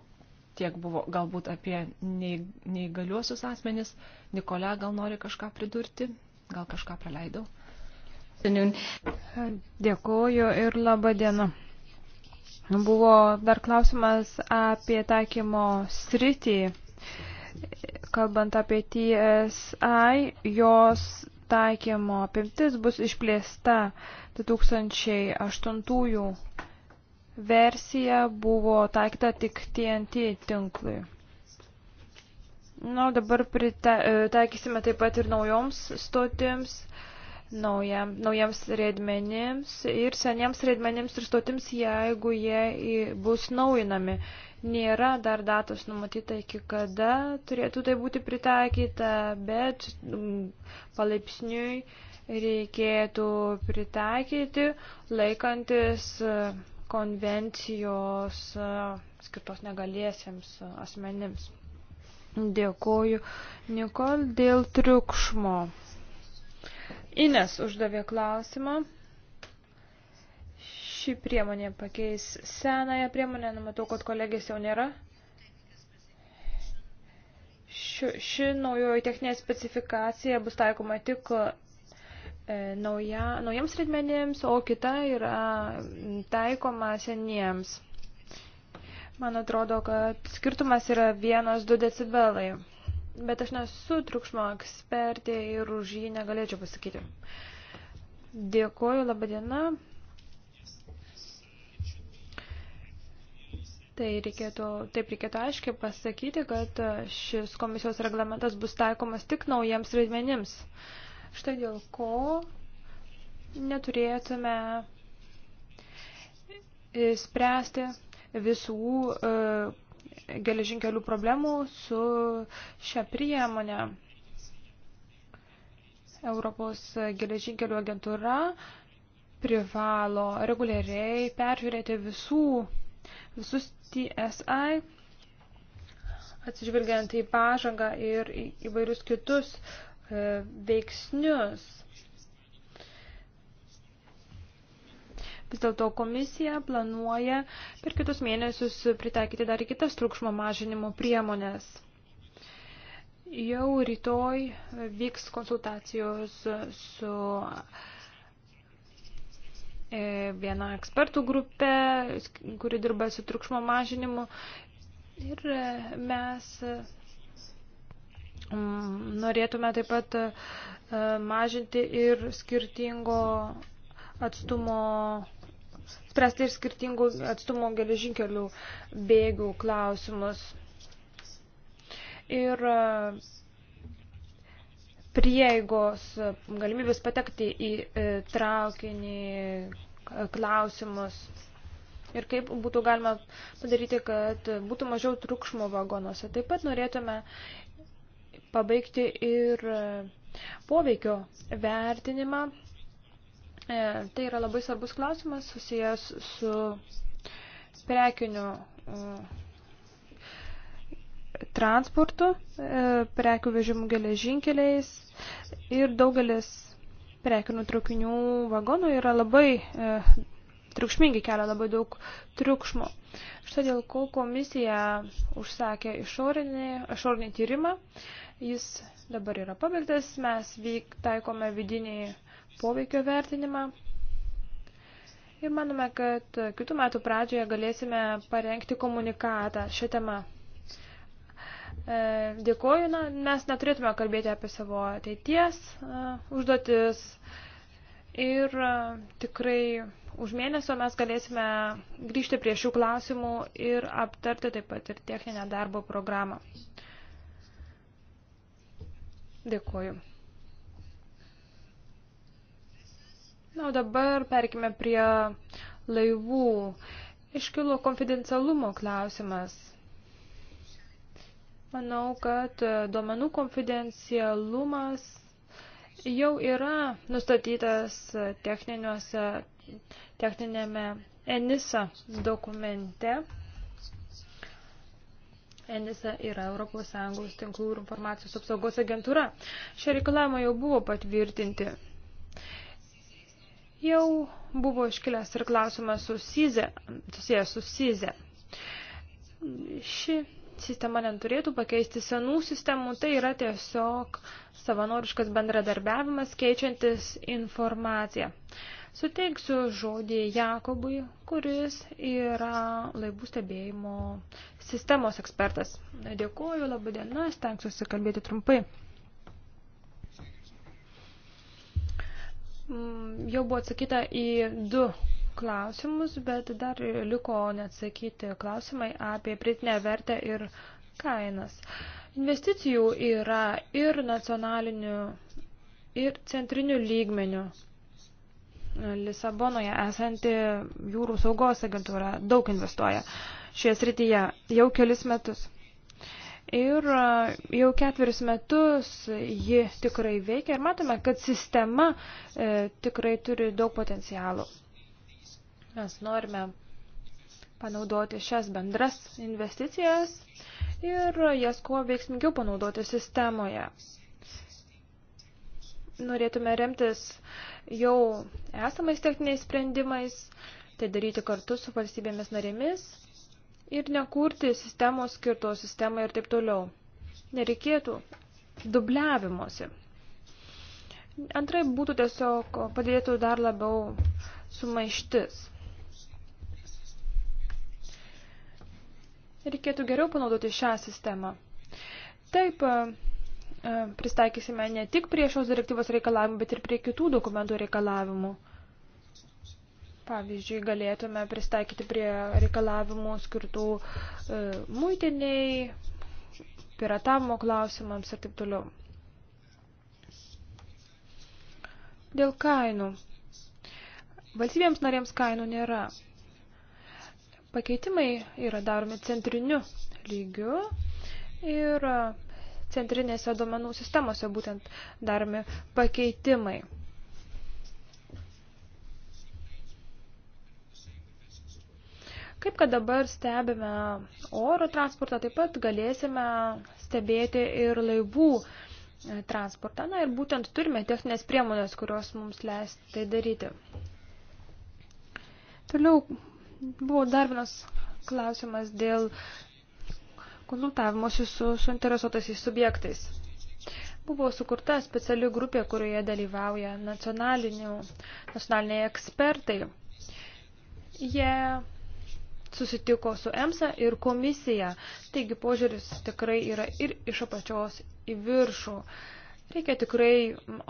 tiek buvo galbūt apie neįgaliuosius asmenis. Nikolia, gal nori kažką pridurti? Gal kažką praleidau? Dėkuoju ir laba diena. Buvo dar klausimas apie taikymo sritį. Kalbant apie TSI, jos taikymo apimtis bus išplėsta 2008 versija buvo taikyta tik TNT tinklui. Na, dabar pritaikysime e, taip pat ir naujoms stotims, naujam, naujams riedmenims ir seniems riedmenims ir stotims, jeigu jie bus naujinami. Nėra dar datos numatyta iki kada turėtų tai būti pritaikyta, bet palaipsniui uh, reikėtų pritaikyti laikantis e, konvencijos e, skirtos negaliesiems e, asmenims. Dėkoju, Nikol, dėl triukšmo. Ines uždavė klausimą. Ši priemonė pakeis senąją priemonę, numatau, kad kolegės jau nėra. Ši, ši naujoji techninė specifikacija bus taikoma tik E, nauja, naujiems reikmenims, o kita yra taikoma seniems. Man atrodo, kad skirtumas yra vienas du decibelai. Bet aš nesu triukšmo ekspertė ir už jį negalėčiau pasakyti. Dėkuoju, laba diena. Tai reikėtų, taip reikėtų aiškiai pasakyti, kad šis komisijos reglamentas bus taikomas tik naujiems reikmenims. Uh, Štai dėl ko neturėtume e, spręsti visų e, geležinkelių problemų su šią priemonę. Europos geležinkelių agentūra privalo reguliariai peržiūrėti visų, visus TSI, atsižvelgiant į pažangą ir į įvairius kitus E, veiksnius. Vis dėlto komisija planuoja per kitus mėnesius pritaikyti dar ir kitas triukšmo mažinimo priemonės. Jau rytoj vyks konsultacijos su e, viena ekspertų grupė, kuri dirba su triukšmo mažinimu. Ir e, mes Mm, norėtume taip pat e, mažinti ir skirtingo atstumo, spręsti ir skirtingų atstumo geležinkelių bėgių klausimus. Ir e, prieigos, galimybės patekti į e, traukinį klausimus. Ir kaip būtų galima padaryti, kad būtų mažiau triukšmo vagonuose. Taip pat norėtume pabaigti ir e, poveikio vertinimą. E, tai yra labai svarbus klausimas susijęs su prekiniu e, transportu, prekių vežimų geležinkeliais ir daugelis prekinių traukinių vagonų yra labai e, triukšmingi, kelia labai daug triukšmo. Štai dėl ko komisija užsakė išorinį, išorinį tyrimą Jis dabar yra pabaigtas, mes vyk, taikome vidinį poveikio vertinimą. Ir manome, kad kitų metų pradžioje galėsime parengti komunikatą šią temą. E, Dėkuoju, na, mes neturėtume kalbėti apie savo ateities e, užduotis. Ir e, tikrai už mėnesio mes galėsime grįžti prie šių klausimų ir aptarti taip pat ir techninę darbo programą. Dėkuoju. Na, o dabar perkime prie laivų. Iškilo konfidencialumo klausimas. Manau, kad e, duomenų konfidencialumas jau yra nustatytas e, techniniuose, techninėme ENISA dokumente. ENISA yra ES tinklų ir informacijos apsaugos agentūra. Šie reikalavimai jau buvo patvirtinti. Jau buvo iškilęs ir klausimas susijęs su SIZE. Ši sistema neturėtų pakeisti senų sistemų, tai yra tiesiog savanoriškas bendradarbiavimas keičiantis informaciją. Uh, Suteiksiu žodį Jakobui, kuris yra laivų stebėjimo sistemos ekspertas. Dėkuoju, labai diena, stengsiuosi kalbėti trumpai. Mm, jau buvo atsakyta į du klausimus, bet dar liko neatsakyti klausimai apie pritinę vertę ir kainas. Investicijų yra ir nacionalinių, ir centrinių lygmenių. Lisabonoje esanti jūrų saugos agentūra daug investuoja šioje srityje jau kelis metus. Ir e, jau ketveris metus ji tikrai veikia ir matome, kad sistema e, tikrai turi daug potencialų. Mes norime panaudoti šias bendras investicijas ir jas kuo veiksmingiau panaudoti sistemoje. Norėtume remtis e, jau esamais techniniais sprendimais, tai daryti kartu su valstybėmis narėmis ir nekurti sistemos skirtos sistemai ir taip toliau. Nereikėtų dubliavimuose. Antrai būtų tiesiog padėtų dar labiau sumaištis. Reikėtų geriau panaudoti šią sistemą. Taip, E, pristaikysime ne tik prie šios direktyvos reikalavimų, bet ir prie kitų dokumentų reikalavimų. Pavyzdžiui, galėtume pristaikyti prie reikalavimų skirtų e, muitiniai, piratavimo klausimams ir taip toliau. Dėl kainų. Valstybėms narėms kainų nėra. Pakeitimai yra daromi centriniu lygiu ir centrinėse duomenų sistemose būtent daromi pakeitimai. Kaip kad dabar stebime oro transportą, taip pat galėsime stebėti ir laivų e, transportą. Na ir būtent turime techninės priemonės, kurios mums leis tai daryti. Toliau buvo dar vienas klausimas dėl konsultavimuose su suinteresuotaisiais subjektais. Buvo sukurta speciali grupė, kurioje dalyvauja nacionaliniai ekspertai. Jie susitiko su EMSA ir komisija, taigi požiūris tikrai yra ir iš apačios į viršų. Reikia tikrai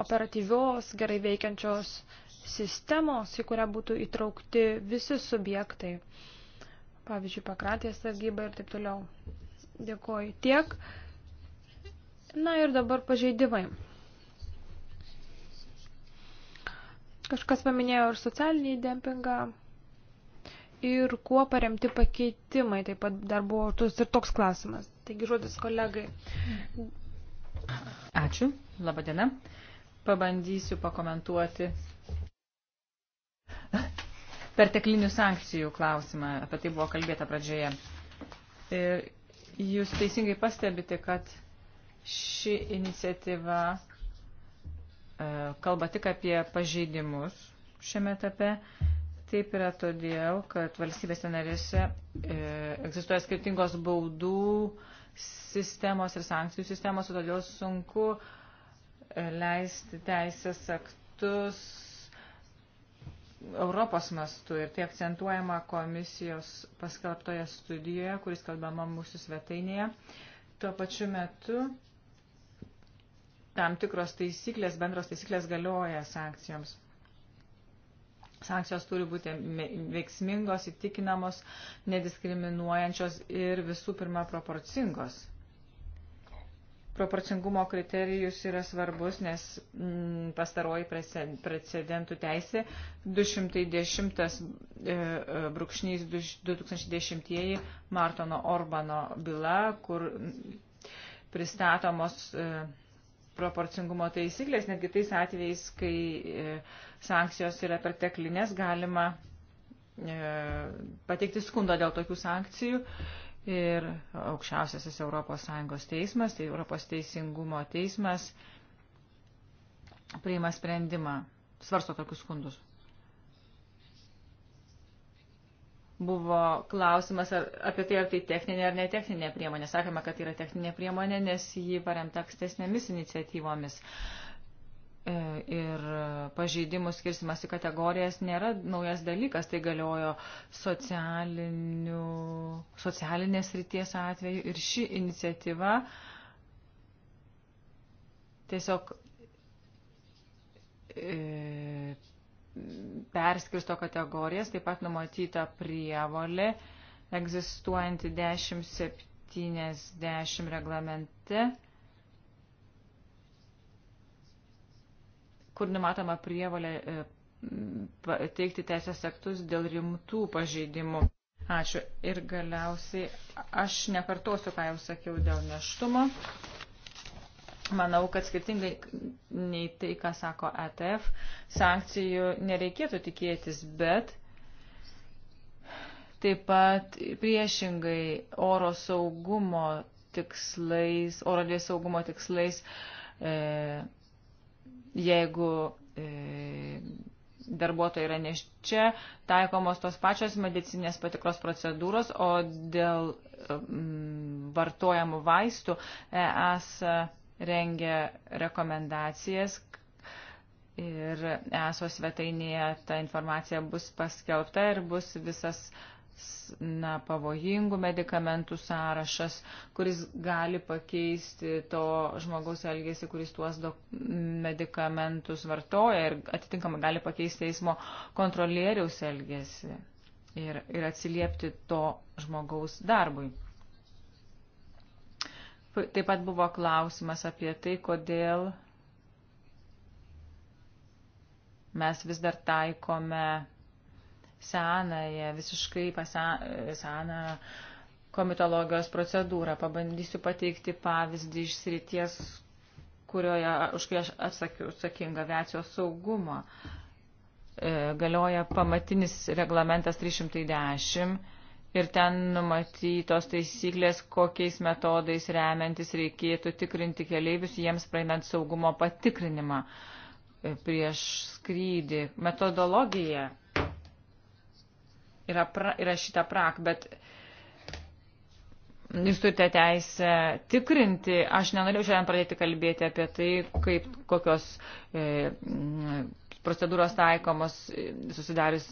operatyvios, gerai veikiančios sistemos, į kurią būtų įtraukti visi subjektai, pavyzdžiui, pakratės sargyba ir taip toliau. Dėkoju tiek. Na ir dabar pažeidimai. Kažkas paminėjo ir socialinį dempingą, ir kuo paremti pakeitimai, taip pat dar buvo ir toks klausimas. Taigi žodis kolegai. Ačiū, laba diena. Pabandysiu pakomentuoti perteklinių sankcijų klausimą, apie tai buvo kalbėta pradžioje. Ir e, Jūs teisingai pastebite, kad ši iniciatyva e, kalba tik apie pažeidimus šiame etape. Taip yra todėl, kad valstybėse narėse e, egzistuoja skirtingos baudų sistemos ir sankcijų sistemos, todėl sunku e, leisti teisės aktus Europos mastu ir tai akcentuojama komisijos paskelbtoje studijoje, kuris kalbama mūsų svetainėje. Tuo pačiu metu tam tikros taisyklės, bendros taisyklės galioja sankcijoms. Sankcijos turi būti veiksmingos, įtikinamos, nediskriminuojančios ir visų pirma proporcingos. Proporcingumo kriterijus yra svarbus, nes m, mm, pastaroji precedentų teisė 210 e, e, brūkšnys 2010 Martono Orbano byla, kur mm, pristatomos e, proporcingumo taisyklės, netgi tais atvejais, kai sankcijos yra perteklinės, galima pateikti skundą dėl tokių sankcijų ir aukščiausiasis ES teismas, tai Europos teisingumo teismas priima sprendimą, svarsto tokius skundus. Buvo klausimas ar, apie tai, ar tai techninė ar netechninė priemonė. Sakėme, kad tai yra techninė priemonė, nes jį paremta ankstesnėmis iniciatyvomis. Uh, E, ir pažeidimų skirsimas į kategorijas nėra naujas dalykas, tai galiojo socialinės ryties atveju ir ši iniciatyva tiesiog e, perskirsto kategorijas, taip pat numatyta prievolė egzistuojanti 1070 reglamente kur numatoma prievalė e, teikti teisės aktus dėl rimtų pažeidimų. Ačiū. Ir galiausiai aš nekartosiu, ką jau sakiau dėl neštumo. Manau, kad skirtingai nei tai, ką sako ETF, sankcijų nereikėtų tikėtis, bet taip pat priešingai oro saugumo tikslais, oro saugumo tikslais e, Jeigu e, darbuotojai yra neš čia, taikomos tos pačios medicinės patikros procedūros, o dėl mm, vartojamų vaistų e, ES rengia rekomendacijas ir ESO svetainėje ta informacija bus paskelbta ir bus visas na, pavojingų medikamentų sąrašas, kuris gali pakeisti to žmogaus elgesį, kuris tuos medikamentus vartoja ir atitinkamai gali pakeisti eismo kontrolieriaus elgesį ir, ir atsiliepti to žmogaus darbui. Taip pat buvo klausimas apie tai, kodėl mes vis dar taikome senąją, visiškai seną komitologijos procedūrą. Pabandysiu pateikti pavyzdį iš srities, kurioje, už kurį aš atsakiau, atsakinga aviacijos saugumo. E, galioja pamatinis reglamentas 310 ir ten numatytos taisyklės, kokiais metodais remiantis reikėtų tikrinti keleivius, jiems praeinant saugumo patikrinimą e, prieš skrydį. Metodologija yra, pra, yra šita prak, bet jūs turite teisę tikrinti. Aš nenorėjau šiandien pradėti kalbėti apie tai, kaip kokios e, procedūros taikomos e, susidarius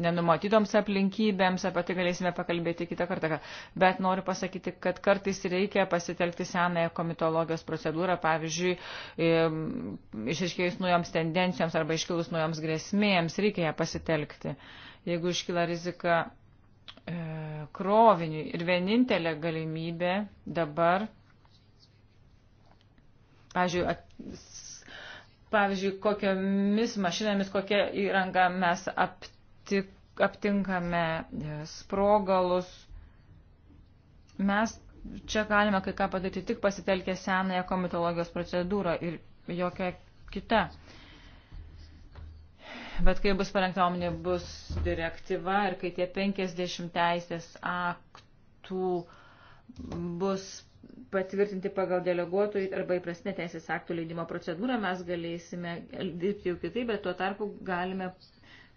nenumatytoms aplinkybėms, apie tai galėsime pakalbėti kitą kartą. Bet noriu pasakyti, kad kartais reikia pasitelkti senąją komitologijos procedūrą, pavyzdžiui, e, išaiškėjus nuojoms tendencijoms arba iškilus nuojoms grėsmėms, reikia ją pasitelkti. E, jeigu iškyla rizika e, kroviniui. Ir vienintelė galimybė dabar, pavyzdžiui, at, pavyzdžiui kokiamis mašinomis, kokią įrangą mes aptik, aptinkame e, sprogalus. Mes čia galime kai ką padaryti tik pasitelkę senąją komitologijos procedūrą ir jokią kitą. E, Bet kai bus parengta omnibus direktyva ir kai tie 50 teisės aktų bus patvirtinti pagal deleguotojų arba įprastinę teisės aktų leidimo procedūrą, mes galėsime dirbti jau kitaip, bet tuo tarpu galime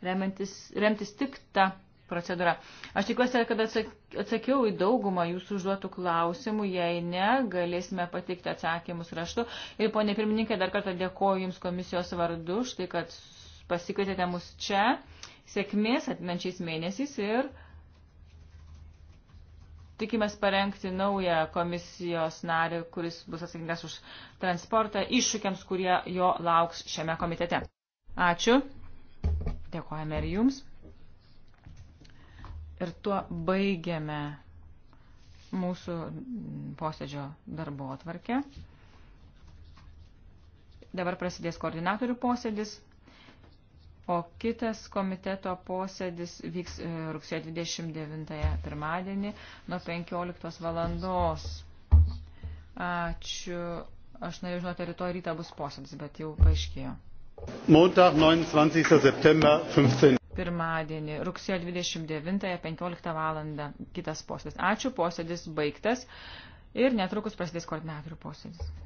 remantis, remtis tik tą procedūrą. Aš tikiuosi, kad atsakiau į daugumą jūsų užduotų klausimų, jei ne, galėsime patikti atsakymus raštu. Ir ponė pirmininkė, dar kartą dėkoju Jums komisijos vardu, štai kad pasikvietėte mus čia. Sėkmės atmenčiais mėnesiais ir tikimės parengti naują komisijos narį, kuris bus atsakingas už transportą iššūkiams, kurie jo lauks šiame komitete. Ačiū. Dėkojame ir jums. Ir tuo baigiame mūsų posėdžio darbo atvarkę. Dabar prasidės koordinatorių posėdis o kitas komiteto posėdis vyks e, rugsėjo 29 pirmadienį nuo 15 valandos. Ačiū. Aš nežinote, rytoj ryta bus posėdis, bet jau paaiškėjo. Montag, 29. september, 15. Pirmadienį, rugsėjo 29.15 val. kitas posėdis. Ačiū, posėdis baigtas ir netrukus prasidės koordinatorių posėdis.